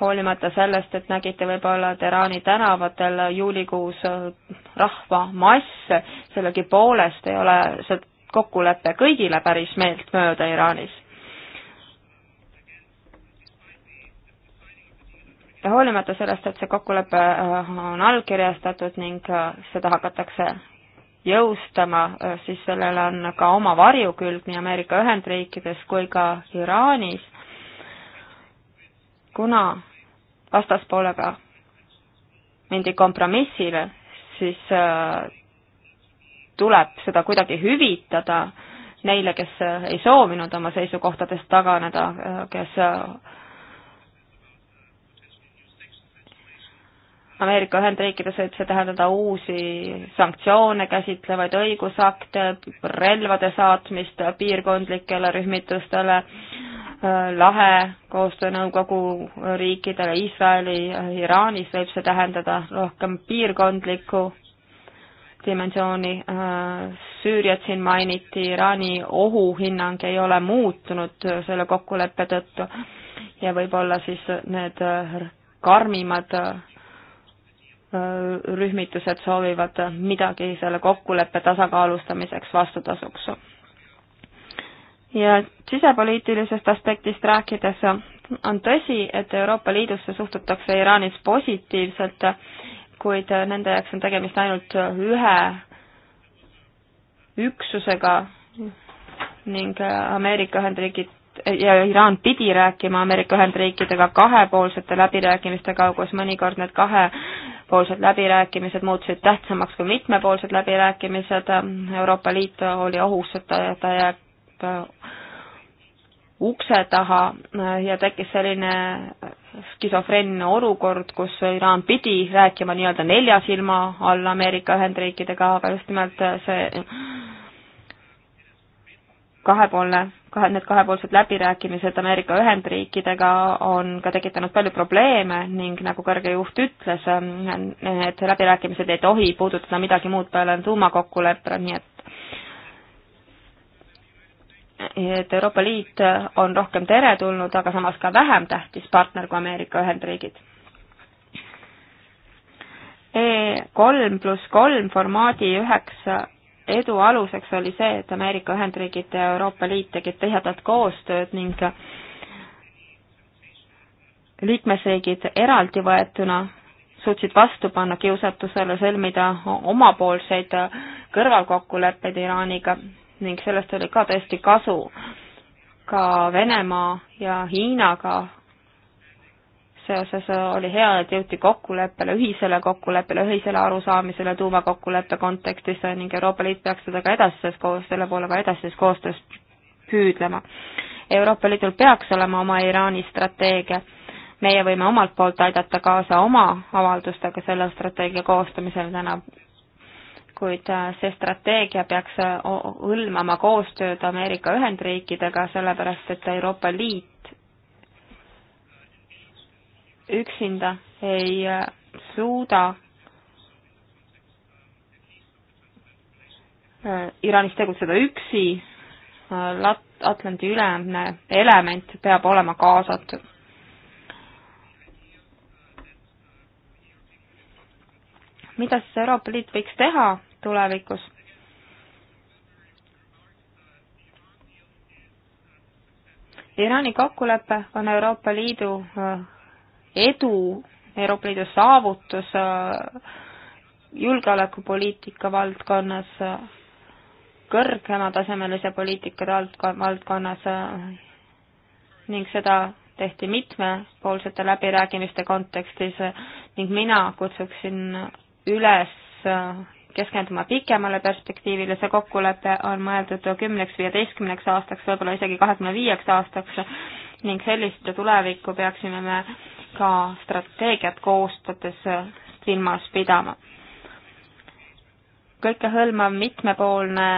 hoolimata sellest, et nägite võib-olla Teraani tänavatel juulikuus äh, rahvamasse, sellegipoolest ei ole see kokkulepe kõigile päris meeltmööda Iraanis ja hoolimata sellest, et see kokkulepe äh, on allkirjastatud ning äh, seda hakatakse jõustama, äh, siis sellel on ka oma varjukülg nii Ameerika Ühendriikides kui ka Iraanis, kuna vastaspoolega mindi kompromissile, siis tuleb seda kuidagi hüvitada neile, kes ei soovinud oma seisukohtadest taganeda, kes Ameerika Ühendriikides võib see tähendada uusi sanktsioone käsitlevaid õigusakte, relvade saatmist piirkondlikele rühmitustele, lahe koostöönõukogu riikidele, Iisraeli, Iraanis võib see tähendada rohkem piirkondlikku dimensiooni, Süüriat siin mainiti, Iraani ohuhinnang ei ole muutunud selle kokkuleppe tõttu ja võib-olla siis need karmimad rühmitused soovivad midagi selle kokkuleppe tasakaalustamiseks vastutasuks. ja sisepoliitilisest aspektist rääkides on tõsi, et Euroopa Liidusse suhtutakse Iraanis positiivselt, kuid nende jaoks on tegemist ainult ühe üksusega ning Ameerika Ühendriigid Iraanilt ja Iraan pidi rääkima Ameerika Ühendriikidega kahepoolsete läbirääkimiste kaugus, mõnikord need kahepoolsed läbirääkimised muutusid tähtsamaks kui mitmepoolsed läbirääkimised, Euroopa Liit oli ohus, et ta jääb äh, ukse taha äh, ja tekkis selline skisofrenne olukord, kus Iraan pidi rääkima nii-öelda nelja silma all Ameerika Ühendriikidega, aga just nimelt see kahepoolne kahe, need kahepoolsed läbirääkimised Ameerika Ühendriikidega on ka tekitanud palju probleeme ning nagu kõrge juht ütles, need läbirääkimised ei tohi puudutada midagi muud peale tuumakokkuleppe, nii et et Euroopa Liit on rohkem teretulnud, aga samas ka vähem tähtis partner kui Ameerika Ühendriigid E kolm pluss kolm formaadi üheks edu aluseks oli see, et Ameerika Ühendriigid ja Euroopa Liit tegid tihedat koostööd ning liikmesriigid eraldi võetuna suutsid vastu panna kiusatusele sõlmida omapoolseid kõrvalkokkuleppeid Iraaniga ning sellest oli ka tõesti kasu. ka Venemaa ja Hiinaga seoses äh, oli hea, et jõuti kokkuleppele, ühisele kokkuleppele, ühisele arusaamisele tuumakokkuleppe kontekstis äh, ning Euroopa Liit peaks seda ka edasises koos, selle poole ka edasises koostöös püüdlema. Euroopa Liidul peaks olema oma Iraani strateegia, meie võime omalt poolt aidata kaasa oma avaldustega selle strateegia koostamisel täna, kuid äh, see strateegia peaks hõlmama koostööd Ameerika Ühendriikidega, sellepärast et Euroopa Liit üksinda ei äh, suuda äh, Iraanis tegutseda üksi, äh, Atlandi ülemne element peab olema kaasatud. mida siis Euroopa Liit võiks teha tulevikus? Iraani kokkulepe on Euroopa Liidu edu Euroopa Liidu saavutus äh, julgeolekupoliitika valdkonnas, äh, kõrgematasemelise poliitika valdkonnas äh, ning seda tehti mitmepoolsete läbirääkimiste kontekstis ning mina kutsuksin üles keskenduma pikemale perspektiivile, see kokkulepe on mõeldud kümneks, viieteistkümneks aastaks, võib-olla isegi kahekümne viieks aastaks ning sellist tulevikku peaksime me ka strateegiat koostades silmas pidama. kõikehõlmav mitmepoolne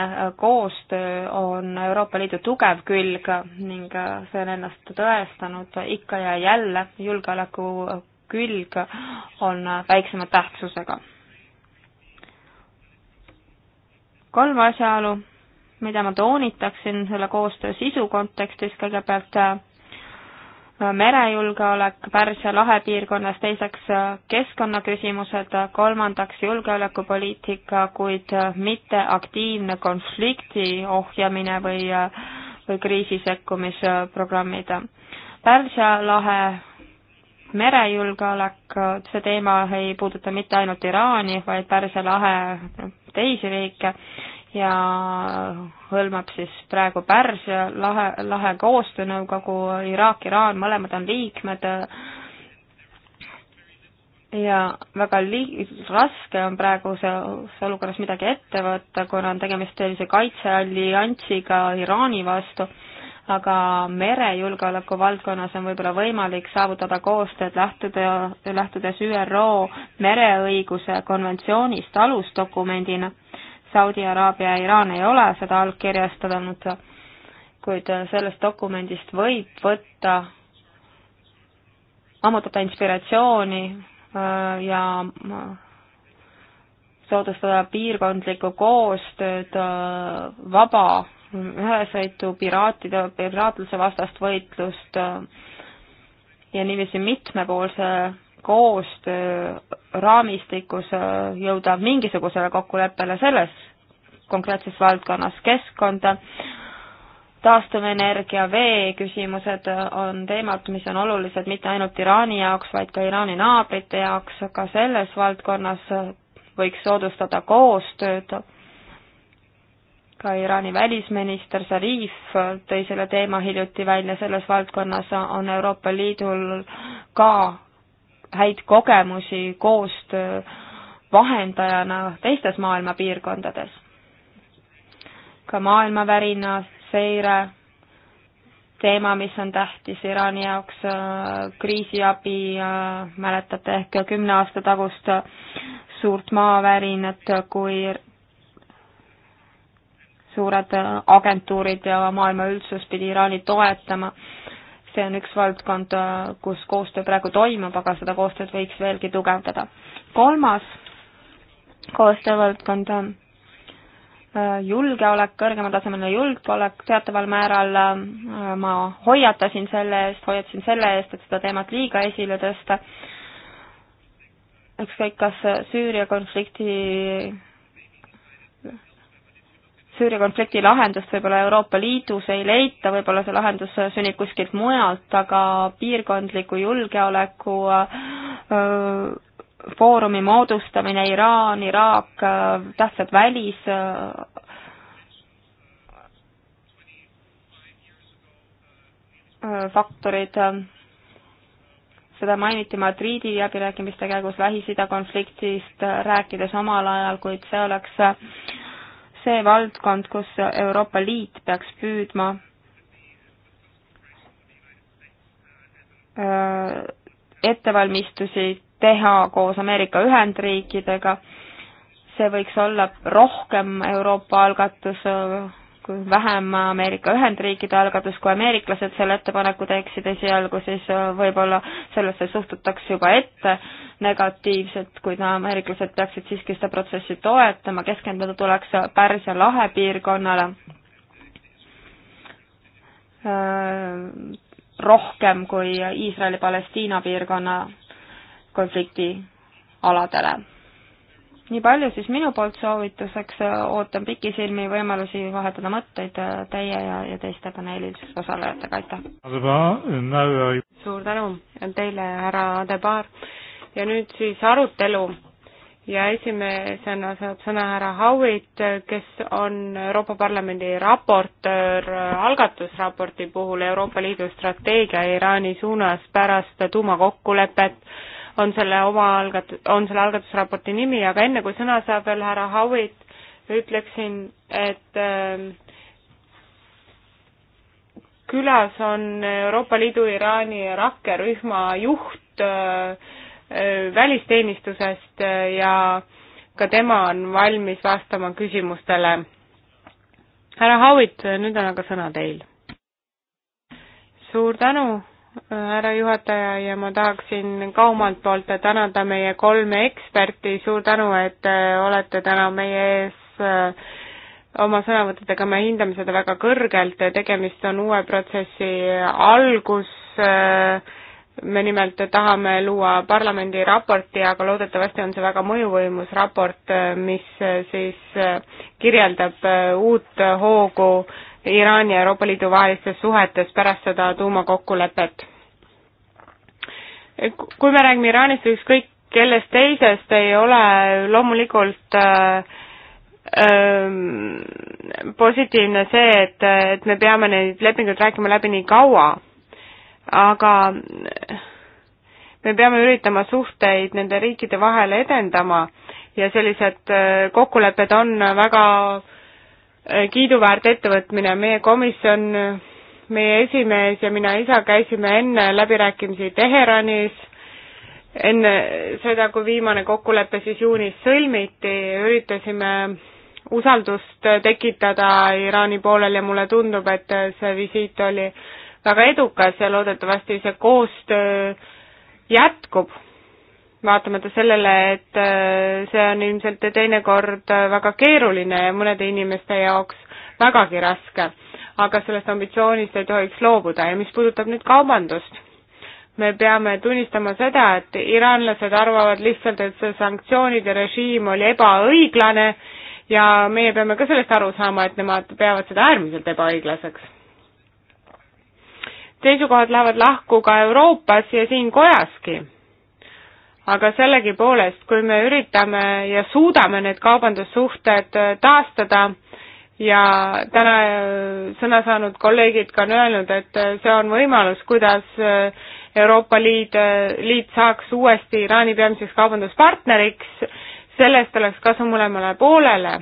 koostöö on Euroopa Liidu tugev külg ning see on ennast tõestanud ikka ja jälle, julgeoleku külg on väiksema tähtsusega. kolm asjaolu, mida ma toonitaksin selle koostöö sisu kontekstis, kõigepealt merejulgeolek Pärsia lahe piirkonnas, teiseks äh, keskkonnaküsimused, kolmandaks julgeolekupoliitika, kuid äh, mitte aktiivne konflikti ohjamine või, äh, või kriisi sekkumisprogrammid. Pärsia lahe merejulgeolek, see teema ei puuduta mitte ainult Iraani, vaid Pärsia lahe teisi riike ja hõlmab siis praegu Pärsia lahe, lahe koostöönõukogu, Iraak, Iraan, mõlemad on liikmed ja väga li-, raske on praeguses olukorras midagi ette võtta, kuna on tegemist sellise kaitsealliansiga Iraani vastu, aga merejulgeoleku valdkonnas on võib-olla võimalik saavutada koostööd lähtuda, lähtudes ÜRO mereõiguse konventsioonist alusdokumendina Saudi Araabia ja Iraan ei ole seda allkirjastanud, kuid sellest dokumendist võib võtta, ammutada inspiratsiooni äh, ja äh, soodustada piirkondlikku koostööd, äh, vaba ühesõitu, piraatide, piraatluse vastast võitlust ja niiviisi mitmepoolse koostöö raamistikus äh, jõuda mingisugusele kokkuleppele selles konkreetses valdkonnas keskkonda, taastuvenergia, vee küsimused on teemad, mis on olulised mitte ainult Iraani jaoks, vaid ka Iraani naabrite jaoks, ka selles valdkonnas võiks soodustada koostööd. ka Iraani välisminister Zarif tõi selle teema hiljuti välja, selles valdkonnas on Euroopa Liidul ka häid kogemusi koostöö vahendajana teistes maailma piirkondades. ka maailmavärina seire, teema, mis on tähtis Iraani jaoks, äh, kriisiabi, äh, mäletate ehk kümne aasta tagust äh, suurt maavärinat, kui suured agentuurid ja maailma üldsus pidi Iraani toetama see on üks valdkond, kus koostöö praegu toimub, aga seda koostööd võiks veelgi tugevdada. kolmas koostöövaldkond on äh, julgeolek, kõrgematasemeline julgeolek, teataval määral äh, ma hoiatasin selle eest, hoiatasin selle eest, et seda teemat liiga esile tõsta, ükskõik kas Süüria konflikti Süüria konflikti lahendust võib-olla Euroopa Liidus ei leita, võib-olla see lahendus sünnib kuskilt mujalt, aga piirkondliku julgeoleku öö, äh, foorumi moodustamine, Iraan, Iraak, äh, tähtsad välis äh, faktorid, seda mainiti Madridi läbirääkimiste käigus Lähis-Ida konfliktist rääkides omal ajal, kuid see oleks see valdkond, kus Euroopa Liit peaks püüdma ettevalmistusi teha koos Ameerika Ühendriikidega, see võiks olla rohkem Euroopa algatus vähem Ameerika Ühendriikide algatus, kui ameeriklased selle ettepaneku teeksid esialgu, siis äh, võib-olla sellesse suhtutakse juba ette negatiivselt, kuid ameeriklased peaksid siiski seda protsessi toetama, keskenduda tuleks Pärsia lahe piirkonnale äh, rohkem kui Iisraeli-Palestiina piirkonna konflikti aladele nii palju siis minu poolt soovituseks, äh, ootan pikisilmi võimalusi vahetada mõtteid äh, teie ja, ja teiste paneelis osalejatega, aitäh! suur tänu teile, härra Adebar! ja nüüd siis arutelu ja esimesena saab sõna härra Howitt, kes on Euroopa Parlamendi raportöör algatusraporti puhul Euroopa Liidu strateegia Iraani suunas pärast tuumakokkulepet on selle oma algat-, on selle algatusraporti nimi, aga enne kui sõna saab veel härra Howitt, ütleksin, et ähm, külas on Euroopa Liidu Iraani rakkerühma juht äh, äh, välisteenistusest äh, ja ka tema on valmis vastama küsimustele. härra Howitt, nüüd on aga sõna teil. suur tänu härra juhataja ja ma tahaksin ka omalt poolt tänada meie kolme eksperti, suur tänu, et äh, olete täna meie ees äh, oma sõnavõttudega, me hindame seda väga kõrgelt, tegemist on uue protsessi algus, äh, me nimelt tahame luua parlamendi raporti, aga loodetavasti on see väga mõjuvõimus raport, mis siis kirjeldab uut hoogu äh, Iraani ja Euroopa Liidu vahelistes suhetes pärast seda tuumakokkulepet. kui me räägime Iraanist või ükskõik kellest teisest, ei ole loomulikult äh, äh, positiivne see, et, et me peame neid lepinguid rääkima läbi nii kaua, aga me peame üritama suhteid nende riikide vahel edendama ja sellised äh, kokkulepped on väga äh, kiiduväärt ettevõtmine, meie komisjon, meie esimees ja mina ise käisime enne läbirääkimisi Teheranis, enne seda, kui viimane kokkulepe siis juunis sõlmiti, üritasime usaldust tekitada Iraani poolel ja mulle tundub, et see visiit oli väga edukas ja loodetavasti see koostöö jätkub vaatamata sellele, et äh, see on ilmselt teinekord väga keeruline ja mõnede inimeste jaoks vägagi raske. aga sellest ambitsioonist ei tohiks loobuda ja mis puudutab nüüd kaubandust, me peame tunnistama seda, et iranlased arvavad lihtsalt, et see sanktsioonide režiim oli ebaõiglane ja meie peame ka sellest aru saama, et nemad peavad seda äärmiselt ebaõiglaseks seisukohad lähevad lahku ka Euroopas ja siin kojaski aga sellegipoolest, kui me üritame ja suudame need kaubandussuhted äh, taastada ja täna äh, sõna saanud kolleegid ka on öelnud, et äh, see on võimalus, kuidas Euroopa Liid, liit saaks uuesti Iraani peamiseks kaubanduspartneriks, sellest oleks kasu mõlemale poolele.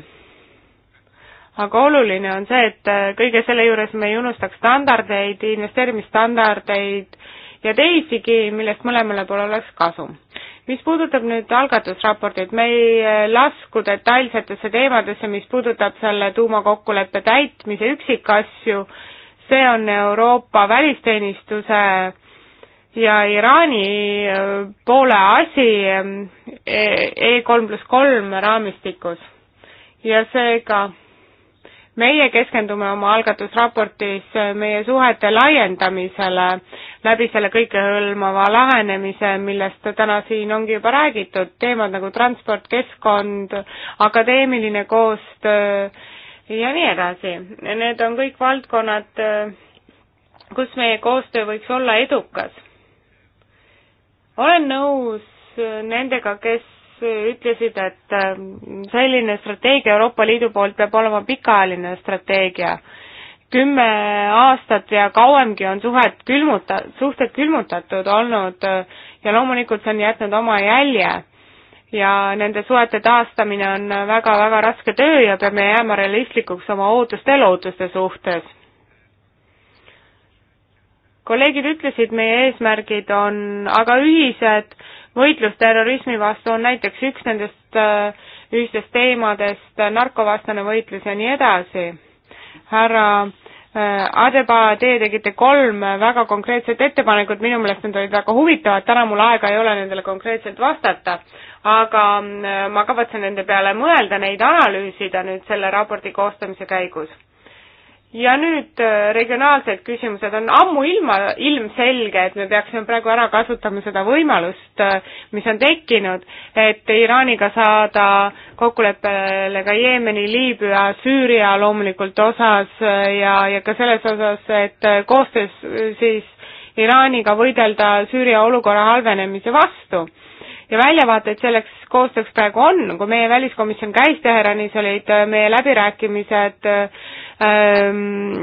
aga oluline on see, et kõige selle juures me ei unustaks standardeid, investeerimisstandardeid ja teisigi, millest mõlemale poole oleks kasu mis puudutab nüüd algatusraportit, me ei eh, lasku detailsetesse teemadesse, mis puudutab selle tuumakokkuleppe täitmise üksikasju, see on Euroopa välisteenistuse ja Iraani eh, poole asi eh, E kolm pluss kolm raamistikus ja seega meie keskendume oma algatusraportis äh, meie suhete laiendamisele läbi selle kõikehõlmava lähenemise, millest täna siin ongi juba räägitud, teemad nagu transport, keskkond, akadeemiline koostöö ja nii edasi. Need on kõik valdkonnad, äh, kus meie koostöö võiks olla edukas. olen nõus äh, nendega, kes ütlesid, et ähm, selline strateegia Euroopa Liidu poolt peab olema pikaajaline strateegia. kümme aastat ja kauemgi on suhet külmuta-, suhted külmutatud olnud äh, ja loomulikult see on jätnud oma jälje. ja nende suhete taastamine on väga-väga raske töö ja peame jääma realistlikuks oma ootuste ja lootuste suhtes. kolleegid ütlesid, meie eesmärgid on aga ühised võitlus terrorismi vastu on näiteks üks nendest äh, ühistest teemadest, narkovastane võitlus ja nii edasi. härra äh, Adeba, teie tegite kolm väga konkreetset ettepanekut, minu meelest need olid väga huvitavad, täna mul aega ei ole nendele konkreetselt vastata, aga äh, ma kavatsen nende peale mõelda, neid analüüsida nüüd selle raporti koostamise käigus ja nüüd äh, regionaalsed küsimused, on ammuilma ilmselge, et me peaksime praegu ära kasutama seda võimalust, äh, mis on tekkinud, et Iraaniga saada kokkuleppele ka Jeemeni, Liibüa, Süüria loomulikult osas äh, ja, ja ka selles osas, et koostöös siis Iraaniga võidelda Süüria olukorra halvenemise vastu ja väljavaateid selleks koostööks praegu on, kui meie väliskomisjon käis Teheranis, olid meie läbirääkimised äh, Ehm,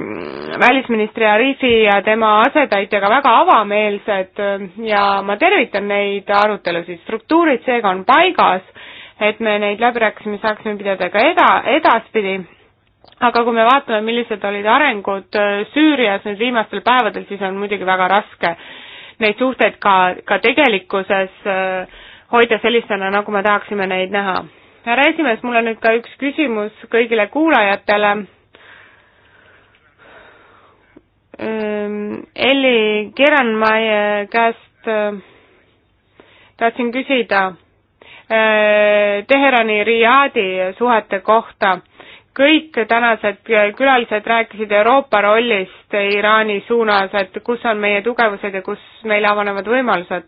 välisministri Arifi ja tema asetäitjaga väga avameelsed ehm, ja ma tervitan neid arutelusid, struktuurid seega on paigas, et me neid läbirääkimisi saaksime pidada ka eda-, edaspidi, aga kui me vaatame, millised olid arengud ehm, Süürias nüüd viimastel päevadel, siis on muidugi väga raske neid suhteid ka, ka tegelikkuses hoida sellistena, nagu me tahaksime neid näha. härra esimees, mul on nüüd ka üks küsimus kõigile kuulajatele Ähm, Elli Keranmäe käest äh, tahtsin küsida äh, Teherani-Riadi suhete kohta. kõik tänased külalised rääkisid Euroopa rollist Iraani suunas, et kus on meie tugevused ja kus meile avanevad võimalused.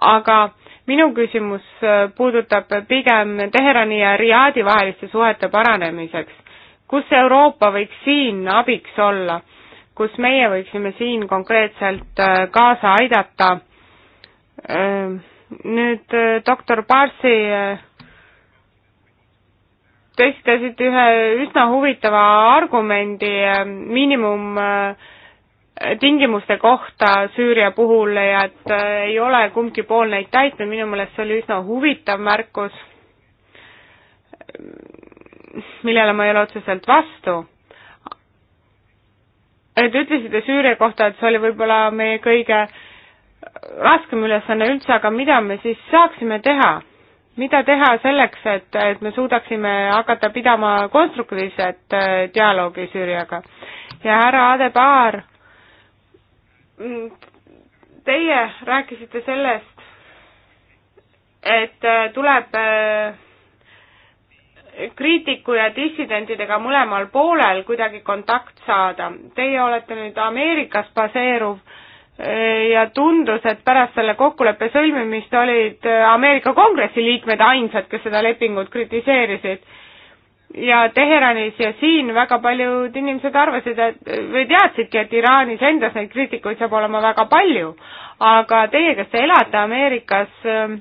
aga minu küsimus äh, puudutab pigem Teherani ja Riadi vaheliste suhete paranemiseks. kus Euroopa võiks siin abiks olla? kus meie võiksime siin konkreetselt äh, kaasa aidata. Ähm, nüüd äh, doktor Parsi äh, tõstasid ühe üsna huvitava argumendi miinimumtingimuste kohta Süüria puhul ja et ei ole kumbki pool neid täitnud, minu meelest see oli üsna huvitav märkus, millele ma ei ole otseselt vastu Te ütlesite Süüria kohta, et see oli võib-olla meie kõige raskem ülesanne üldse, aga mida me siis saaksime teha? mida teha selleks, et, et me suudaksime hakata pidama konstruktiivset äh, dialoogi Süüriaga? ja härra Adebar, mm, teie rääkisite sellest, et äh, tuleb äh, kriitiku ja dissidentidega mõlemal poolel kuidagi kontakt saada. Teie olete nüüd Ameerikas baseeruv eh, ja tundus, et pärast selle kokkuleppe sõlmimist olid eh, Ameerika Kongressi liikmed ainsad, kes seda lepingut kritiseerisid. ja Teheranis ja siin väga paljud inimesed arvasid, et või teadsidki, et Iraanis endas neid kriitikuid saab olema väga palju, aga teie, kes te elate Ameerikas äh,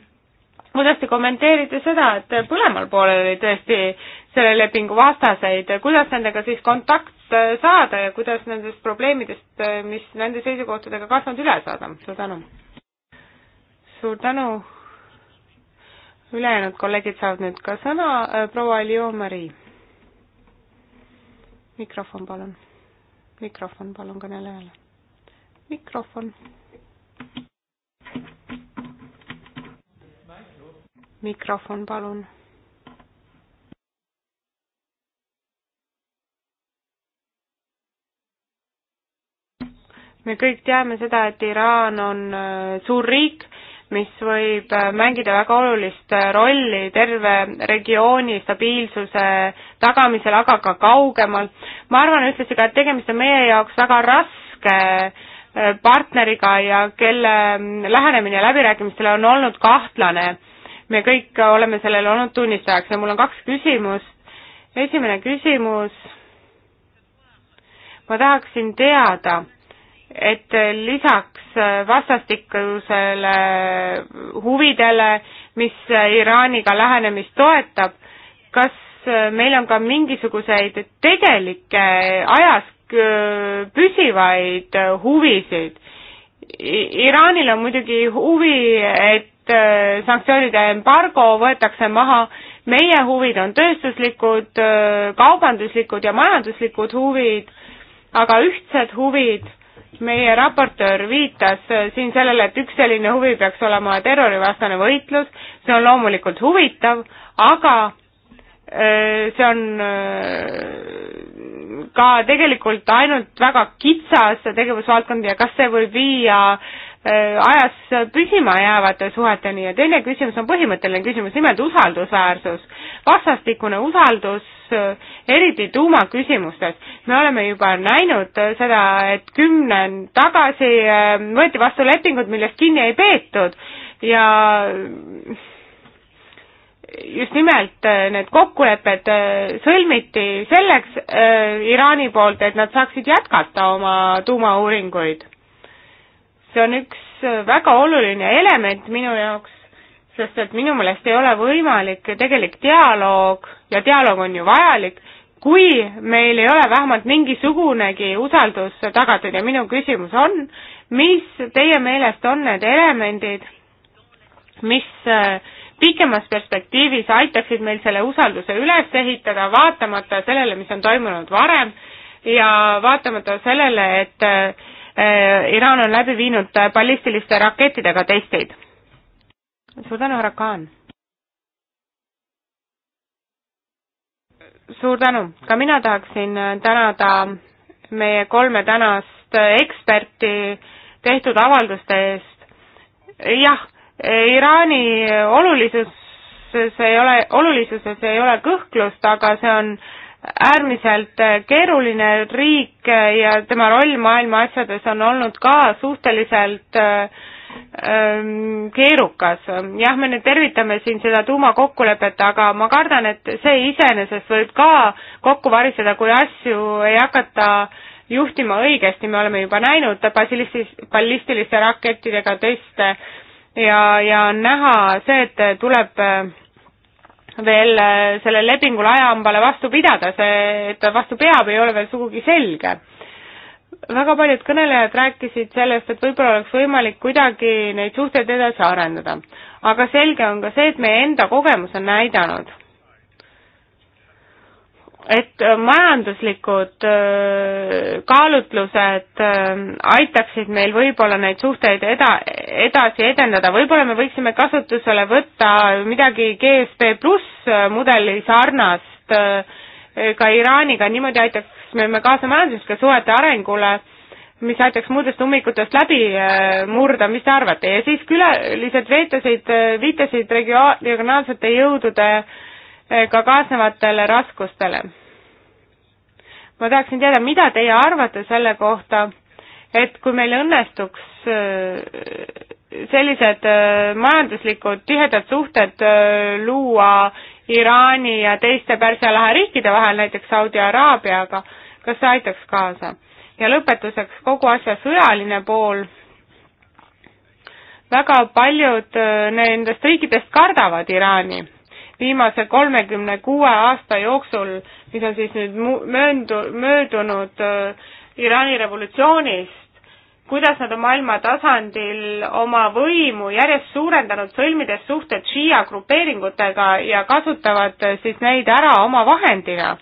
kuidas te kommenteerite seda, et põlemal poolel oli tõesti selle lepingu vastaseid, kuidas nendega siis kontakt saada ja kuidas nendest probleemidest, mis nende seisukohtadega kasvanud, üle saada? suur tänu! suur tänu! ülejäänud kolleegid saavad nüüd ka sõna, proua Leo-Marii. mikrofon, palun. mikrofon, palun kõnelejale. mikrofon. mikrofon, palun. me kõik teame seda, et Iraan on äh, suur riik, mis võib äh, mängida väga olulist äh, rolli terve regiooni stabiilsuse tagamisel, aga ka kaugemal. ma arvan ühtlasi ka, et tegemist on meie jaoks väga raske partneriga ja kelle mm, lähenemine läbirääkimistele on olnud kahtlane me kõik oleme sellele olnud tunnistajaks ja mul on kaks küsimust. esimene küsimus, ma tahaksin teada, et lisaks vastastikusele huvidele, mis Iraaniga lähenemist toetab, kas meil on ka mingisuguseid tegelikke ajas püsivaid huvisid. Iraanil on muidugi huvi, et et äh, sanktsioonide embargo võetakse maha. meie huvid on tööstuslikud, äh, kaubanduslikud ja majanduslikud huvid, aga ühtsed huvid, meie raportöör viitas äh, siin sellele, et üks selline huvi peaks olema terrorivastane võitlus, see on loomulikult huvitav, aga see on ka tegelikult ainult väga kitsas tegevusvaldkond ja kas see võib viia äh, Äh, ajas püsima jäävate suheteni ja teine küsimus on põhimõtteline küsimus, nimelt usaldusväärsus. vastastikune usaldus, äh, eriti tuumaküsimustes. me oleme juba näinud äh, seda, et kümne tagasi võeti vastu lepingud, millest kinni ei peetud ja just nimelt need kokkulepped sõlmiti selleks Iraani poolt, et nad saaksid jätkata oma tuumauuringuid see on üks väga oluline element minu jaoks, sest et minu meelest ei ole võimalik tegelik dialoog ja dialoog on ju vajalik, kui meil ei ole vähemalt mingisugunegi usaldus tagatud ja minu küsimus on, mis teie meelest on need elemendid, mis äh, pikemas perspektiivis aitaksid meil selle usalduse üles ehitada, vaatamata sellele, mis on toimunud varem ja vaatamata sellele, et äh, Äh, Iraan on läbi viinud äh, ballistiliste rakettidega testeid. suur tänu, härra Kaan. suur tänu, ka mina tahaksin äh, tänada meie kolme tänast eksperti tehtud avalduste eest. jah, Iraani olulisus olulisuses ei ole, olulisuses ei ole kõhklust, aga see on äh, äärmiselt keeruline riik ja tema roll maailma asjades on olnud ka suhteliselt ähm, keerukas. jah, me nüüd tervitame siin seda tuumakokkulepet, aga ma kardan, et see iseenesest võib ka kokku variseda, kui asju ei hakata juhtima õigesti, me oleme juba näinud basilistis-, ballistiliste rakettidega teste ja, ja on näha see, et tuleb äh, veel äh, sellele lepingule ajahambale vastu pidada, see, et ta vastu peab, ei ole veel sugugi selge. väga paljud kõnelejad rääkisid sellest, et võib-olla oleks võimalik kuidagi neid suhteid edasi arendada. aga selge on ka see, et meie enda kogemus on näidanud, et äh, majanduslikud äh, kaalutlused äh, aitaksid meil võib-olla neid suhteid eda-, edasi edendada, võib-olla me võiksime kasutusele võtta midagi GSP pluss mudeli sarnast ka Iraaniga, niimoodi aitaksime me kaasa majanduslike suhete arengule, mis aitaks muudest ummikutest läbi murda, mis te arvate, ja siis külalised veetasid, viitasid regio-, regionaalsete jõudude äh, Eh, ka kaasnevatele raskustele. ma tahaksin teada, mida teie arvate selle kohta, et kui meil õnnestuks eh, sellised eh, majanduslikud tihedad suhted luua Iraani ja teiste Pärsia lahe riikide vahel, näiteks Saudi Araabiaga, kas see aitaks kaasa? ja lõpetuseks kogu asja sõjaline pool. väga paljud nendest riikidest kardavad Iraani viimase kolmekümne kuue aasta jooksul, mis on siis nüüd mööndu-, möödunud äh, Iraani revolutsioonist, kuidas nad on maailma tasandil oma võimu järjest suurendanud, sõlmides suhted Shia grupeeringutega ja kasutavad äh, siis neid ära oma vahendina.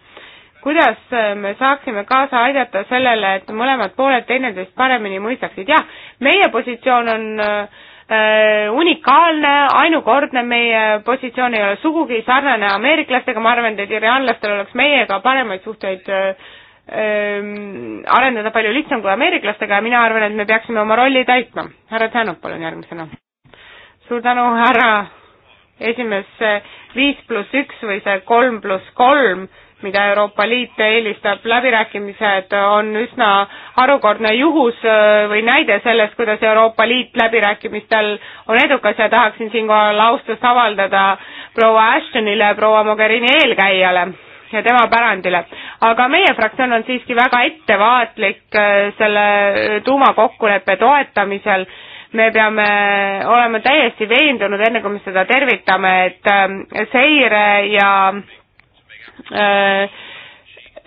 kuidas äh, me saaksime kaasa aidata sellele, et mõlemad pooled teineteist paremini mõistaksid, jah, meie positsioon on äh, Äh, unikaalne, ainukordne, meie positsioon ei ole sugugi sarnane ameeriklastega, ma arvan, et iraanlastel oleks meiega paremaid suhteid äh, ähm, arendada palju lihtsam kui ameeriklastega ja mina arvan, et me peaksime oma rolli täitma. härra Tänuk, palun järgmisena. suur tänu, härra esimees, viis pluss üks või see kolm pluss kolm mida Euroopa Liit eelistab, läbirääkimised on üsna harukordne juhus äh, või näide sellest, kuidas Euroopa Liit läbirääkimistel on edukas ja tahaksin siinkohal austust avaldada proua Ashtonile, proua Mogherini eelkäijale ja tema pärandile. aga meie fraktsioon on siiski väga ettevaatlik äh, selle äh, tuumakokkuleppe toetamisel me peame olema täiesti veendunud, enne kui me seda tervitame, et ähm, seire ja Äh,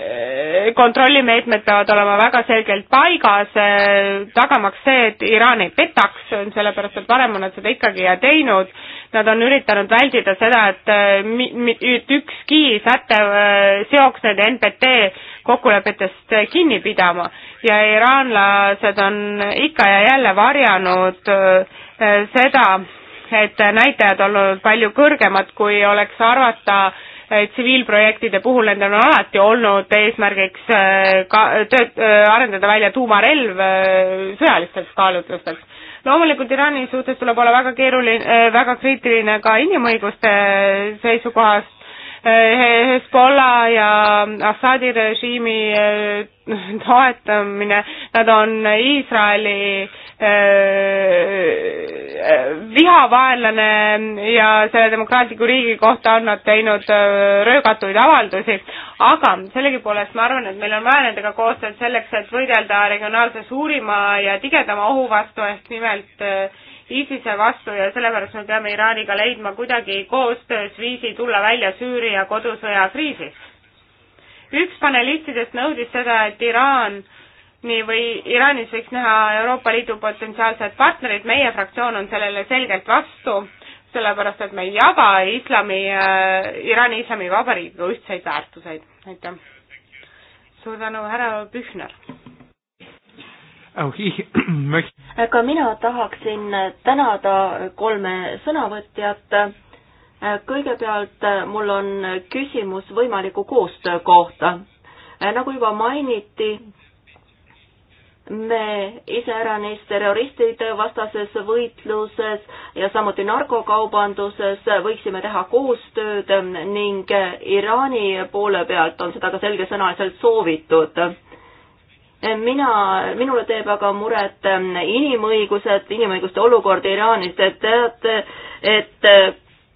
äh, kontrollimeetmed peavad olema väga selgelt paigas, äh, tagamaks see, et Iraan ei petaks, sellepärast et varem on nad seda ikkagi teinud. Nad on üritanud vältida seda, et ükski säte seoks need NPT kokkulepetest kinni pidama ja iraanlased on ikka ja jälle varjanud seda, et näitajad olnud palju kõrgemad, kui oleks arvata äh, Eh, tsiviilprojektide puhul nendel on alati olnud eesmärgiks eh, ka tööd, eh, arendada välja tuumarelv sõjalisteks kaalutlusteks. loomulikult Iraani suhtes tuleb olla väga keeruline, väga kriitiline ka inimõiguste seisukohast, Hezbollah ja Assadi režiimi toetamine, nad on Iisraeli Äh, äh, vihavaenlane ja selle demokraatliku riigi kohta on nad teinud äh, röögatuid avaldusi, aga sellegipoolest ma arvan, et meil on vaja nendega koostööd selleks, et võidelda regionaalse suurima ja tigedama ohu vastu ehk nimelt ISISe vastu ja sellepärast me peame Iraaniga leidma kuidagi koostöös viisi tulla välja Süüria kodusõja kriisist. üks panelistidest nõudis seda, et Iraan äh, nii või Iraanis võiks näha Euroopa Liidu potentsiaalsed partnerid, meie fraktsioon on sellele selgelt vastu, sellepärast et me ei jaga islami äh,, Iraani Islamivabariigiga ühtseid väärtuseid, aitäh. suur tänu, härra Pühner. <clears throat> ka mina tahaksin tänada kolme sõnavõtjat. kõigepealt mul on küsimus võimaliku koostöö kohta. nagu juba mainiti, me iseäranis terroristide vastases võitluses ja samuti narkokaubanduses võiksime teha koostööd ning Iraani poole pealt on seda ka selgesõnaliselt soovitud. mina, minule teeb aga muret inimõigused, inimõiguste olukord Iraanis, te teate, et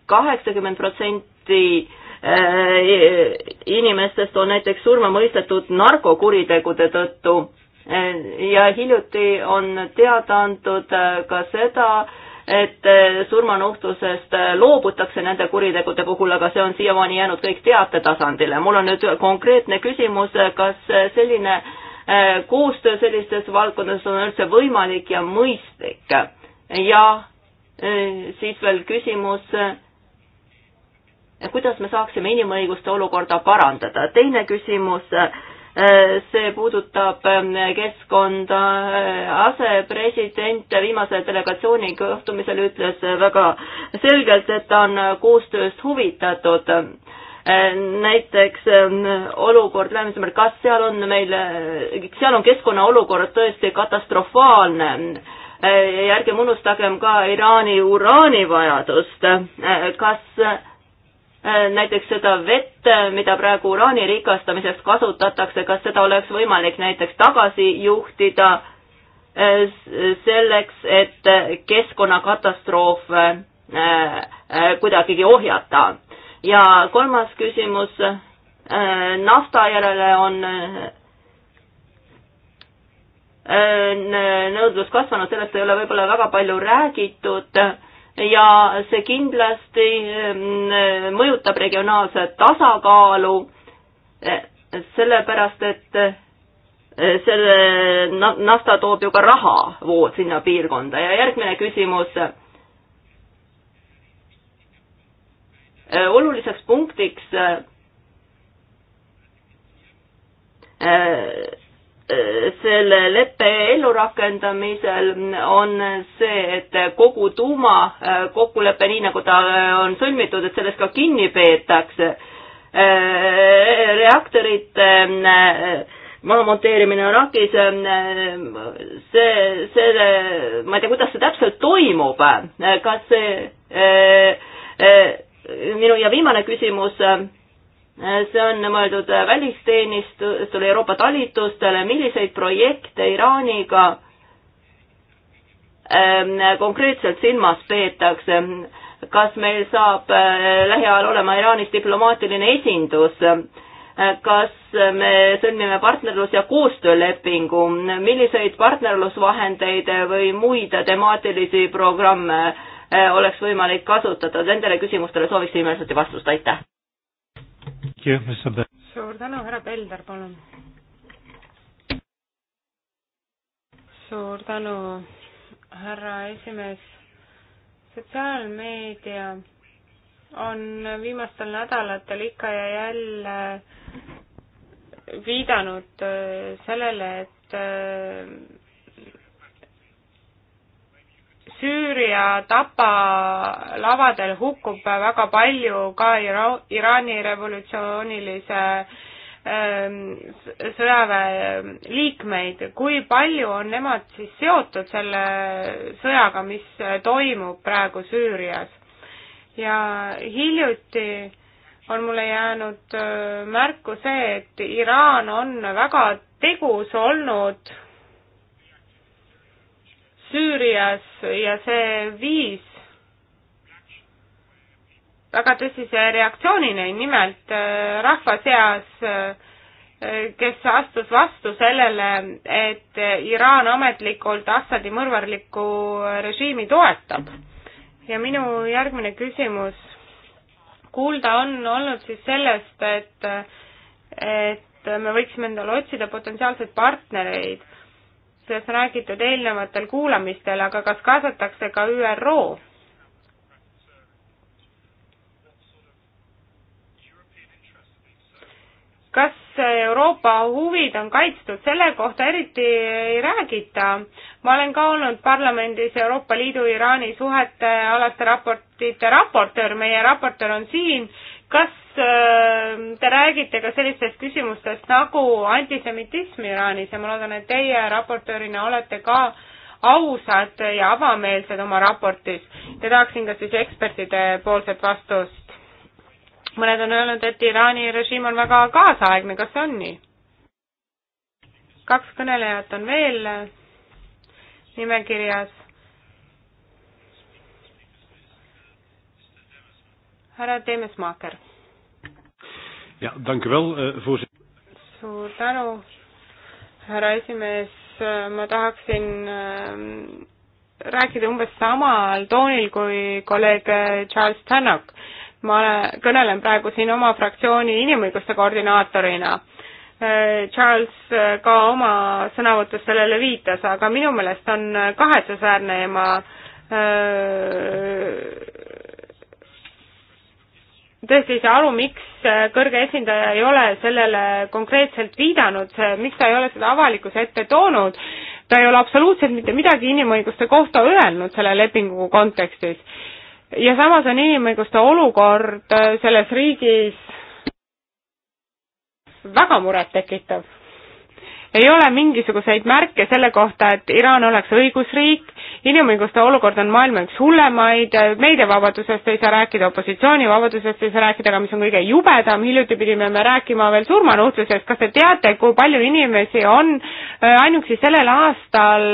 kaheksakümmend protsenti äh, inimestest on näiteks surma mõistetud narkokuritegude tõttu ja hiljuti on teada antud äh, ka seda, et äh, surmanuhtlusest äh, loobutakse nende kuritegude puhul, aga see on siiamaani jäänud kõik teate tasandile. mul on nüüd konkreetne küsimus, kas selline koostöö sellistes valdkondades on üldse võimalik ja mõistlik? ja siis veel küsimus, kuidas me saaksime inimõiguste olukorda parandada. teine küsimus äh, see puudutab ähm, keskkonda. asepresident viimase delegatsiooni kohtumisel ütles väga selgelt, et ta on koostööst huvitatud. Äh, näiteks ähm, olukord Läänemerel, kas seal on meil, seal on keskkonna olukord tõesti katastrofaalne äh, ja ärgem unustagem ka Iraani uraanivajadust. Äh, kas Äh, näiteks seda vett, äh, mida praegu uraani rikastamiseks kasutatakse, kas seda oleks võimalik näiteks tagasi juhtida äh, selleks, et keskkonnakatastroof kuidagigi ohjata. ja kolmas küsimus, nafta järele on nõudlus kasvanud, sellest ei ole võib-olla väga palju räägitud ja see kindlasti mm, mõjutab regionaalset tasakaalu, eh, sellepärast et eh, selle nafta toob ju ka rahavood sinna piirkonda ja järgmine küsimus. Eh, oluliseks punktiks selle leppe ellurakendamisel on see, et kogu tuumakokkulepe, nii nagu ta on sõlmitud, et sellest ka kinni peetakse. reaktorite maha monteerimine Iraagis, see, selle, ma ei tea, kuidas see täpselt toimub, kas see minu ja viimane küsimus see on mõeldud välisteenistustele, Euroopa talitustele, milliseid projekte Iraaniga ähm, konkreetselt silmas peetakse, kas meil saab äh, lähiajal olema Iraanis diplomaatiline esindus, kas me sõlmime partnerlus- ja koostöölepingu, milliseid partnerlusvahendeid või muid temaatilisi programme äh, oleks võimalik kasutada, nendele küsimustele sooviksin imelisesti vastust, aitäh! suur tänu, härra Pelder, palun. suur tänu, härra esimees. sotsiaalmeedia on viimastel nädalatel ikka ja jälle viidanud äh, sellele, et äh, Süüria tapalavadel hukkub väga palju ka Ira-, Iraani revolutsioonilise ähm, sõjaväe ähm, liikmeid, kui palju on nemad siis seotud selle sõjaga, mis äh, toimub praegu Süürias? ja hiljuti on mulle jäänud äh, märku see, et Iraan on väga tegus olnud Süürias ja see viis väga tõsise reaktsioonini, nimelt äh, rahva seas, äh, kes astus vastu sellele, et Iraan ametlikult Assadi mõrvarlikku režiimi toetab. ja minu järgmine küsimus, kuulda on olnud siis sellest, et, et me võiksime endale otsida potentsiaalseid partnereid sellest on räägitud eelnevatel kuulamistel, aga kas kaasatakse ka ÜRO? kas Euroopa huvid on kaitstud, selle kohta eriti ei räägita. ma olen ka olnud parlamendis Euroopa Liidu-Iraani suhete alaste raportite raportöör, meie raportöör on siin kas äh, te räägite ka sellistest küsimustest nagu antisemitism Iraanis ja ma loodan, et teie raportöörina olete ka ausad ja avameelsed oma raportis ja tahaksin ka siis ekspertide poolset vastust. mõned on öelnud, et Iraani režiim on väga kaasaegne, kas see on nii? kaks kõnelejat on veel nimekirjas härra Teemesmaaker. jah, tänku veel, Fuusi. Eh, suur tänu, härra esimees, ma tahaksin eh, rääkida umbes samal toonil kui kolleeg eh, Charles Tannock. ma kõnelen praegu siin oma fraktsiooni inimõiguste koordinaatorina Charles ka oma sõnavõtus sellele viitas, aga minu meelest on kahetsusväärne ja ma öö, tõesti ei saa aru, miks äh, kõrge esindaja ei ole sellele konkreetselt viidanud, miks ta ei ole seda avalikkuse ette toonud. ta ei ole absoluutselt mitte midagi inimõiguste kohta öelnud selle lepingu kontekstis. ja samas on inimõiguste olukord äh, selles riigis väga murettekitav. ei ole mingisuguseid märke selle kohta, et Iraan oleks õigusriik, inimõiguste olukord on maailma üks hullemaid, meediavabadusest ei saa rääkida, opositsioonivabadusest ei saa rääkida, aga mis on kõige jubedam, hiljuti pidime me rääkima veel surmanuhtlusest, kas te teate, kui palju inimesi on äh, ainuüksi sellel aastal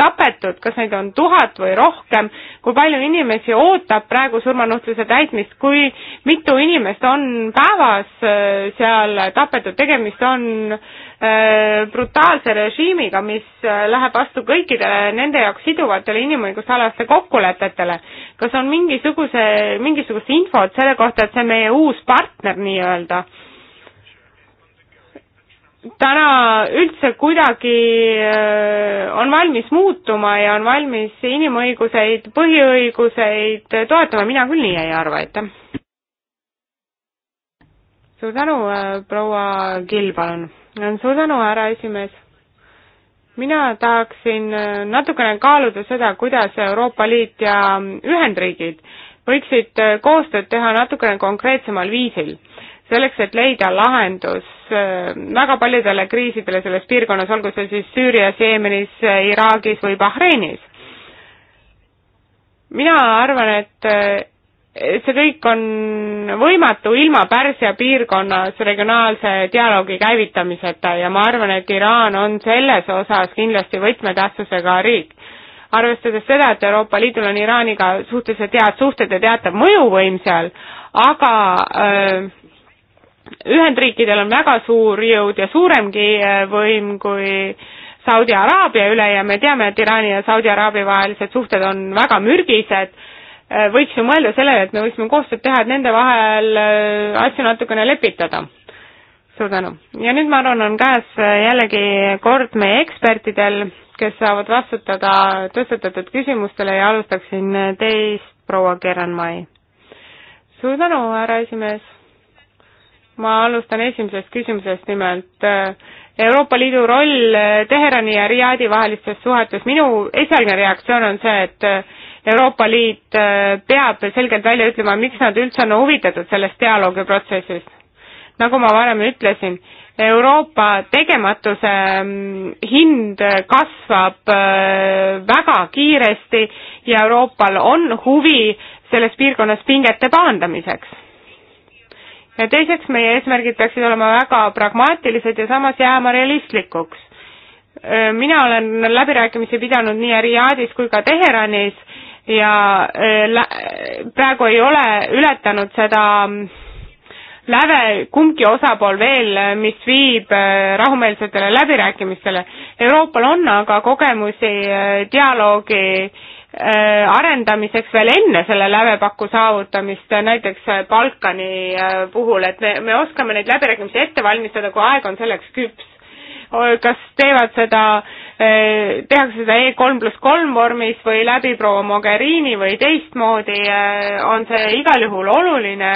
tapetud, kas neid on tuhat või rohkem, kui palju inimesi ootab praegu surmanuhtluse täitmist, kui mitu inimest on päevas äh, seal tapetud, tegemist on äh, brutaalse režiimiga, mis äh, läheb vastu kõikidele nende jaoks siduvatele inimõiguste alaste kokkulepetele. kas on mingisuguse, mingisugust infot selle kohta, et see on meie uus partner nii-öelda? täna üldse kuidagi äh, on valmis muutuma ja on valmis inimõiguseid, põhiõiguseid toetama, mina küll nii ei arva, aitäh. suur tänu, äh, proua Kill, palun. suur tänu, härra esimees. mina tahaksin äh, natukene kaaluda seda, kuidas Euroopa Liit ja mm, Ühendriigid võiksid koostööd teha natukene konkreetsemal viisil selleks, et leida lahendus äh, väga paljudele kriisidele selles piirkonnas, olgu see siis Süürias, Jeemenis, äh, Iraagis või Bahreinis. mina arvan, äh, et see kõik on võimatu ilma Pärsia piirkonnas regionaalse dialoogi käivitamiseta ja ma arvan, et Iraan on selles osas kindlasti võtmetähtsusega riik arvestades seda, et Euroopa Liidul on Iraaniga suhteliselt head suhted ja teatav mõjuvõim seal, aga öö, Ühendriikidel on väga suur jõud ja suuremgi äh, võim kui Saudi Araabia üle ja me teame, et Iraani ja Saudi Araabia vahelised suhted on väga mürgised, äh, võiks ju mõelda sellele, et me võiksime koostööd teha, et nende vahel äh, asju natukene lepitada. suur tänu. ja nüüd ma arvan, on käes jällegi kord meie ekspertidel, kes saavad vastutada tõstatatud küsimustele ja alustaksin teist, proua Keran-Mai. suur tänu, härra esimees ma alustan esimesest küsimusest nimelt. Äh, Euroopa Liidu roll äh, Teherani ja Riadi vahelistes suhetes, minu esialgne reaktsioon on see, et äh, Euroopa Liit peab selgelt välja ütlema, miks nad üldse on huvitatud sellest dialoogiprotsessist. nagu ma varem ütlesin, Euroopa tegematuse mm, hind kasvab väga kiiresti ja Euroopal on huvi selles piirkonnas pingete paandamiseks ja teiseks, meie eesmärgid peaksid olema väga pragmaatilised ja samas jääma realistlikuks. mina olen läbirääkimisi pidanud nii Riadis kui ka Teheranis ja praegu ei ole ületanud seda mm, läve kumbki osapool veel, mis viib rahumeelsetele läbirääkimistele. Euroopal on aga kogemusi dialoogi äh, Äh, arendamiseks veel enne selle lävepakku saavutamist, näiteks äh, Balkani äh, puhul, et me, me oskame neid läbirääkimisi ette valmistada, kui aeg on selleks küps. kas teevad seda, tehakse seda E kolm pluss kolm vormis või läbi proua Mogherini või teistmoodi, on see igal juhul oluline,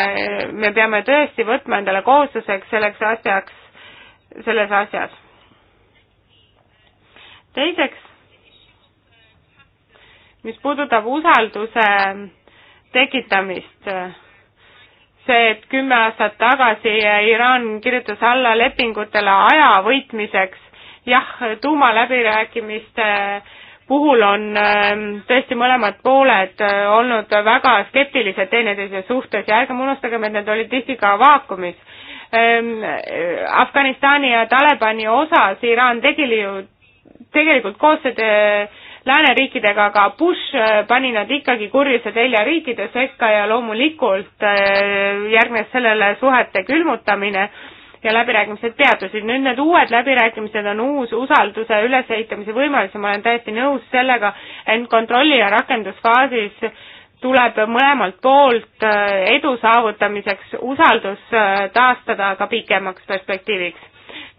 me peame tõesti võtma endale kohustuseks selleks asjaks, selles asjas. teiseks, mis puudutab usalduse tekitamist, see, et kümme aastat tagasi Iraan kirjutas alla lepingutele aja võitmiseks, jah, tuumaläbirääkimiste puhul on ähm, tõesti mõlemad pooled äh, olnud väga skeptilised teineteise suhtes ja ärgem unustagem, et need olid tihti ka vaakumis. Ähm, äh, Afganistani ja Talibani osas Iraan tegi ju tegelikult koostööd äh, lääneriikidega, aga Bush äh, pani nad ikkagi kurjuse telja riikide sekka ja loomulikult äh, järgnes sellele suhete külmutamine ja läbirääkimised peatusid. nüüd need uued läbirääkimised on uus usalduse ülesehitamise võimalus ja ma olen täiesti nõus sellega, et kontrolli- ja rakendusfaasis tuleb mõlemalt poolt äh, edu saavutamiseks usaldus taastada ka pikemaks perspektiiviks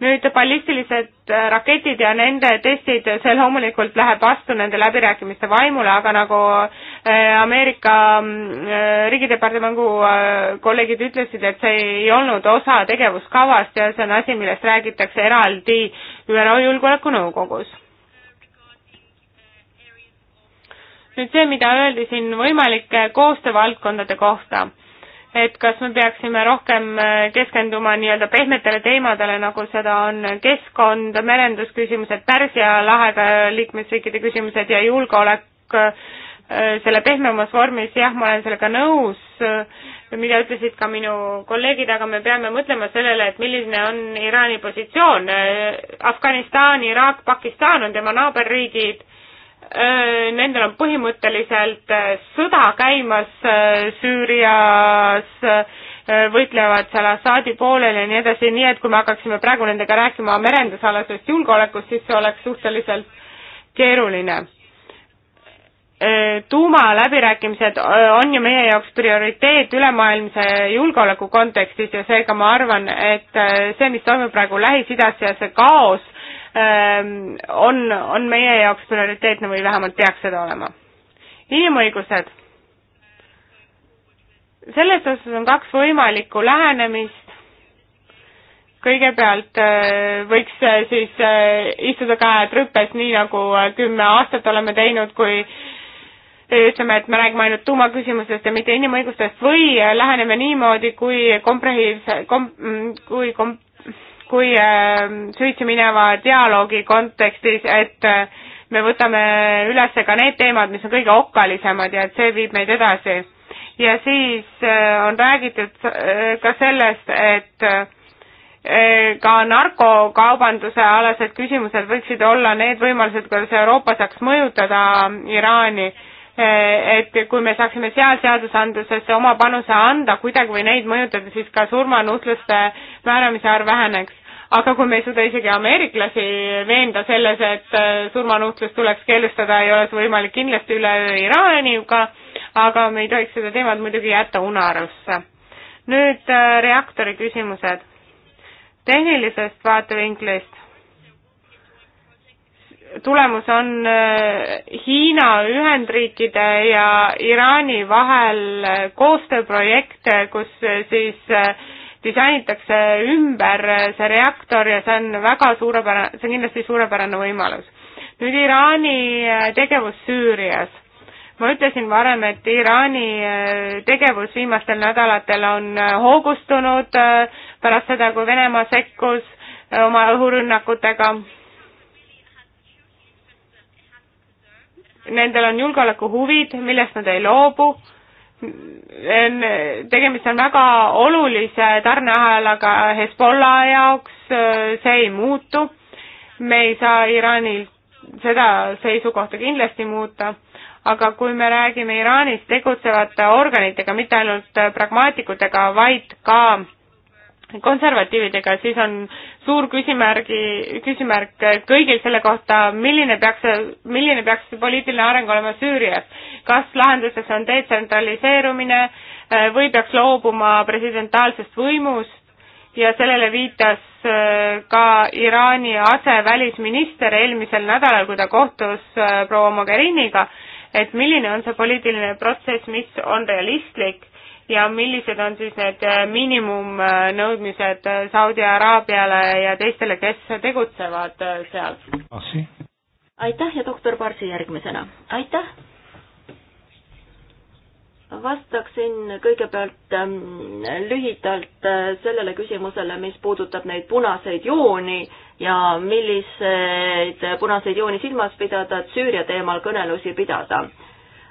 nüüd ballistilised äh, raketid ja nende testid, see loomulikult läheb vastu nende läbirääkimiste vaimule, aga nagu äh, Ameerika mm, äh, riigidepartemangu kolleegid ütlesid, et see ei olnud osa tegevuskavast ja see on asi, millest räägitakse eraldi ÜRO Julgeolekunõukogus. nüüd see, mida öeldi siin võimalike koostöövaldkondade kohta et kas me peaksime rohkem äh, keskenduma nii-öelda pehmetele teemadele, nagu seda on keskkond, merendusküsimused, Pärsia lahega liikmesriikide küsimused ja julgeolek äh, selle pehmemas vormis, jah, ma olen sellega nõus, äh, mida ütlesid ka minu kolleegid, aga me peame mõtlema sellele, et milline on Iraani positsioon. Afganistan, Iraak, Pakistan on tema naaberriigid Äh, nendel on põhimõtteliselt äh, sõda käimas äh, Süürias, võitlevad seal Assaadi poolel ja nii edasi, nii et kui me hakkaksime praegu nendega rääkima merendusalasest julgeolekust, siis see oleks suhteliselt keeruline. tuumaläbirääkimised on ju meie jaoks prioriteet ülemaailmse julgeoleku kontekstis ja seega ma arvan, et see, mis toimub praegu Lähis-Idas ja see kaos, Ähm, on, on meie jaoks prioriteetne või vähemalt peaks seda olema. inimõigused. selles osas on kaks võimalikku lähenemist. kõigepealt äh, võiks äh, siis äh, istuda käed rüpes, nii nagu kümme aastat oleme teinud, kui ütleme, et me räägime ainult tuumaküsimustest ja mitte inimõigustest või läheneme niimoodi, kui komprehiivse, kom-, mm, kui kom-, kui ähm, süvitsi mineva dialoogi kontekstis, et äh, me võtame üles ka need teemad, mis on kõige okkalisemad ja et see viib meid edasi. ja siis äh, on räägitud äh, ka sellest, et ka narkokaubanduse alased küsimused võiksid olla need võimalused, kuidas Euroopa saaks mõjutada Iraani et kui me saaksime seal seadusandlusesse oma panuse anda kuidagi või neid mõjutada, siis ka surmanuhtluste määramise arv väheneks aga kui me ei suuda isegi ameeriklasi veenda selles, et äh, surmanuhtlus tuleks keelustada, ei ole see võimalik kindlasti üleöö Iraaniga, aga me ei tohiks seda teemat muidugi jätta unarusse. nüüd äh, reaktori küsimused. tehnilisest vaatevinklist tulemus on äh, Hiina, Ühendriikide ja Iraani vahel koostööprojekt, kus siis äh, disainitakse ümber see reaktor ja see on väga suurepärane, see on kindlasti suurepärane võimalus. nüüd Iraani äh, tegevus Süürias. ma ütlesin varem, et Iraani äh, tegevus viimastel nädalatel on äh, hoogustunud pärast seda, kui Venemaa sekkus oma õhurünnakutega. Nendel on julgeolekuhuvid, millest nad ei loobu tegemist on väga olulise tarneahelaga Hezbollah jaoks, see ei muutu. me ei saa Iraanil seda seisukohta kindlasti muuta, aga kui me räägime Iraanis tegutsevate organitega, mitte ainult pragmaatikutega, vaid ka äh, konservatiividega, siis on suur küsimärgi, küsimärk kõigil selle kohta, milline peaks, milline peaks see poliitiline areng olema Süürias. kas lahenduseks on detsentraliseerumine äh, või peaks loobuma presidentaalsest võimust ja sellele viitas äh, ka Iraani asevälisminister eelmisel nädalal, kui ta kohtus äh, proua Mogheriniga, et milline on see poliitiline protsess, mis on realistlik ja millised on siis need äh, miinimumnõudmised äh, Saudi Araabiale ja teistele, kes tegutsevad äh, seal? aitäh ja doktor Parsi järgmisena. aitäh! vastaksin kõigepealt ähm, lühidalt sellele küsimusele, mis puudutab neid punaseid jooni ja milliseid punaseid jooni silmas pidada, et Süüria teemal kõnelusi pidada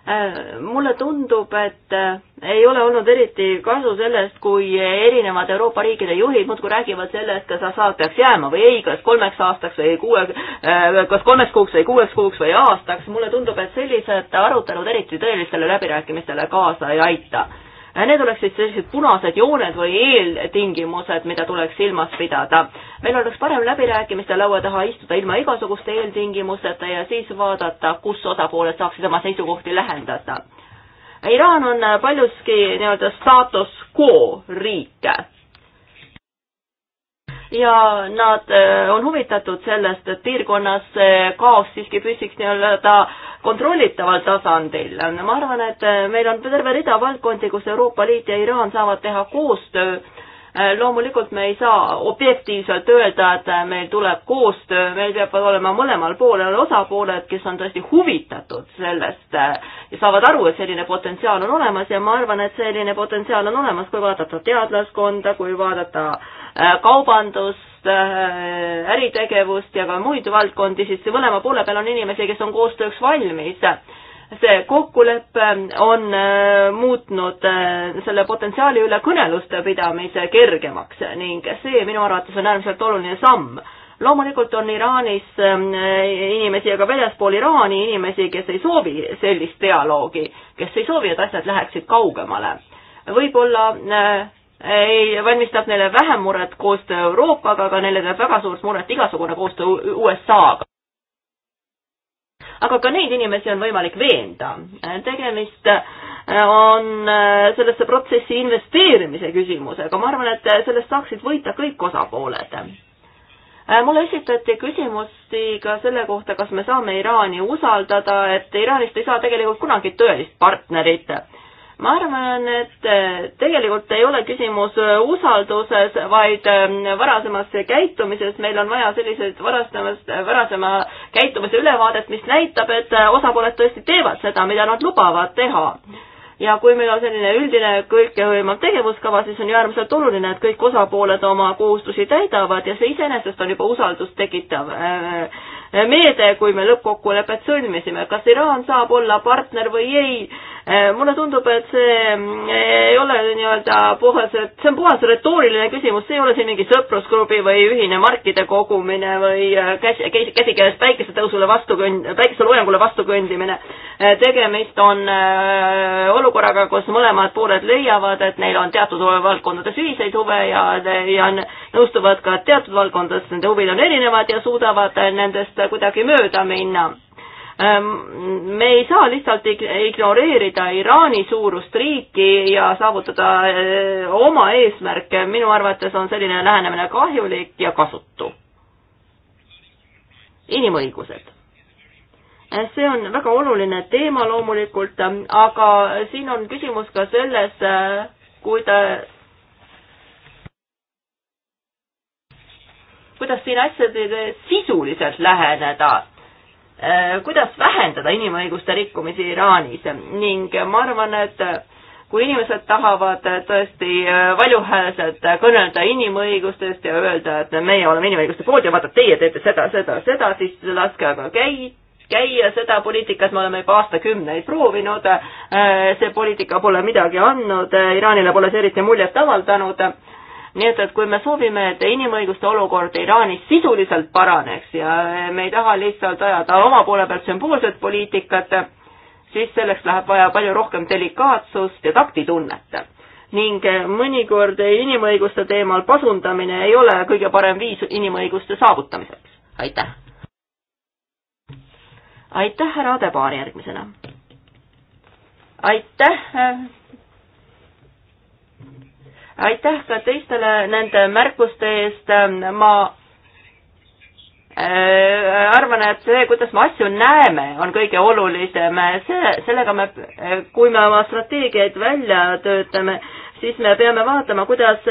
Äh, mulle tundub, et äh, ei ole olnud eriti kasu sellest, kui erinevad Euroopa riikide juhid muudkui räägivad sellest, kas Assad peaks jääma või ei, kas kolmeks aastaks või kuue, äh, kas kolmeks kuuks või kuueks kuuks või aastaks. mulle tundub, et sellised arutelud eriti tõelistele läbirääkimistele kaasa ei aita Äh, need oleksid sellised punased jooned või eeltingimused, mida tuleks silmas pidada. meil oleks parem läbirääkimiste laua taha istuda ilma igasuguste eeltingimusteta ja siis vaadata, kus osapooled saaksid oma seisukohti lähendada. Iraan on paljuski nii-öelda status quo riik ja nad eh, on huvitatud sellest, et piirkonnas see kaos siiski püsiks nii-öelda kontrollitaval tasandil. ma arvan, et eh, meil on terve rida valdkondi, kus Euroopa Liit ja Iraan saavad teha koostöö Äh, loomulikult me ei saa objektiivselt öelda, et äh, meil tuleb koostöö, meil peab olema mõlemal poolel osapooled, kes on tõesti huvitatud sellest äh, ja saavad aru, et selline potentsiaal on olemas ja ma arvan, et selline potentsiaal on olemas, kui vaadata teadlaskonda, kui vaadata kaubandust, äritegevust ja ka muid valdkondi, siis mõlema poole peal on inimesi, kes on koostööks valmis see kokkulepe on äh, muutnud äh, selle potentsiaali üle kõneluste pidamise kergemaks ning see minu arvates on äärmiselt oluline samm. loomulikult on Iraanis ähm, inimesi ja ka väljaspool Iraani inimesi, kes ei soovi sellist dialoogi, kes ei soovi, et asjad läheksid kaugemale. võib-olla äh, ei, valmistab neile vähem muret koostöö Euroopaga, aga neile teeb väga suurt muret igasugune koostöö USA-ga aga ka neid inimesi on võimalik veenda. tegemist äh, on äh, sellesse protsessi investeerimise küsimusega, ma arvan, et äh, sellest saaksid võita kõik osapooled. mulle esitati küsimusi ka selle kohta, kas me saame Iraani usaldada, et Iraanist ei saa tegelikult kunagi tõelist partnerit ma arvan, et eh, tegelikult ei ole küsimus eh, usalduses, vaid eh, varasemas käitumises, meil on vaja selliseid varasemast, varasema käitumise ülevaadet, mis näitab, et osapooled tõesti teevad seda, mida nad lubavad teha ja kui meil on selline üldine kõikehõimav tegevuskava, siis on ju äärmiselt oluline, et kõik osapooled oma kohustusi täidavad ja see iseenesest on juba usaldust tekitav meede, kui me lõppkokkulepet sõlmisime. kas Iraan saab olla partner või ei? Eh, mulle tundub, et see eh, ei ole nii-öelda puhas, et see on puhas retooriline küsimus, see ei ole siin mingi sõprusgrupi või ühine markide kogumine või eh, käsi, käsikeeles päikesetõusule vastu kõnd-, päikeseloojangule vastu kõndimine. tegemist on olukorraga, kus mõlemad pooled leiavad, et neil on teatud valdkondades ühiseid huve ja, ja nõustuvad ka teatud valdkondades, nende huvid on erinevad ja suudavad nendest kuidagi mööda minna. Ähm, me ei saa lihtsalt ignoreerida Iraani suurust riiki ja saavutada äh, oma eesmärke, minu arvates on selline lähenemine kahjulik ja kasutu. inimõigused äh, see on väga oluline teema loomulikult, ähm, aga siin on küsimus ka selles, äh, kuida-, kuidas siin asjadele sisuliselt läheneda, äh, kuidas vähendada inimõiguste rikkumisi Iraanis ning ma arvan, et kui inimesed tahavad tõesti äh, valjuhäälselt kõnelda inimõigustest ja öelda, et meie oleme inimõiguste poolt ja vaata, teie teete seda, seda, seda, siis laske aga käi-, käia, seda poliitikat me oleme juba aastakümneid proovinud, äh, see poliitika pole midagi andnud, Iraanile pole see eriti muljet avaldanud nii et, et kui me soovime, et inimõiguste olukord Iraanis sisuliselt paraneks ja me ei taha lihtsalt ajada oma poole pealt sümboolset poliitikat, siis selleks läheb vaja palju rohkem delikaatsust ja taktitunnet. ning mõnikord inimõiguste teemal pasundamine ei ole kõige parem viis inimõiguste saavutamiseks. aitäh! aitäh, härra Adebaar järgmisena! aitäh! aitäh ka teistele nende märkuste eest, ma äh, arvan, et see, kuidas me asju näeme, on kõige olulisem, see, sellega me, kui me oma strateegiaid välja töötame, siis me peame vaatama, kuidas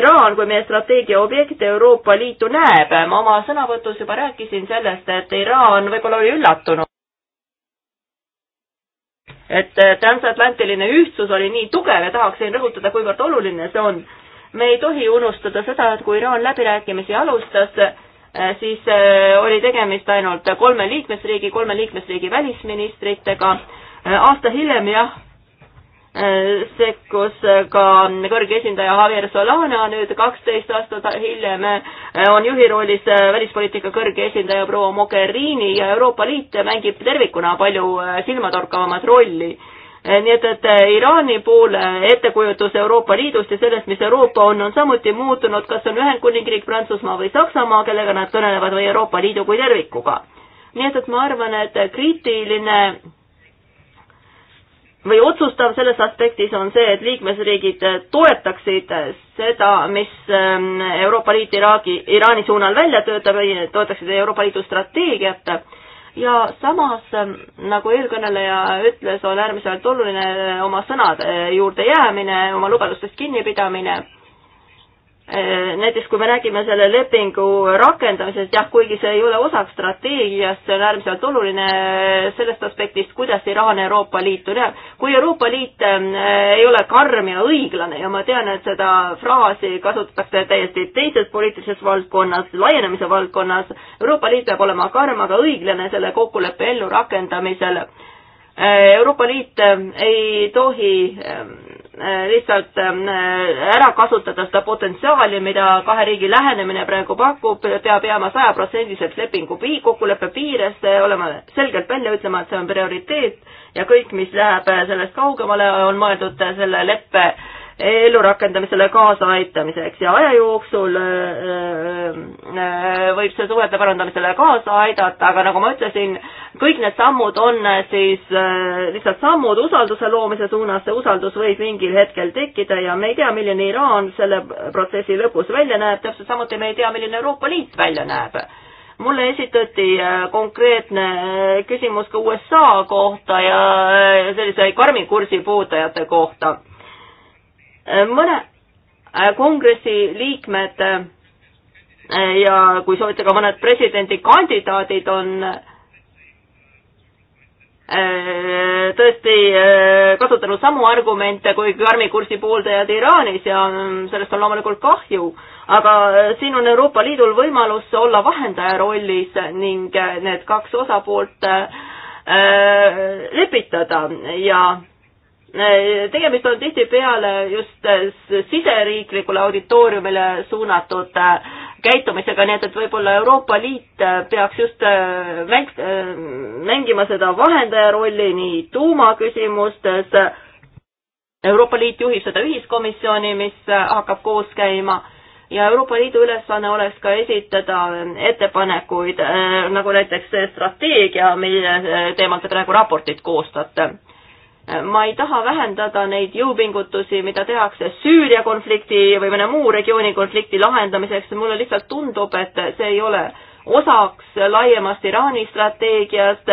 Iraan kui meie strateegia objekt Euroopa Liitu näeb. ma oma sõnavõtus juba rääkisin sellest, et Iraan võib-olla oli üllatunud et eh, transatlantiline ühtsus oli nii tugev ja tahaksin rõhutada, kuivõrd oluline see on. me ei tohi unustada seda, et kui Iraan läbirääkimisi alustas, eh, siis eh, oli tegemist ainult kolme liikmesriigi, kolme liikmesriigi välisministritega. aasta hiljem jah, sekkus ka kõrge esindaja Javier Solana, nüüd kaksteist aastat hiljem on juhi rollis välispoliitika kõrge esindaja proua Mogherini ja Euroopa Liit mängib tervikuna palju silmatorkavamat rolli nii et, et Iraani poole ettekujutus Euroopa Liidust ja sellest, mis Euroopa on, on samuti muutunud, kas on Ühendkuningriik, Prantsusmaa või Saksamaa, kellega nad kõnelevad, või Euroopa Liidu kui tervikuga. nii et, et ma arvan, et kriitiline või otsustav selles aspektis on see, et liikmesriigid toetaksid seda, mis ähm, Euroopa Liit Iraagi, Iraani suunal välja töötab, toetaksid Euroopa Liidu strateegiat ja samas, ähm, nagu eelkõneleja ütles, on äärmiselt oluline oma sõnade juurde jäämine, oma lubadustest kinnipidamine Äh, näiteks kui me räägime selle lepingu rakendamisest, jah, kuigi see ei ole osaks strateegiast, see on äärmiselt oluline sellest aspektist, kuidas Iraan Euroopa Liitu näeb. kui Euroopa Liit ähm, ei ole karm ja õiglane ja ma tean, et seda fraasi kasutatakse täiesti teises poliitilises valdkonnas, laienemise valdkonnas, Euroopa Liit peab olema karm, aga õiglane selle kokkuleppe ellurakendamisel. Äh, Euroopa Liit ähm, ei tohi ähm, Äh, lihtsalt ähm, äh, ära kasutada seda potentsiaali, mida kahe riigi lähenemine praegu pakub, peab jääma sajaprotsendiliselt lepingu pii-, kokkuleppe piiresse, äh, olema selgelt välja ütlema, et see on prioriteet ja kõik, mis läheb sellest kaugemale, on mõeldud selle leppe äh, ellurakendamisele kaasaaitamiseks ja aja jooksul äh, äh, äh, võib see suhete parandamisele kaasa aidata, aga nagu ma ütlesin, kõik need sammud on siis lihtsalt sammud usalduse loomise suunas, see usaldus võib mingil hetkel tekkida ja me ei tea, milline Iraan selle protsessi lõpus välja näeb, täpselt samuti me ei tea, milline Euroopa Liit välja näeb mulle esitati konkreetne küsimus ka USA kohta ja sellise karmi kursi puudujate kohta Äh, mõne äh, kongressi liikmed äh, ja kui soovite ka mõned presidendikandidaadid on tõesti kasutanud samu argumente kui karmi kursi pooldajad Iraanis ja mm, sellest on loomulikult kahju, aga siin on Euroopa Liidul võimalus olla vahendaja rollis ning need kaks osapoolt lepitada ja Äh, tegemist on tihtipeale just äh, siseriiklikule auditooriumile suunatud äh, käitumisega, nii et, et võib-olla Euroopa Liit peaks just mäng-, mängima seda vahendaja rolli nii tuumaküsimustes, Euroopa Liit juhib seda ühiskomisjoni, mis hakkab koos käima, ja Euroopa Liidu ülesanne oleks ka esitada ettepanekuid, nagu näiteks see strateegia, mille teemal te praegu raportit koostate ma ei taha vähendada neid jõupingutusi, mida tehakse Süüria konflikti või mõne muu regiooni konflikti lahendamiseks, mulle lihtsalt tundub, et see ei ole osaks laiemast Iraani strateegiast,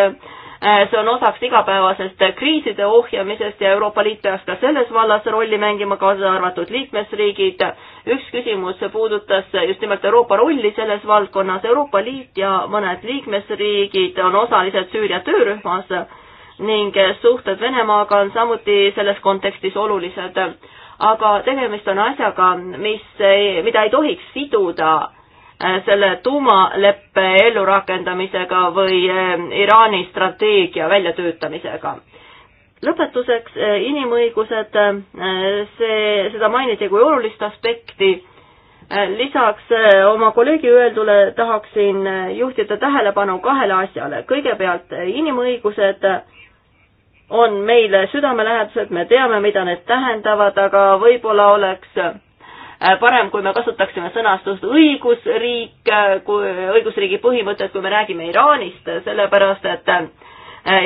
see on osaks igapäevasest kriiside ohjamisest ja Euroopa Liit peaks ka selles vallas rolli mängima, kaasa arvatud liikmesriigid. üks küsimus puudutas just nimelt Euroopa rolli selles valdkonnas. Euroopa Liit ja mõned liikmesriigid on osalised Süüria töörühmas ning suhted Venemaaga on samuti selles kontekstis olulised. aga tegemist on asjaga, mis, mida ei tohiks siduda äh, selle tuumaleppe ellurakendamisega või äh, Iraani strateegia väljatöötamisega. lõpetuseks äh, inimõigused, see, seda mainiti kui olulist aspekti lisaks oma kolleegi öeldule tahaksin juhtida tähelepanu kahele asjale. kõigepealt inimõigused on meile südamelähedased, me teame, mida need tähendavad, aga võib-olla oleks äh, parem, kui me kasutaksime sõnastust õigusriik, äh, kui õigusriigi põhimõtted, kui me räägime Iraanist, sellepärast et äh,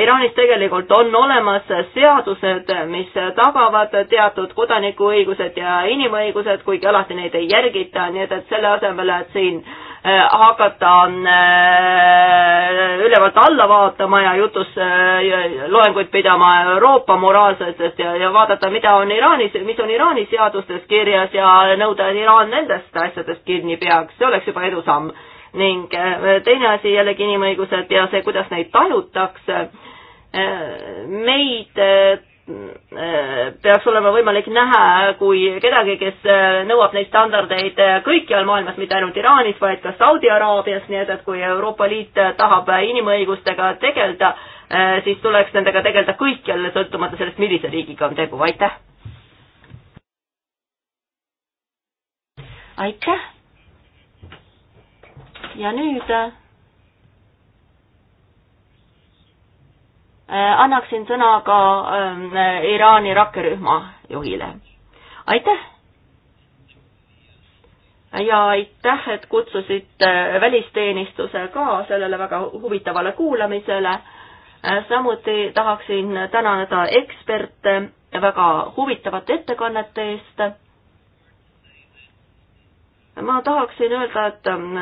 Iraanis tegelikult on olemas seadused, mis tagavad teatud kodanikuõigused ja inimõigused, kuigi alati neid ei järgita, nii et, et selle asemel, et siin Äh, hakata äh, ülevalt alla vaatama ja jutus äh, loenguid pidama Euroopa moraalsetest ja, ja vaadata, mida on Iraanis, mis on Iraani seadustes kirjas ja nõuda, et Iraan nendest asjadest kinni peaks, see oleks juba edusamm. ning teine asi jällegi inimõigused ja see, kuidas neid tajutakse. meid Äh, peaks olema võimalik näha kui kedagi, kes äh, nõuab neid standardeid äh, kõikjal maailmas, mitte ainult Iraanis, vaid ka Saudi Araabias, nii et, et kui Euroopa Liit tahab inimõigustega tegeleda, siis tuleks nendega tegeleda kõikjal, sõltumata sellest, millise riigiga on tegu, aitäh! aitäh! ja nüüd Äh, annaksin sõna ka ähm, Iraani rakkerühma juhile. aitäh! ja aitäh, et kutsusite äh, välisteenistuse ka sellele väga huvitavale kuulamisele. Äh, samuti tahaksin tänada eksperte väga huvitavate ettekannete eest ma tahaksin öelda, et ähm,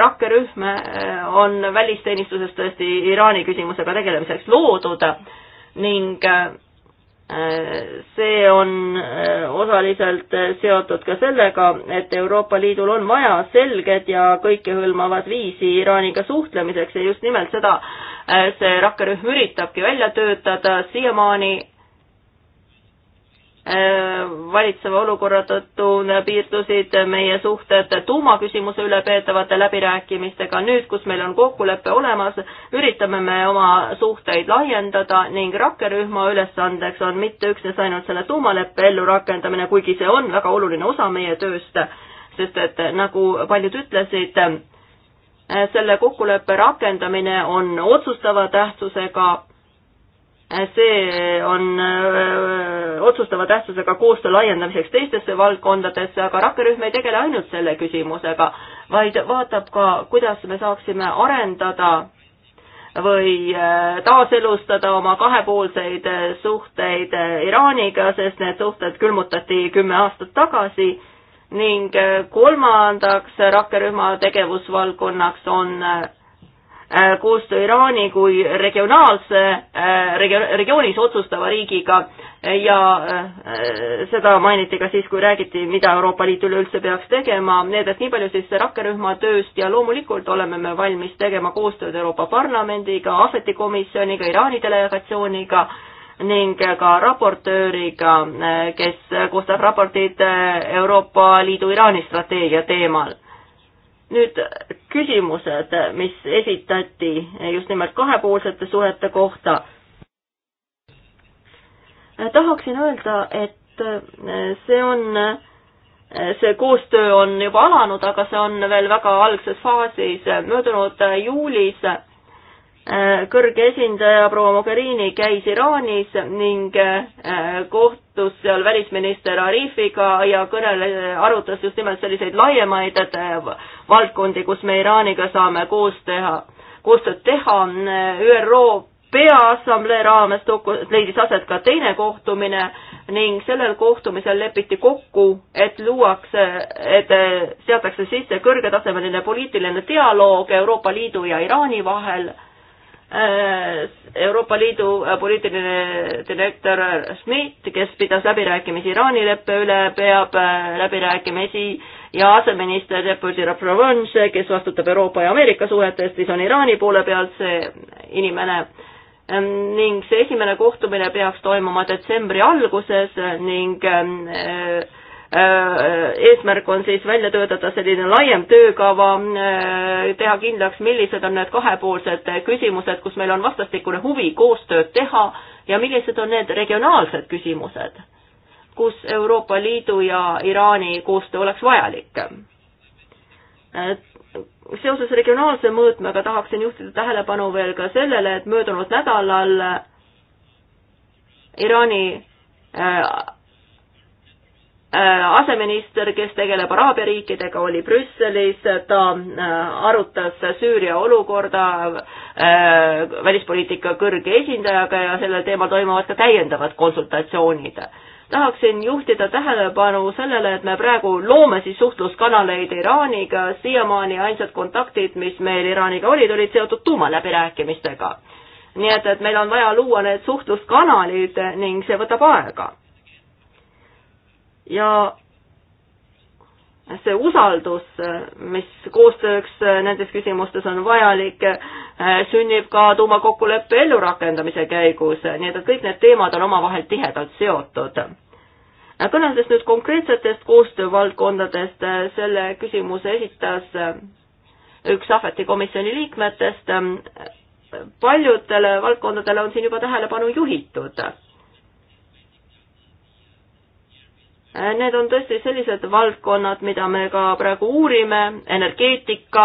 rakkerühm äh, on välisteenistuses tõesti Iraani küsimusega tegelemiseks loodud ning äh, see on äh, osaliselt seotud ka sellega, et Euroopa Liidul on vaja selged ja kõikehõlmavat viisi Iraaniga suhtlemiseks ja just nimelt seda see rakkerühm üritabki välja töötada, siiamaani Äh, valitseva olukorra tõttu piirdusid meie suhted tuumaküsimuse üle peetavate läbirääkimistega. nüüd, kus meil on kokkulepe olemas, üritame me oma suhteid laiendada ning rakkerühma ülesandeks on mitte üksnes ainult selle tuumaleppe ellurakendamine, kuigi see on väga oluline osa meie tööst, sest et nagu paljud ütlesid, äh, selle kokkuleppe rakendamine on otsustava tähtsusega see on äh, otsustava tähtsusega koostöö laiendamiseks teistesse valdkondadesse, aga rakkerühm ei tegele ainult selle küsimusega, vaid vaatab ka, kuidas me saaksime arendada või äh, taaselustada oma kahepoolseid äh, suhteid Iraaniga, sest need suhted külmutati kümme aastat tagasi ning kolmandaks rakkerühma tegevusvaldkonnaks on Äh, koostöö Iraani kui regionaalse äh, regio,, regioonis otsustava riigiga ja äh, seda mainiti ka siis, kui räägiti, mida Euroopa Liit üleüldse peaks tegema, need, et nii palju siis rakkerühma tööst ja loomulikult oleme me valmis tegema koostööd Euroopa Parlamendiga, Ahveti komisjoniga, Iraani delegatsiooniga ning ka raportööriga, kes koostab raportid Euroopa Liidu Iraani strateegia teemal nüüd küsimused, mis esitati just nimelt kahepoolsete suhete kohta. tahaksin öelda, et see on, see koostöö on juba alanud, aga see on veel väga algses faasis. möödunud juulis Äh, kõrge esindaja proua Mogherini käis Iraanis ning äh, kohtus seal välisminister Arifiga ja kõnele, arutas just nimelt selliseid laiemaid äh, valdkondi, kus me Iraaniga saame koos teha, koostööd teha. ÜRO Peaassamblee raames leidis aset ka teine kohtumine ning sellel kohtumisel lepiti kokku, et luuakse, et seatakse sisse kõrgetasemeline poliitiline dialoog Euroopa Liidu ja Iraani vahel Äh, Euroopa Liidu äh, poliitiline direktor Schmidt, kes pidas läbirääkimisi Iraani leppe üle, peab äh, läbirääkimisi ja aseminister Deputy Raprovanche, kes vastutab Euroopa ja Ameerika suhetest, siis on Iraani poole pealt see inimene ähm, ning see esimene kohtumine peaks toimuma detsembri alguses ning ähm, äh, Äh, äh, eesmärk on siis välja töötada selline laiem töökava, äh, teha kindlaks, millised on need kahepoolsed küsimused, kus meil on vastastikune huvi koostööd teha ja millised on need regionaalsed küsimused, kus Euroopa Liidu ja Iraani koostöö oleks vajalik. seoses regionaalse mõõtmega tahaksin juhtida tähelepanu veel ka sellele, et möödunud nädalal Iraani Äh, aseminister, kes tegeleb Araabia riikidega, oli Brüsselis, ta äh, arutas Süüria olukorda äh, välispoliitika kõrge esindajaga ja sellel teemal toimuvad ka täiendavad konsultatsioonid. tahaksin juhtida tähelepanu sellele, et me praegu loome siis suhtluskanaleid Iraaniga, siiamaani ainsad kontaktid, mis meil Iraaniga olid, olid seotud tuumaläbirääkimistega. nii et, et meil on vaja luua need suhtluskanalid ning see võtab aega ja see usaldus, mis koostööks nendes küsimustes on vajalik, sünnib ka tuumakokkuleppe ellurakendamise käigus, nii et, et kõik need teemad on omavahel tihedalt seotud. kõneldes nüüd konkreetsetest koostöövaldkondadest, selle küsimuse esitas üks Ahveti komisjoni liikmetest, paljudele valdkondadele on siin juba tähelepanu juhitud Need on tõesti sellised valdkonnad, mida me ka praegu uurime, energeetika,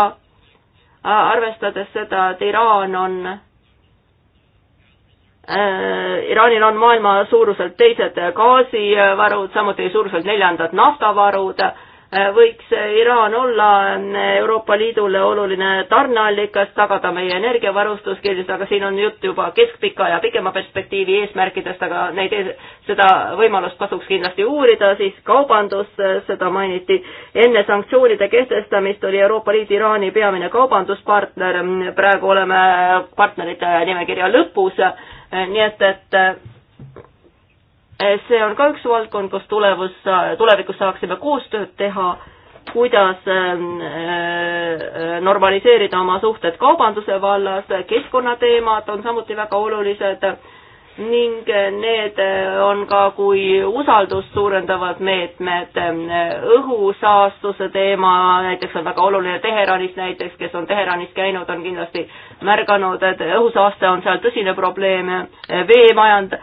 arvestades seda, et Iraan on äh,, Iraanil on maailma suuruselt teised gaasivarud, samuti suuruselt neljandad naftavarud äh,, Äh, võiks äh, Iraan olla ähm, Euroopa Liidule oluline tarneallikas, tagada meie energiavarustuskindlust, aga siin on jutt juba keskpika ja pikema perspektiivi eesmärkidest, aga neid, e-, seda võimalust tasuks kindlasti uurida, siis kaubandus, äh, seda mainiti. enne sanktsioonide kehtestamist oli Euroopa Liit Iraani peamine kaubanduspartner, mm, praegu oleme partnerite nimekirja lõpus, nii et, et Eh, see on ka üks valdkond, kus tulevus, tulevikus saaksime koostööd teha, kuidas ähm, äh, normaliseerida oma suhted kaubanduse vallas, keskkonnateemad on samuti väga olulised ning need äh, on ka kui usaldust suurendavad meetmed, äh, õhusaastuse teema näiteks on väga oluline Teheranis näiteks, kes on Teheranis käinud, on kindlasti märganud, et õhusaaste on seal tõsine probleem, veemajand-,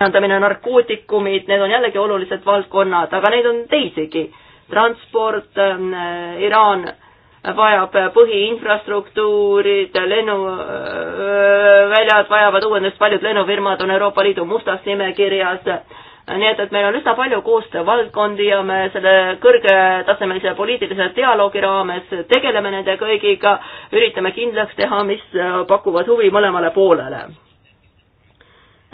majandamine, narkootikumid, need on jällegi olulised valdkonnad, aga neid on teisigi. transport äh,, Iraan vajab põhiinfrastruktuurid, lennuväljad äh, vajavad uuendust, paljud lennufirmad on Euroopa Liidu mustas nimekirjas, nii et, et meil on üsna palju koostöövaldkondi ja me selle kõrgetasemelise poliitilise dialoogi raames tegeleme nende kõigiga, üritame kindlaks teha, mis pakuvad huvi mõlemale poolele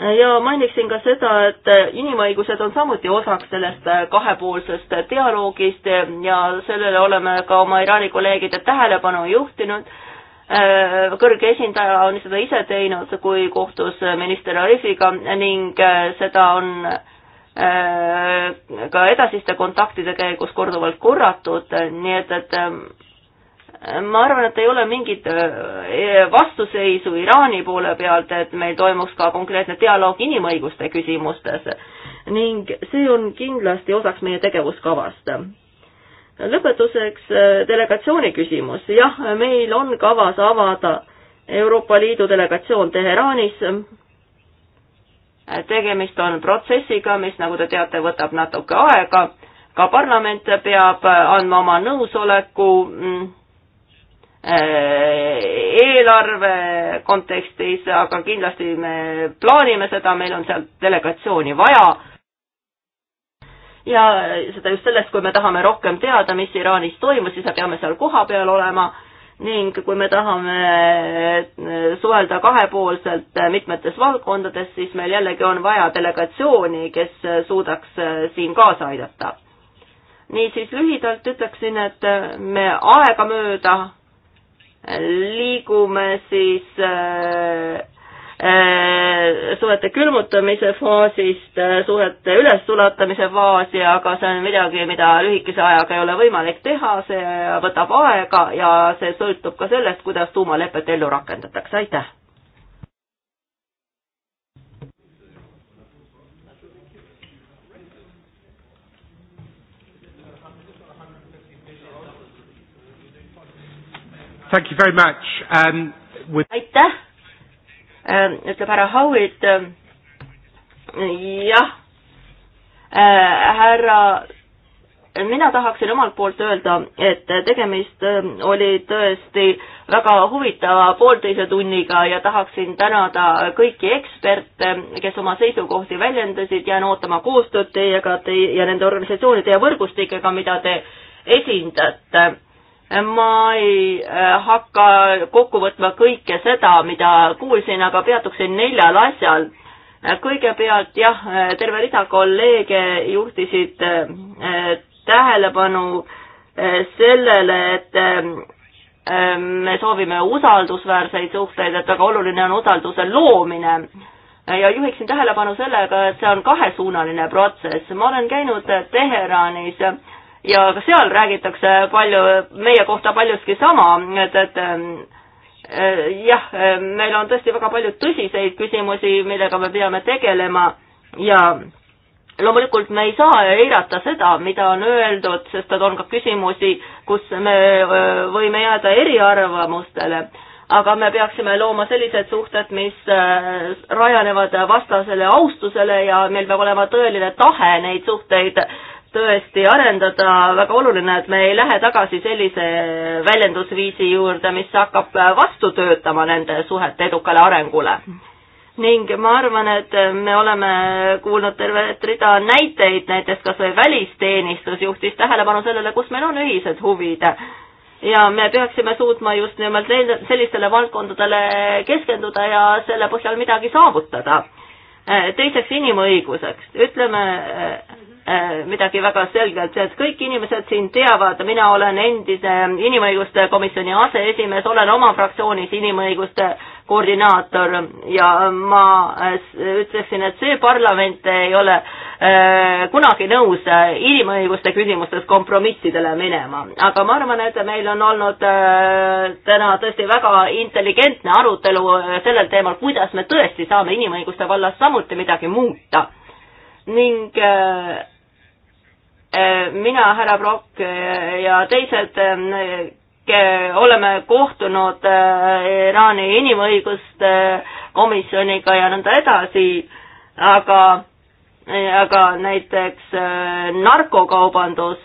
ja mainiksin ka seda, et inimõigused on samuti osaks sellest äh, kahepoolsest dialoogist ja sellele oleme ka oma Iraani kolleegide tähelepanu juhtinud. Äh, kõrge esindaja on seda ise teinud, kui kohtus minister Arifiga ning äh, seda on ka edasiste kontaktide käigus korduvalt korratud, nii et, et ähm, ma arvan, et ei ole mingit äh, vastuseisu Iraani poole pealt, et meil toimuks ka konkreetne dialoog inimõiguste küsimustes ning see on kindlasti osaks meie tegevuskavast. lõpetuseks äh, delegatsiooni küsimus. jah, meil on kavas avada Euroopa Liidu delegatsioon Teheranis. tegemist on protsessiga, mis, nagu te teate, võtab natuke aega. ka parlament peab äh, andma oma nõusoleku mm, Äh, eelarve kontekstis, aga kindlasti me plaanime seda, meil on sealt delegatsiooni vaja. ja seda just sellest, kui me tahame rohkem teada, mis Iraanis toimus, siis me peame seal kohapeal olema ning kui me tahame äh, suhelda kahepoolselt äh, mitmetes valdkondades, siis meil jällegi on vaja delegatsiooni, kes suudaks siin kaasa aidata. niisiis lühidalt ütleksin, et me aegamööda liigume siis äh, äh, suhete külmutamise faasist äh, suhete ülessulatamise faasi, aga see on midagi, mida lühikese ajaga ei ole võimalik teha, see võtab aega ja see sõltub ka sellest, kuidas tuumalepet ellu rakendatakse, aitäh! Thank you very much um,. With... aitäh ähm,, ütleb härra Howitt ähm,. jah äh,, härra, mina tahaksin omalt poolt öelda, et tegemist ähm, oli tõesti väga huvitava poolteise tunniga ja tahaksin tänada kõiki eksperte, kes oma seisukohti väljendasid, jään ootama koostööd teiega, teie ja nende organisatsioonide ja võrgustikega, mida te esindate ma ei äh, hakka kokku võtma kõike seda, mida kuulsin, aga peatuksin neljal asjal. Äh, kõigepealt jah, äh, terve rida kolleege juhtisid tähelepanu sellele, et me soovime usaldusväärseid suhteid, et väga oluline on usalduse loomine ja juhiksin tähelepanu sellega, et see on kahesuunaline protsess. ma olen käinud Teheranis ja ka seal räägitakse palju, meie kohta paljuski sama, et, et eh, jah, meil on tõesti väga palju tõsiseid küsimusi, millega me peame tegelema ja loomulikult me ei saa eirata seda, mida on öeldud, sest et on ka küsimusi, kus me eh, võime jääda eriarvamustele, aga me peaksime looma sellised suhted, mis eh, rajanevad vastasele austusele ja meil peab olema tõeline tahe neid suhteid tõesti arendada, väga oluline, et me ei lähe tagasi sellise väljendusviisi juurde, mis hakkab vastu töötama nende suhete edukale arengule. ning ma arvan, et me oleme kuulnud tervet rida näiteid, näiteks kas või välisteenistus juhtis tähelepanu sellele, kus meil on ühised huvid ja me peaksime suutma just nimelt sellistele valdkondadele keskenduda ja selle põhjal midagi saavutada. teiseks inimõiguseks, ütleme Äh, midagi väga selgelt, et kõik inimesed siin teavad, mina olen endise inimõiguste komisjoni aseesimees, olen oma fraktsioonis inimõiguste koordinaator ja ma äh, ütleksin, et see parlament ei ole äh, kunagi nõus inimõiguste küsimustes kompromissidele minema, aga ma arvan, et meil on olnud täna tõesti väga intelligentne arutelu sellel teemal, kuidas me tõesti saame inimõiguste vallas samuti midagi muuta ning äh, Äh, mina, härra Brock äh, ja teised äh, oleme kohtunud Iraani inimõiguste komisjoniga ja nõnda edasi, aga aga näiteks narkokaubandus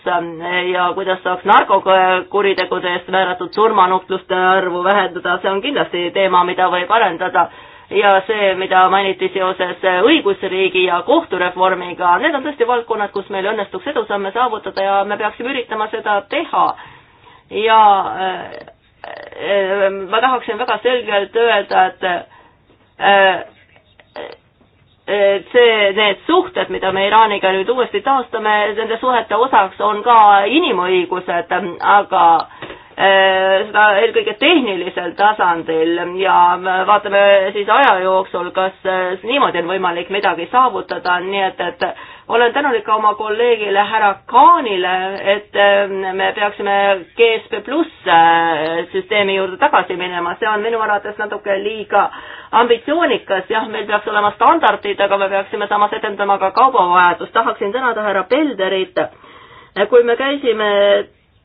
ja kuidas saaks narkokuritegude eest määratud surmanuhtluste arvu vähendada, see on kindlasti teema, mida võib arendada ja see, mida mainiti seoses õigusriigi ja kohtureformiga, need on tõesti valdkonnad, kus meil õnnestuks edusamme saavutada ja me peaksime üritama seda teha. ja äh, äh, ma tahaksin väga selgelt öelda, et äh, see, need suhted, mida me Iraaniga nüüd uuesti taastame, nende suhete osaks on ka inimõigused, aga Äh, seda eelkõige tehnilisel tasandil ja vaatame siis aja jooksul, kas äh, niimoodi on võimalik midagi saavutada, nii et, et olen tänulik oma kolleegile härra Kaanile, et äh, me peaksime GSP pluss süsteemi juurde tagasi minema, see on minu arvates natuke liiga ambitsioonikas, jah, meil peaks olema standardid, aga me peaksime samas edendama ka kaubavajadust, tahaksin tänada härra Pelderit, kui me käisime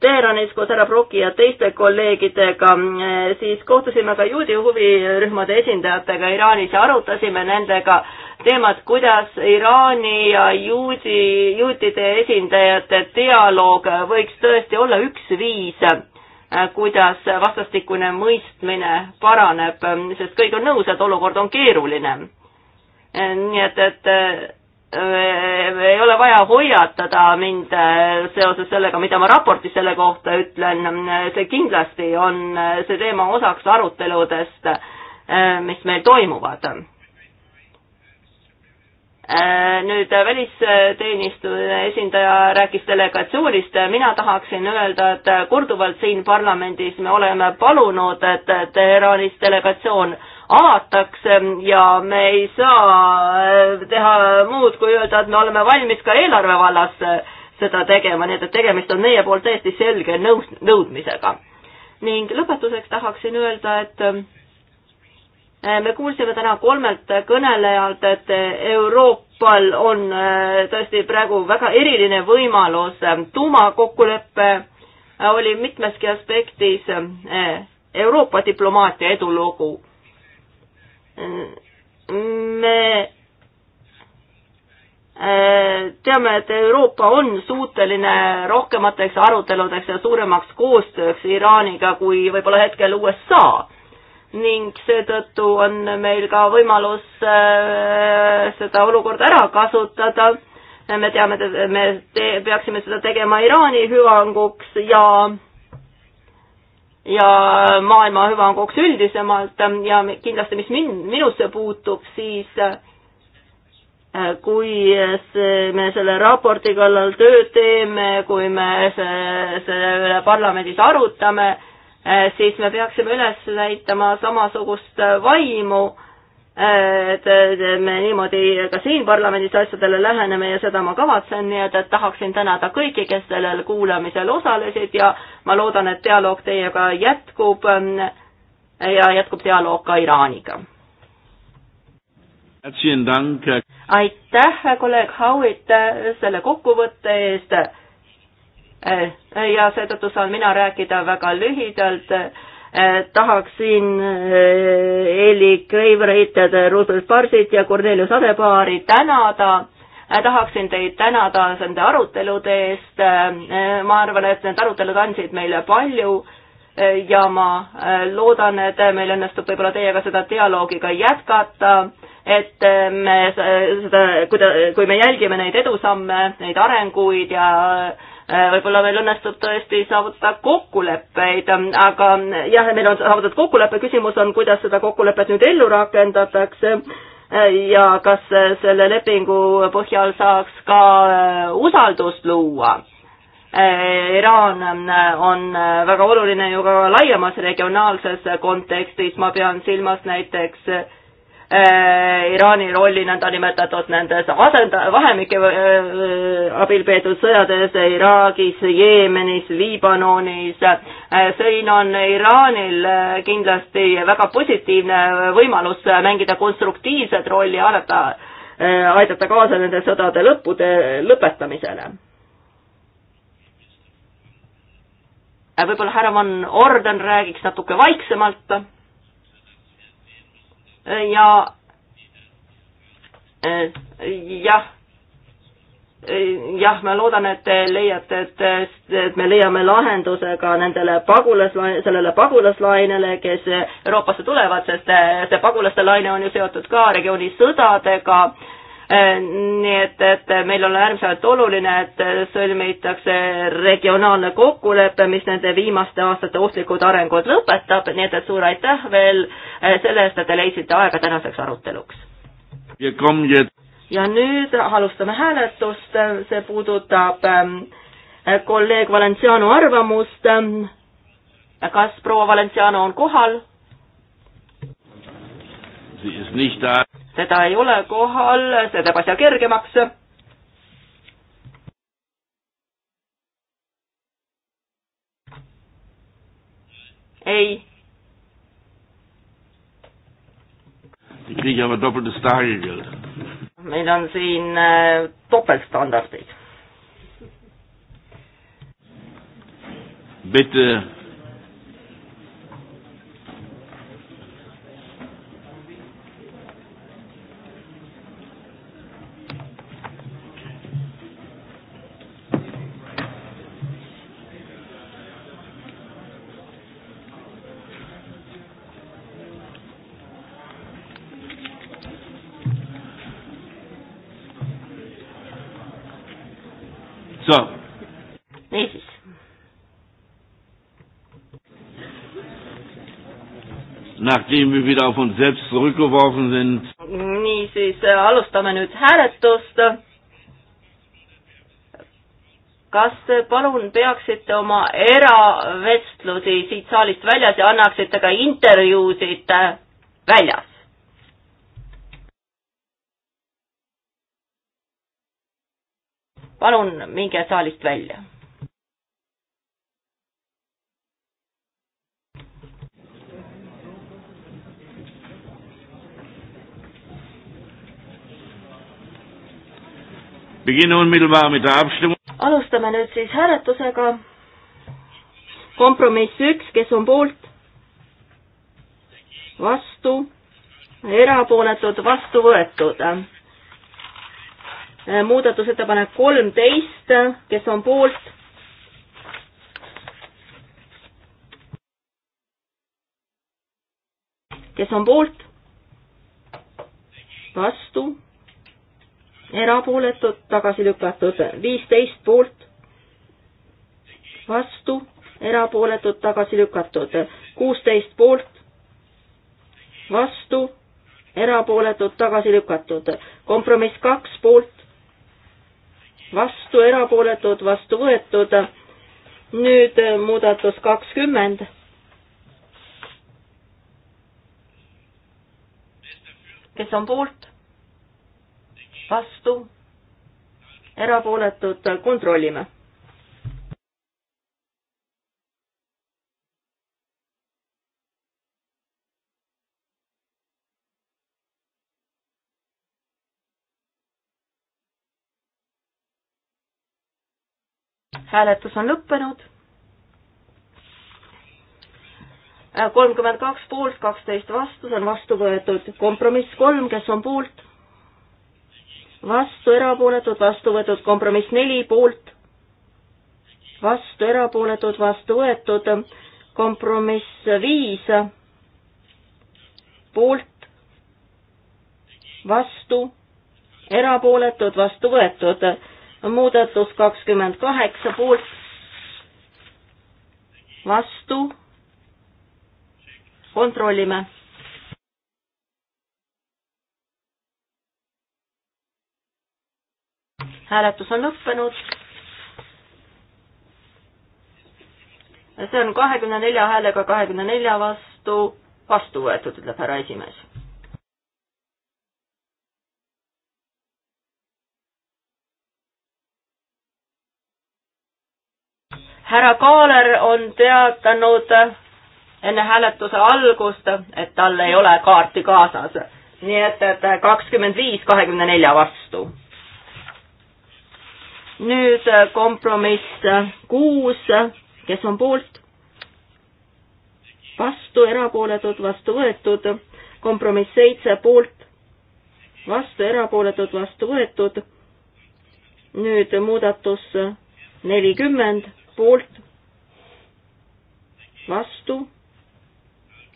Teheranis koos härra Broki ja teiste kolleegidega, eh, siis kohtusime ka juudi huvirühmade esindajatega Iraanis ja arutasime nendega teemat, kuidas Iraani ja juudi, juutide esindajate dialoog võiks tõesti olla üks viis, eh, kuidas vastastikune mõistmine paraneb, sest kõik on nõus, et olukord on keeruline. Eh, nii et, et Äh, ei ole vaja hoiatada mind äh, seoses sellega, mida ma raportis selle kohta ütlen, see kindlasti on äh, see teema osaks aruteludest, mis meil toimuvad. nüüd välisteenistuse esindaja rääkis delegatsioonist, mina tahaksin öelda, et korduvalt siin parlamendis me oleme palunud, et Teheranis delegatsioon avatakse ja me ei saa äh, teha muud, kui öelda, et me oleme valmis ka eelarve vallas äh, seda tegema, nii et, et tegemist on meie poolt täiesti selge nõud-, nõudmisega. ning lõpetuseks tahaksin öelda, et äh, me kuulsime täna kolmelt kõnelejalt, et Euroopal on tõesti praegu väga eriline võimalus, tuumakokkulepe oli mitmeski aspektis Euroopa diplomaatia edulugu me äh, teame, et Euroopa on suuteline rohkemateks aruteludeks ja suuremaks koostööks Iraaniga kui võib-olla hetkel USA ning seetõttu on meil ka võimalus äh, seda olukorda ära kasutada. me teame, et me te peaksime seda tegema Iraani hüvanguks ja ja maailma hüvanguks üldisemalt ähm, ja kindlasti, mis min-, minusse puutub, siis äh, kui see, me selle raporti kallal tööd teeme, kui me see, selle üle parlamendis arutame, äh, siis me peaksime üles näitama samasugust äh, vaimu et me niimoodi ka siin parlamendis asjadele läheneme ja seda ma kavatsen, nii et, et tahaksin tänada kõiki, kes sellel kuulamisel osalesid ja ma loodan, et dialoog teiega jätkub ähm, ja jätkub dialoog ka Iraaniga. aitäh, kolleeg Howitt, selle kokkuvõtte eest. Äh, ja seetõttu saan mina rääkida väga lühidalt Eh, tahaksin eh, Eli Kreiverit ja Rudolf Parsit ja Cornelius Adepaari tänada. Eh, tahaksin teid tänada nende arutelude eest. ma arvan, et need arutelud andsid meile palju ja ma loodan, et meil õnnestub võib-olla teiega seda dialoogi ka jätkata, et me seda, kui, kui me jälgime neid edusamme, neid arenguid ja äh, Äh, võib-olla meil õnnestub tõesti saavutada kokkuleppeid, aga jah, meil on saavutatud kokkulepe, küsimus on, kuidas seda kokkulepet nüüd ellu rakendatakse äh, ja kas äh, selle lepingu põhjal saaks ka usaldust luua Iraan on väga oluline ju ka laiemas regionaalses kontekstis, ma pean silmas näiteks Äh, Iraani rolli nõndanimetatud nendes asenda-, vahemike äh, äh, abil peetud sõjades Iraagis, Jeemenis, Liibanonis. siin on Iraanil kindlasti väga positiivne võimalus mängida konstruktiivset rolli, aidata, aidata kaasa nende sõdade lõppude, lõpetamisele. võib-olla härra Van Orden räägiks natuke vaiksemalt ja eh, jah, eh, jah, ma loodan, et te leiate, et, et me leiame lahenduse ka nendele pagulaslaine, sellele pagulaslainele, kes Euroopasse tulevad, sest eh, see pagulaste laine on ju seotud ka regiooni sõdadega Äh, nii et, et meil on äärmiselt oluline, et sõlmitakse regionaalne kokkulepe, mis nende viimaste aastate ohtlikud arengud lõpetab, nii et, et suur aitäh veel äh, selle eest, et te leidsite aega tänaseks aruteluks. ja nüüd alustame hääletust, see puudutab ähm, kolleeg Valenciano arvamust. kas proua Valenciano on kohal? teda ei ole kohal, see teeb asja kergemaks. ei. meil on siin topeltstandardid. Äh, Bitte nachdem wir wieder auf uns selbst zurückgeworfen sind. niisiis äh, alustame nüüd hääletust. kas te äh, palun peaksite oma eravestlusi siit saalist väljas ja annaksite ka intervjuusid äh, väljas? palun minge saalist välja alustame nüüd siis hääletusega. kompromiss üks, kes on poolt? vastu, erapooletud, vastu võetud. muudatusettepanek kolmteist, kes on poolt? kes on poolt? vastu erapooletud, tagasi lükatud viisteist poolt, vastu, erapooletud, tagasi lükatud kuusteist poolt, vastu, erapooletud, tagasi lükatud kompromiss kaks poolt, vastu, erapooletud, vastu võetud. nüüd muudatus kakskümmend kes on poolt, vastu, erapooletud, kontrollime. hääletus on lõppenud. kolmkümmend kaks poolt, kaksteist vastu, see on vastu võetud kompromiss kolm, kes on poolt, vastu erapooletud, vastu võetud, kompromiss neli poolt, vastu erapooletud, vastu võetud, kompromiss viis poolt, vastu, erapooletud, vastu võetud, muudatus kakskümmend kaheksa poolt, vastu, kontrollime hääletus on lõppenud. see on kahekümne nelja häälega kahekümne nelja vastu, vastu võetud, ütleb härra esimees. härra Kaaler on teatanud enne hääletuse algust, et tal ei ole kaarti kaasas. nii et, et kakskümmend viis kahekümne nelja vastu nüüd äh, kompromiss äh, kuus, kes on poolt? vastu, erapooletud, vastu võetud. kompromiss seitse poolt, vastu, erapooletud, vastu võetud. nüüd muudatus nelikümmend poolt, vastu,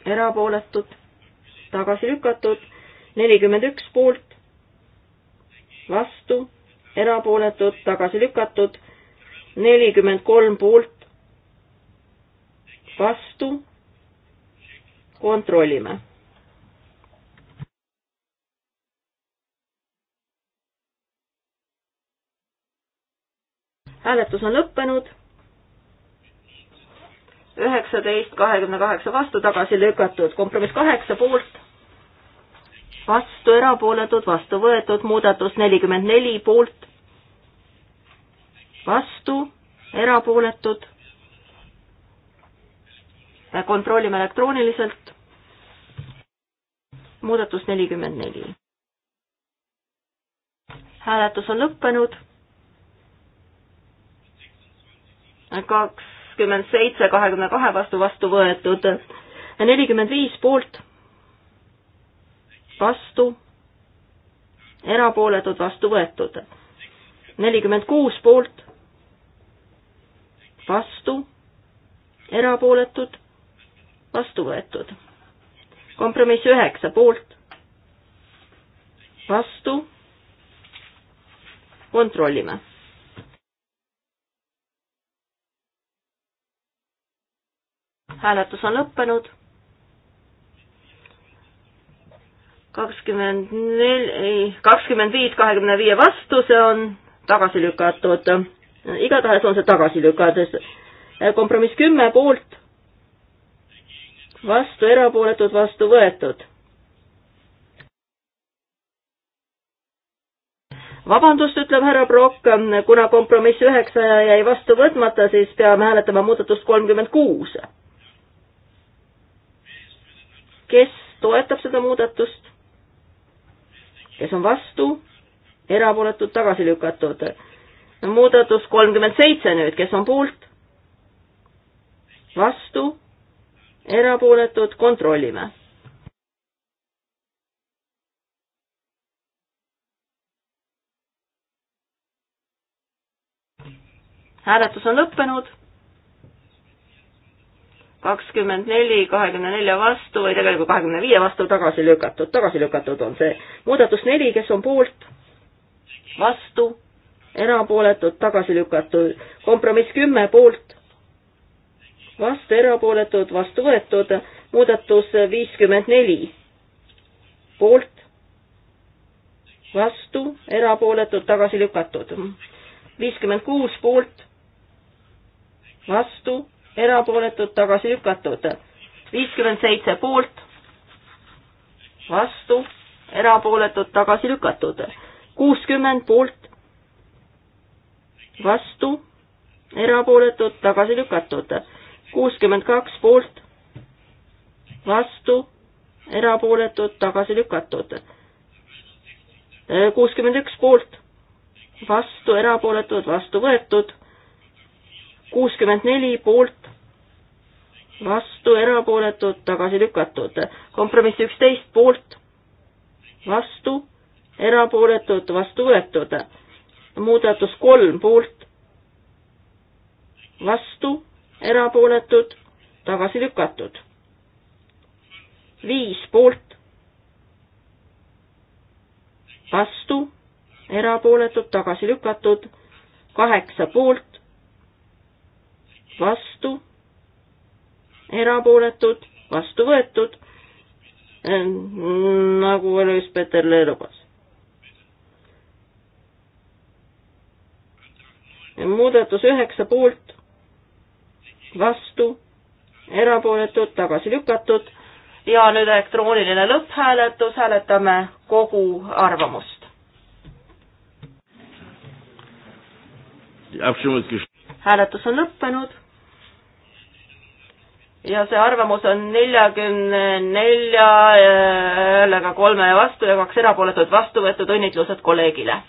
erapooletud, tagasi lükatud, nelikümmend üks poolt, vastu erapooletud, tagasi lükatud, nelikümmend kolm poolt, vastu, kontrollime. hääletus on lõppenud üheksateist kahekümne kaheksa vastu tagasi lükatud, kompromiss kaheksa poolt, vastu erapooletud, vastu võetud, muudatus nelikümmend neli poolt, vastu erapooletud. kontrollime elektrooniliselt. muudatus nelikümmend neli. hääletus on lõppenud. kakskümmend seitse, kahekümne kahe vastu vastu võetud, nelikümmend viis poolt vastu, erapooletud, vastu võetud. nelikümmend kuus poolt, vastu, erapooletud, vastu võetud. kompromiss üheksa poolt, vastu, kontrollime hääletus on lõppenud. kakskümmend neli, ei, kakskümmend viis kahekümne viie vastu, see on tagasi lükatud. igatahes on see tagasi lükatud. kompromiss kümme poolt, vastu erapooletud, vastu võetud. vabandust, ütleb härra Brock, kuna kompromiss üheksa jäi vastu võtmata, siis peame hääletama muudatust kolmkümmend kuus. kes toetab seda muudatust? kes on vastu, erapooletud, tagasi lükatud. muudatus kolmkümmend seitse nüüd, kes on poolt, vastu, erapooletud, kontrollime. hääletus on lõppenud kakskümmend neli, kahekümne nelja vastu või tegelikult kahekümne viie vastu tagasi lükatud, tagasi lükatud on see muudatus neli, kes on poolt, vastu, erapooletud, tagasi lükatud, kompromiss kümme poolt, vastu, erapooletud, vastu võetud, muudatus viiskümmend neli, poolt, vastu, erapooletud, tagasi lükatud, viiskümmend kuus poolt, vastu, erapooletud, tagasi lükatud. viiskümmend seitse poolt, vastu, erapooletud, tagasi lükatud. kuuskümmend poolt, vastu, erapooletud, tagasi lükatud. kuuskümmend kaks poolt, vastu, erapooletud, tagasi lükatud. kuuskümmend üks poolt, vastu, erapooletud, vastu võetud kuuskümmend neli poolt, vastu, erapooletud, tagasi lükatud. kompromiss üksteist poolt, vastu, erapooletud, vastu võetud. muudatus kolm poolt, vastu, erapooletud, tagasi lükatud. viis poolt, vastu, erapooletud, tagasi lükatud. kaheksa poolt, vastu erapooletud, vastu võetud, ehm, nagu Elis Peterle lubas. muudatus üheksa poolt, vastu, erapooletud, tagasi lükatud ja nüüd elektrooniline lõpphääletus, hääletame kogu arvamust. hääletus on lõppenud ja see arvamus on neljakümne nelja äh, häälega kolme vastu ja kaks erapooletut vastu võetud, õnnitlused kolleegile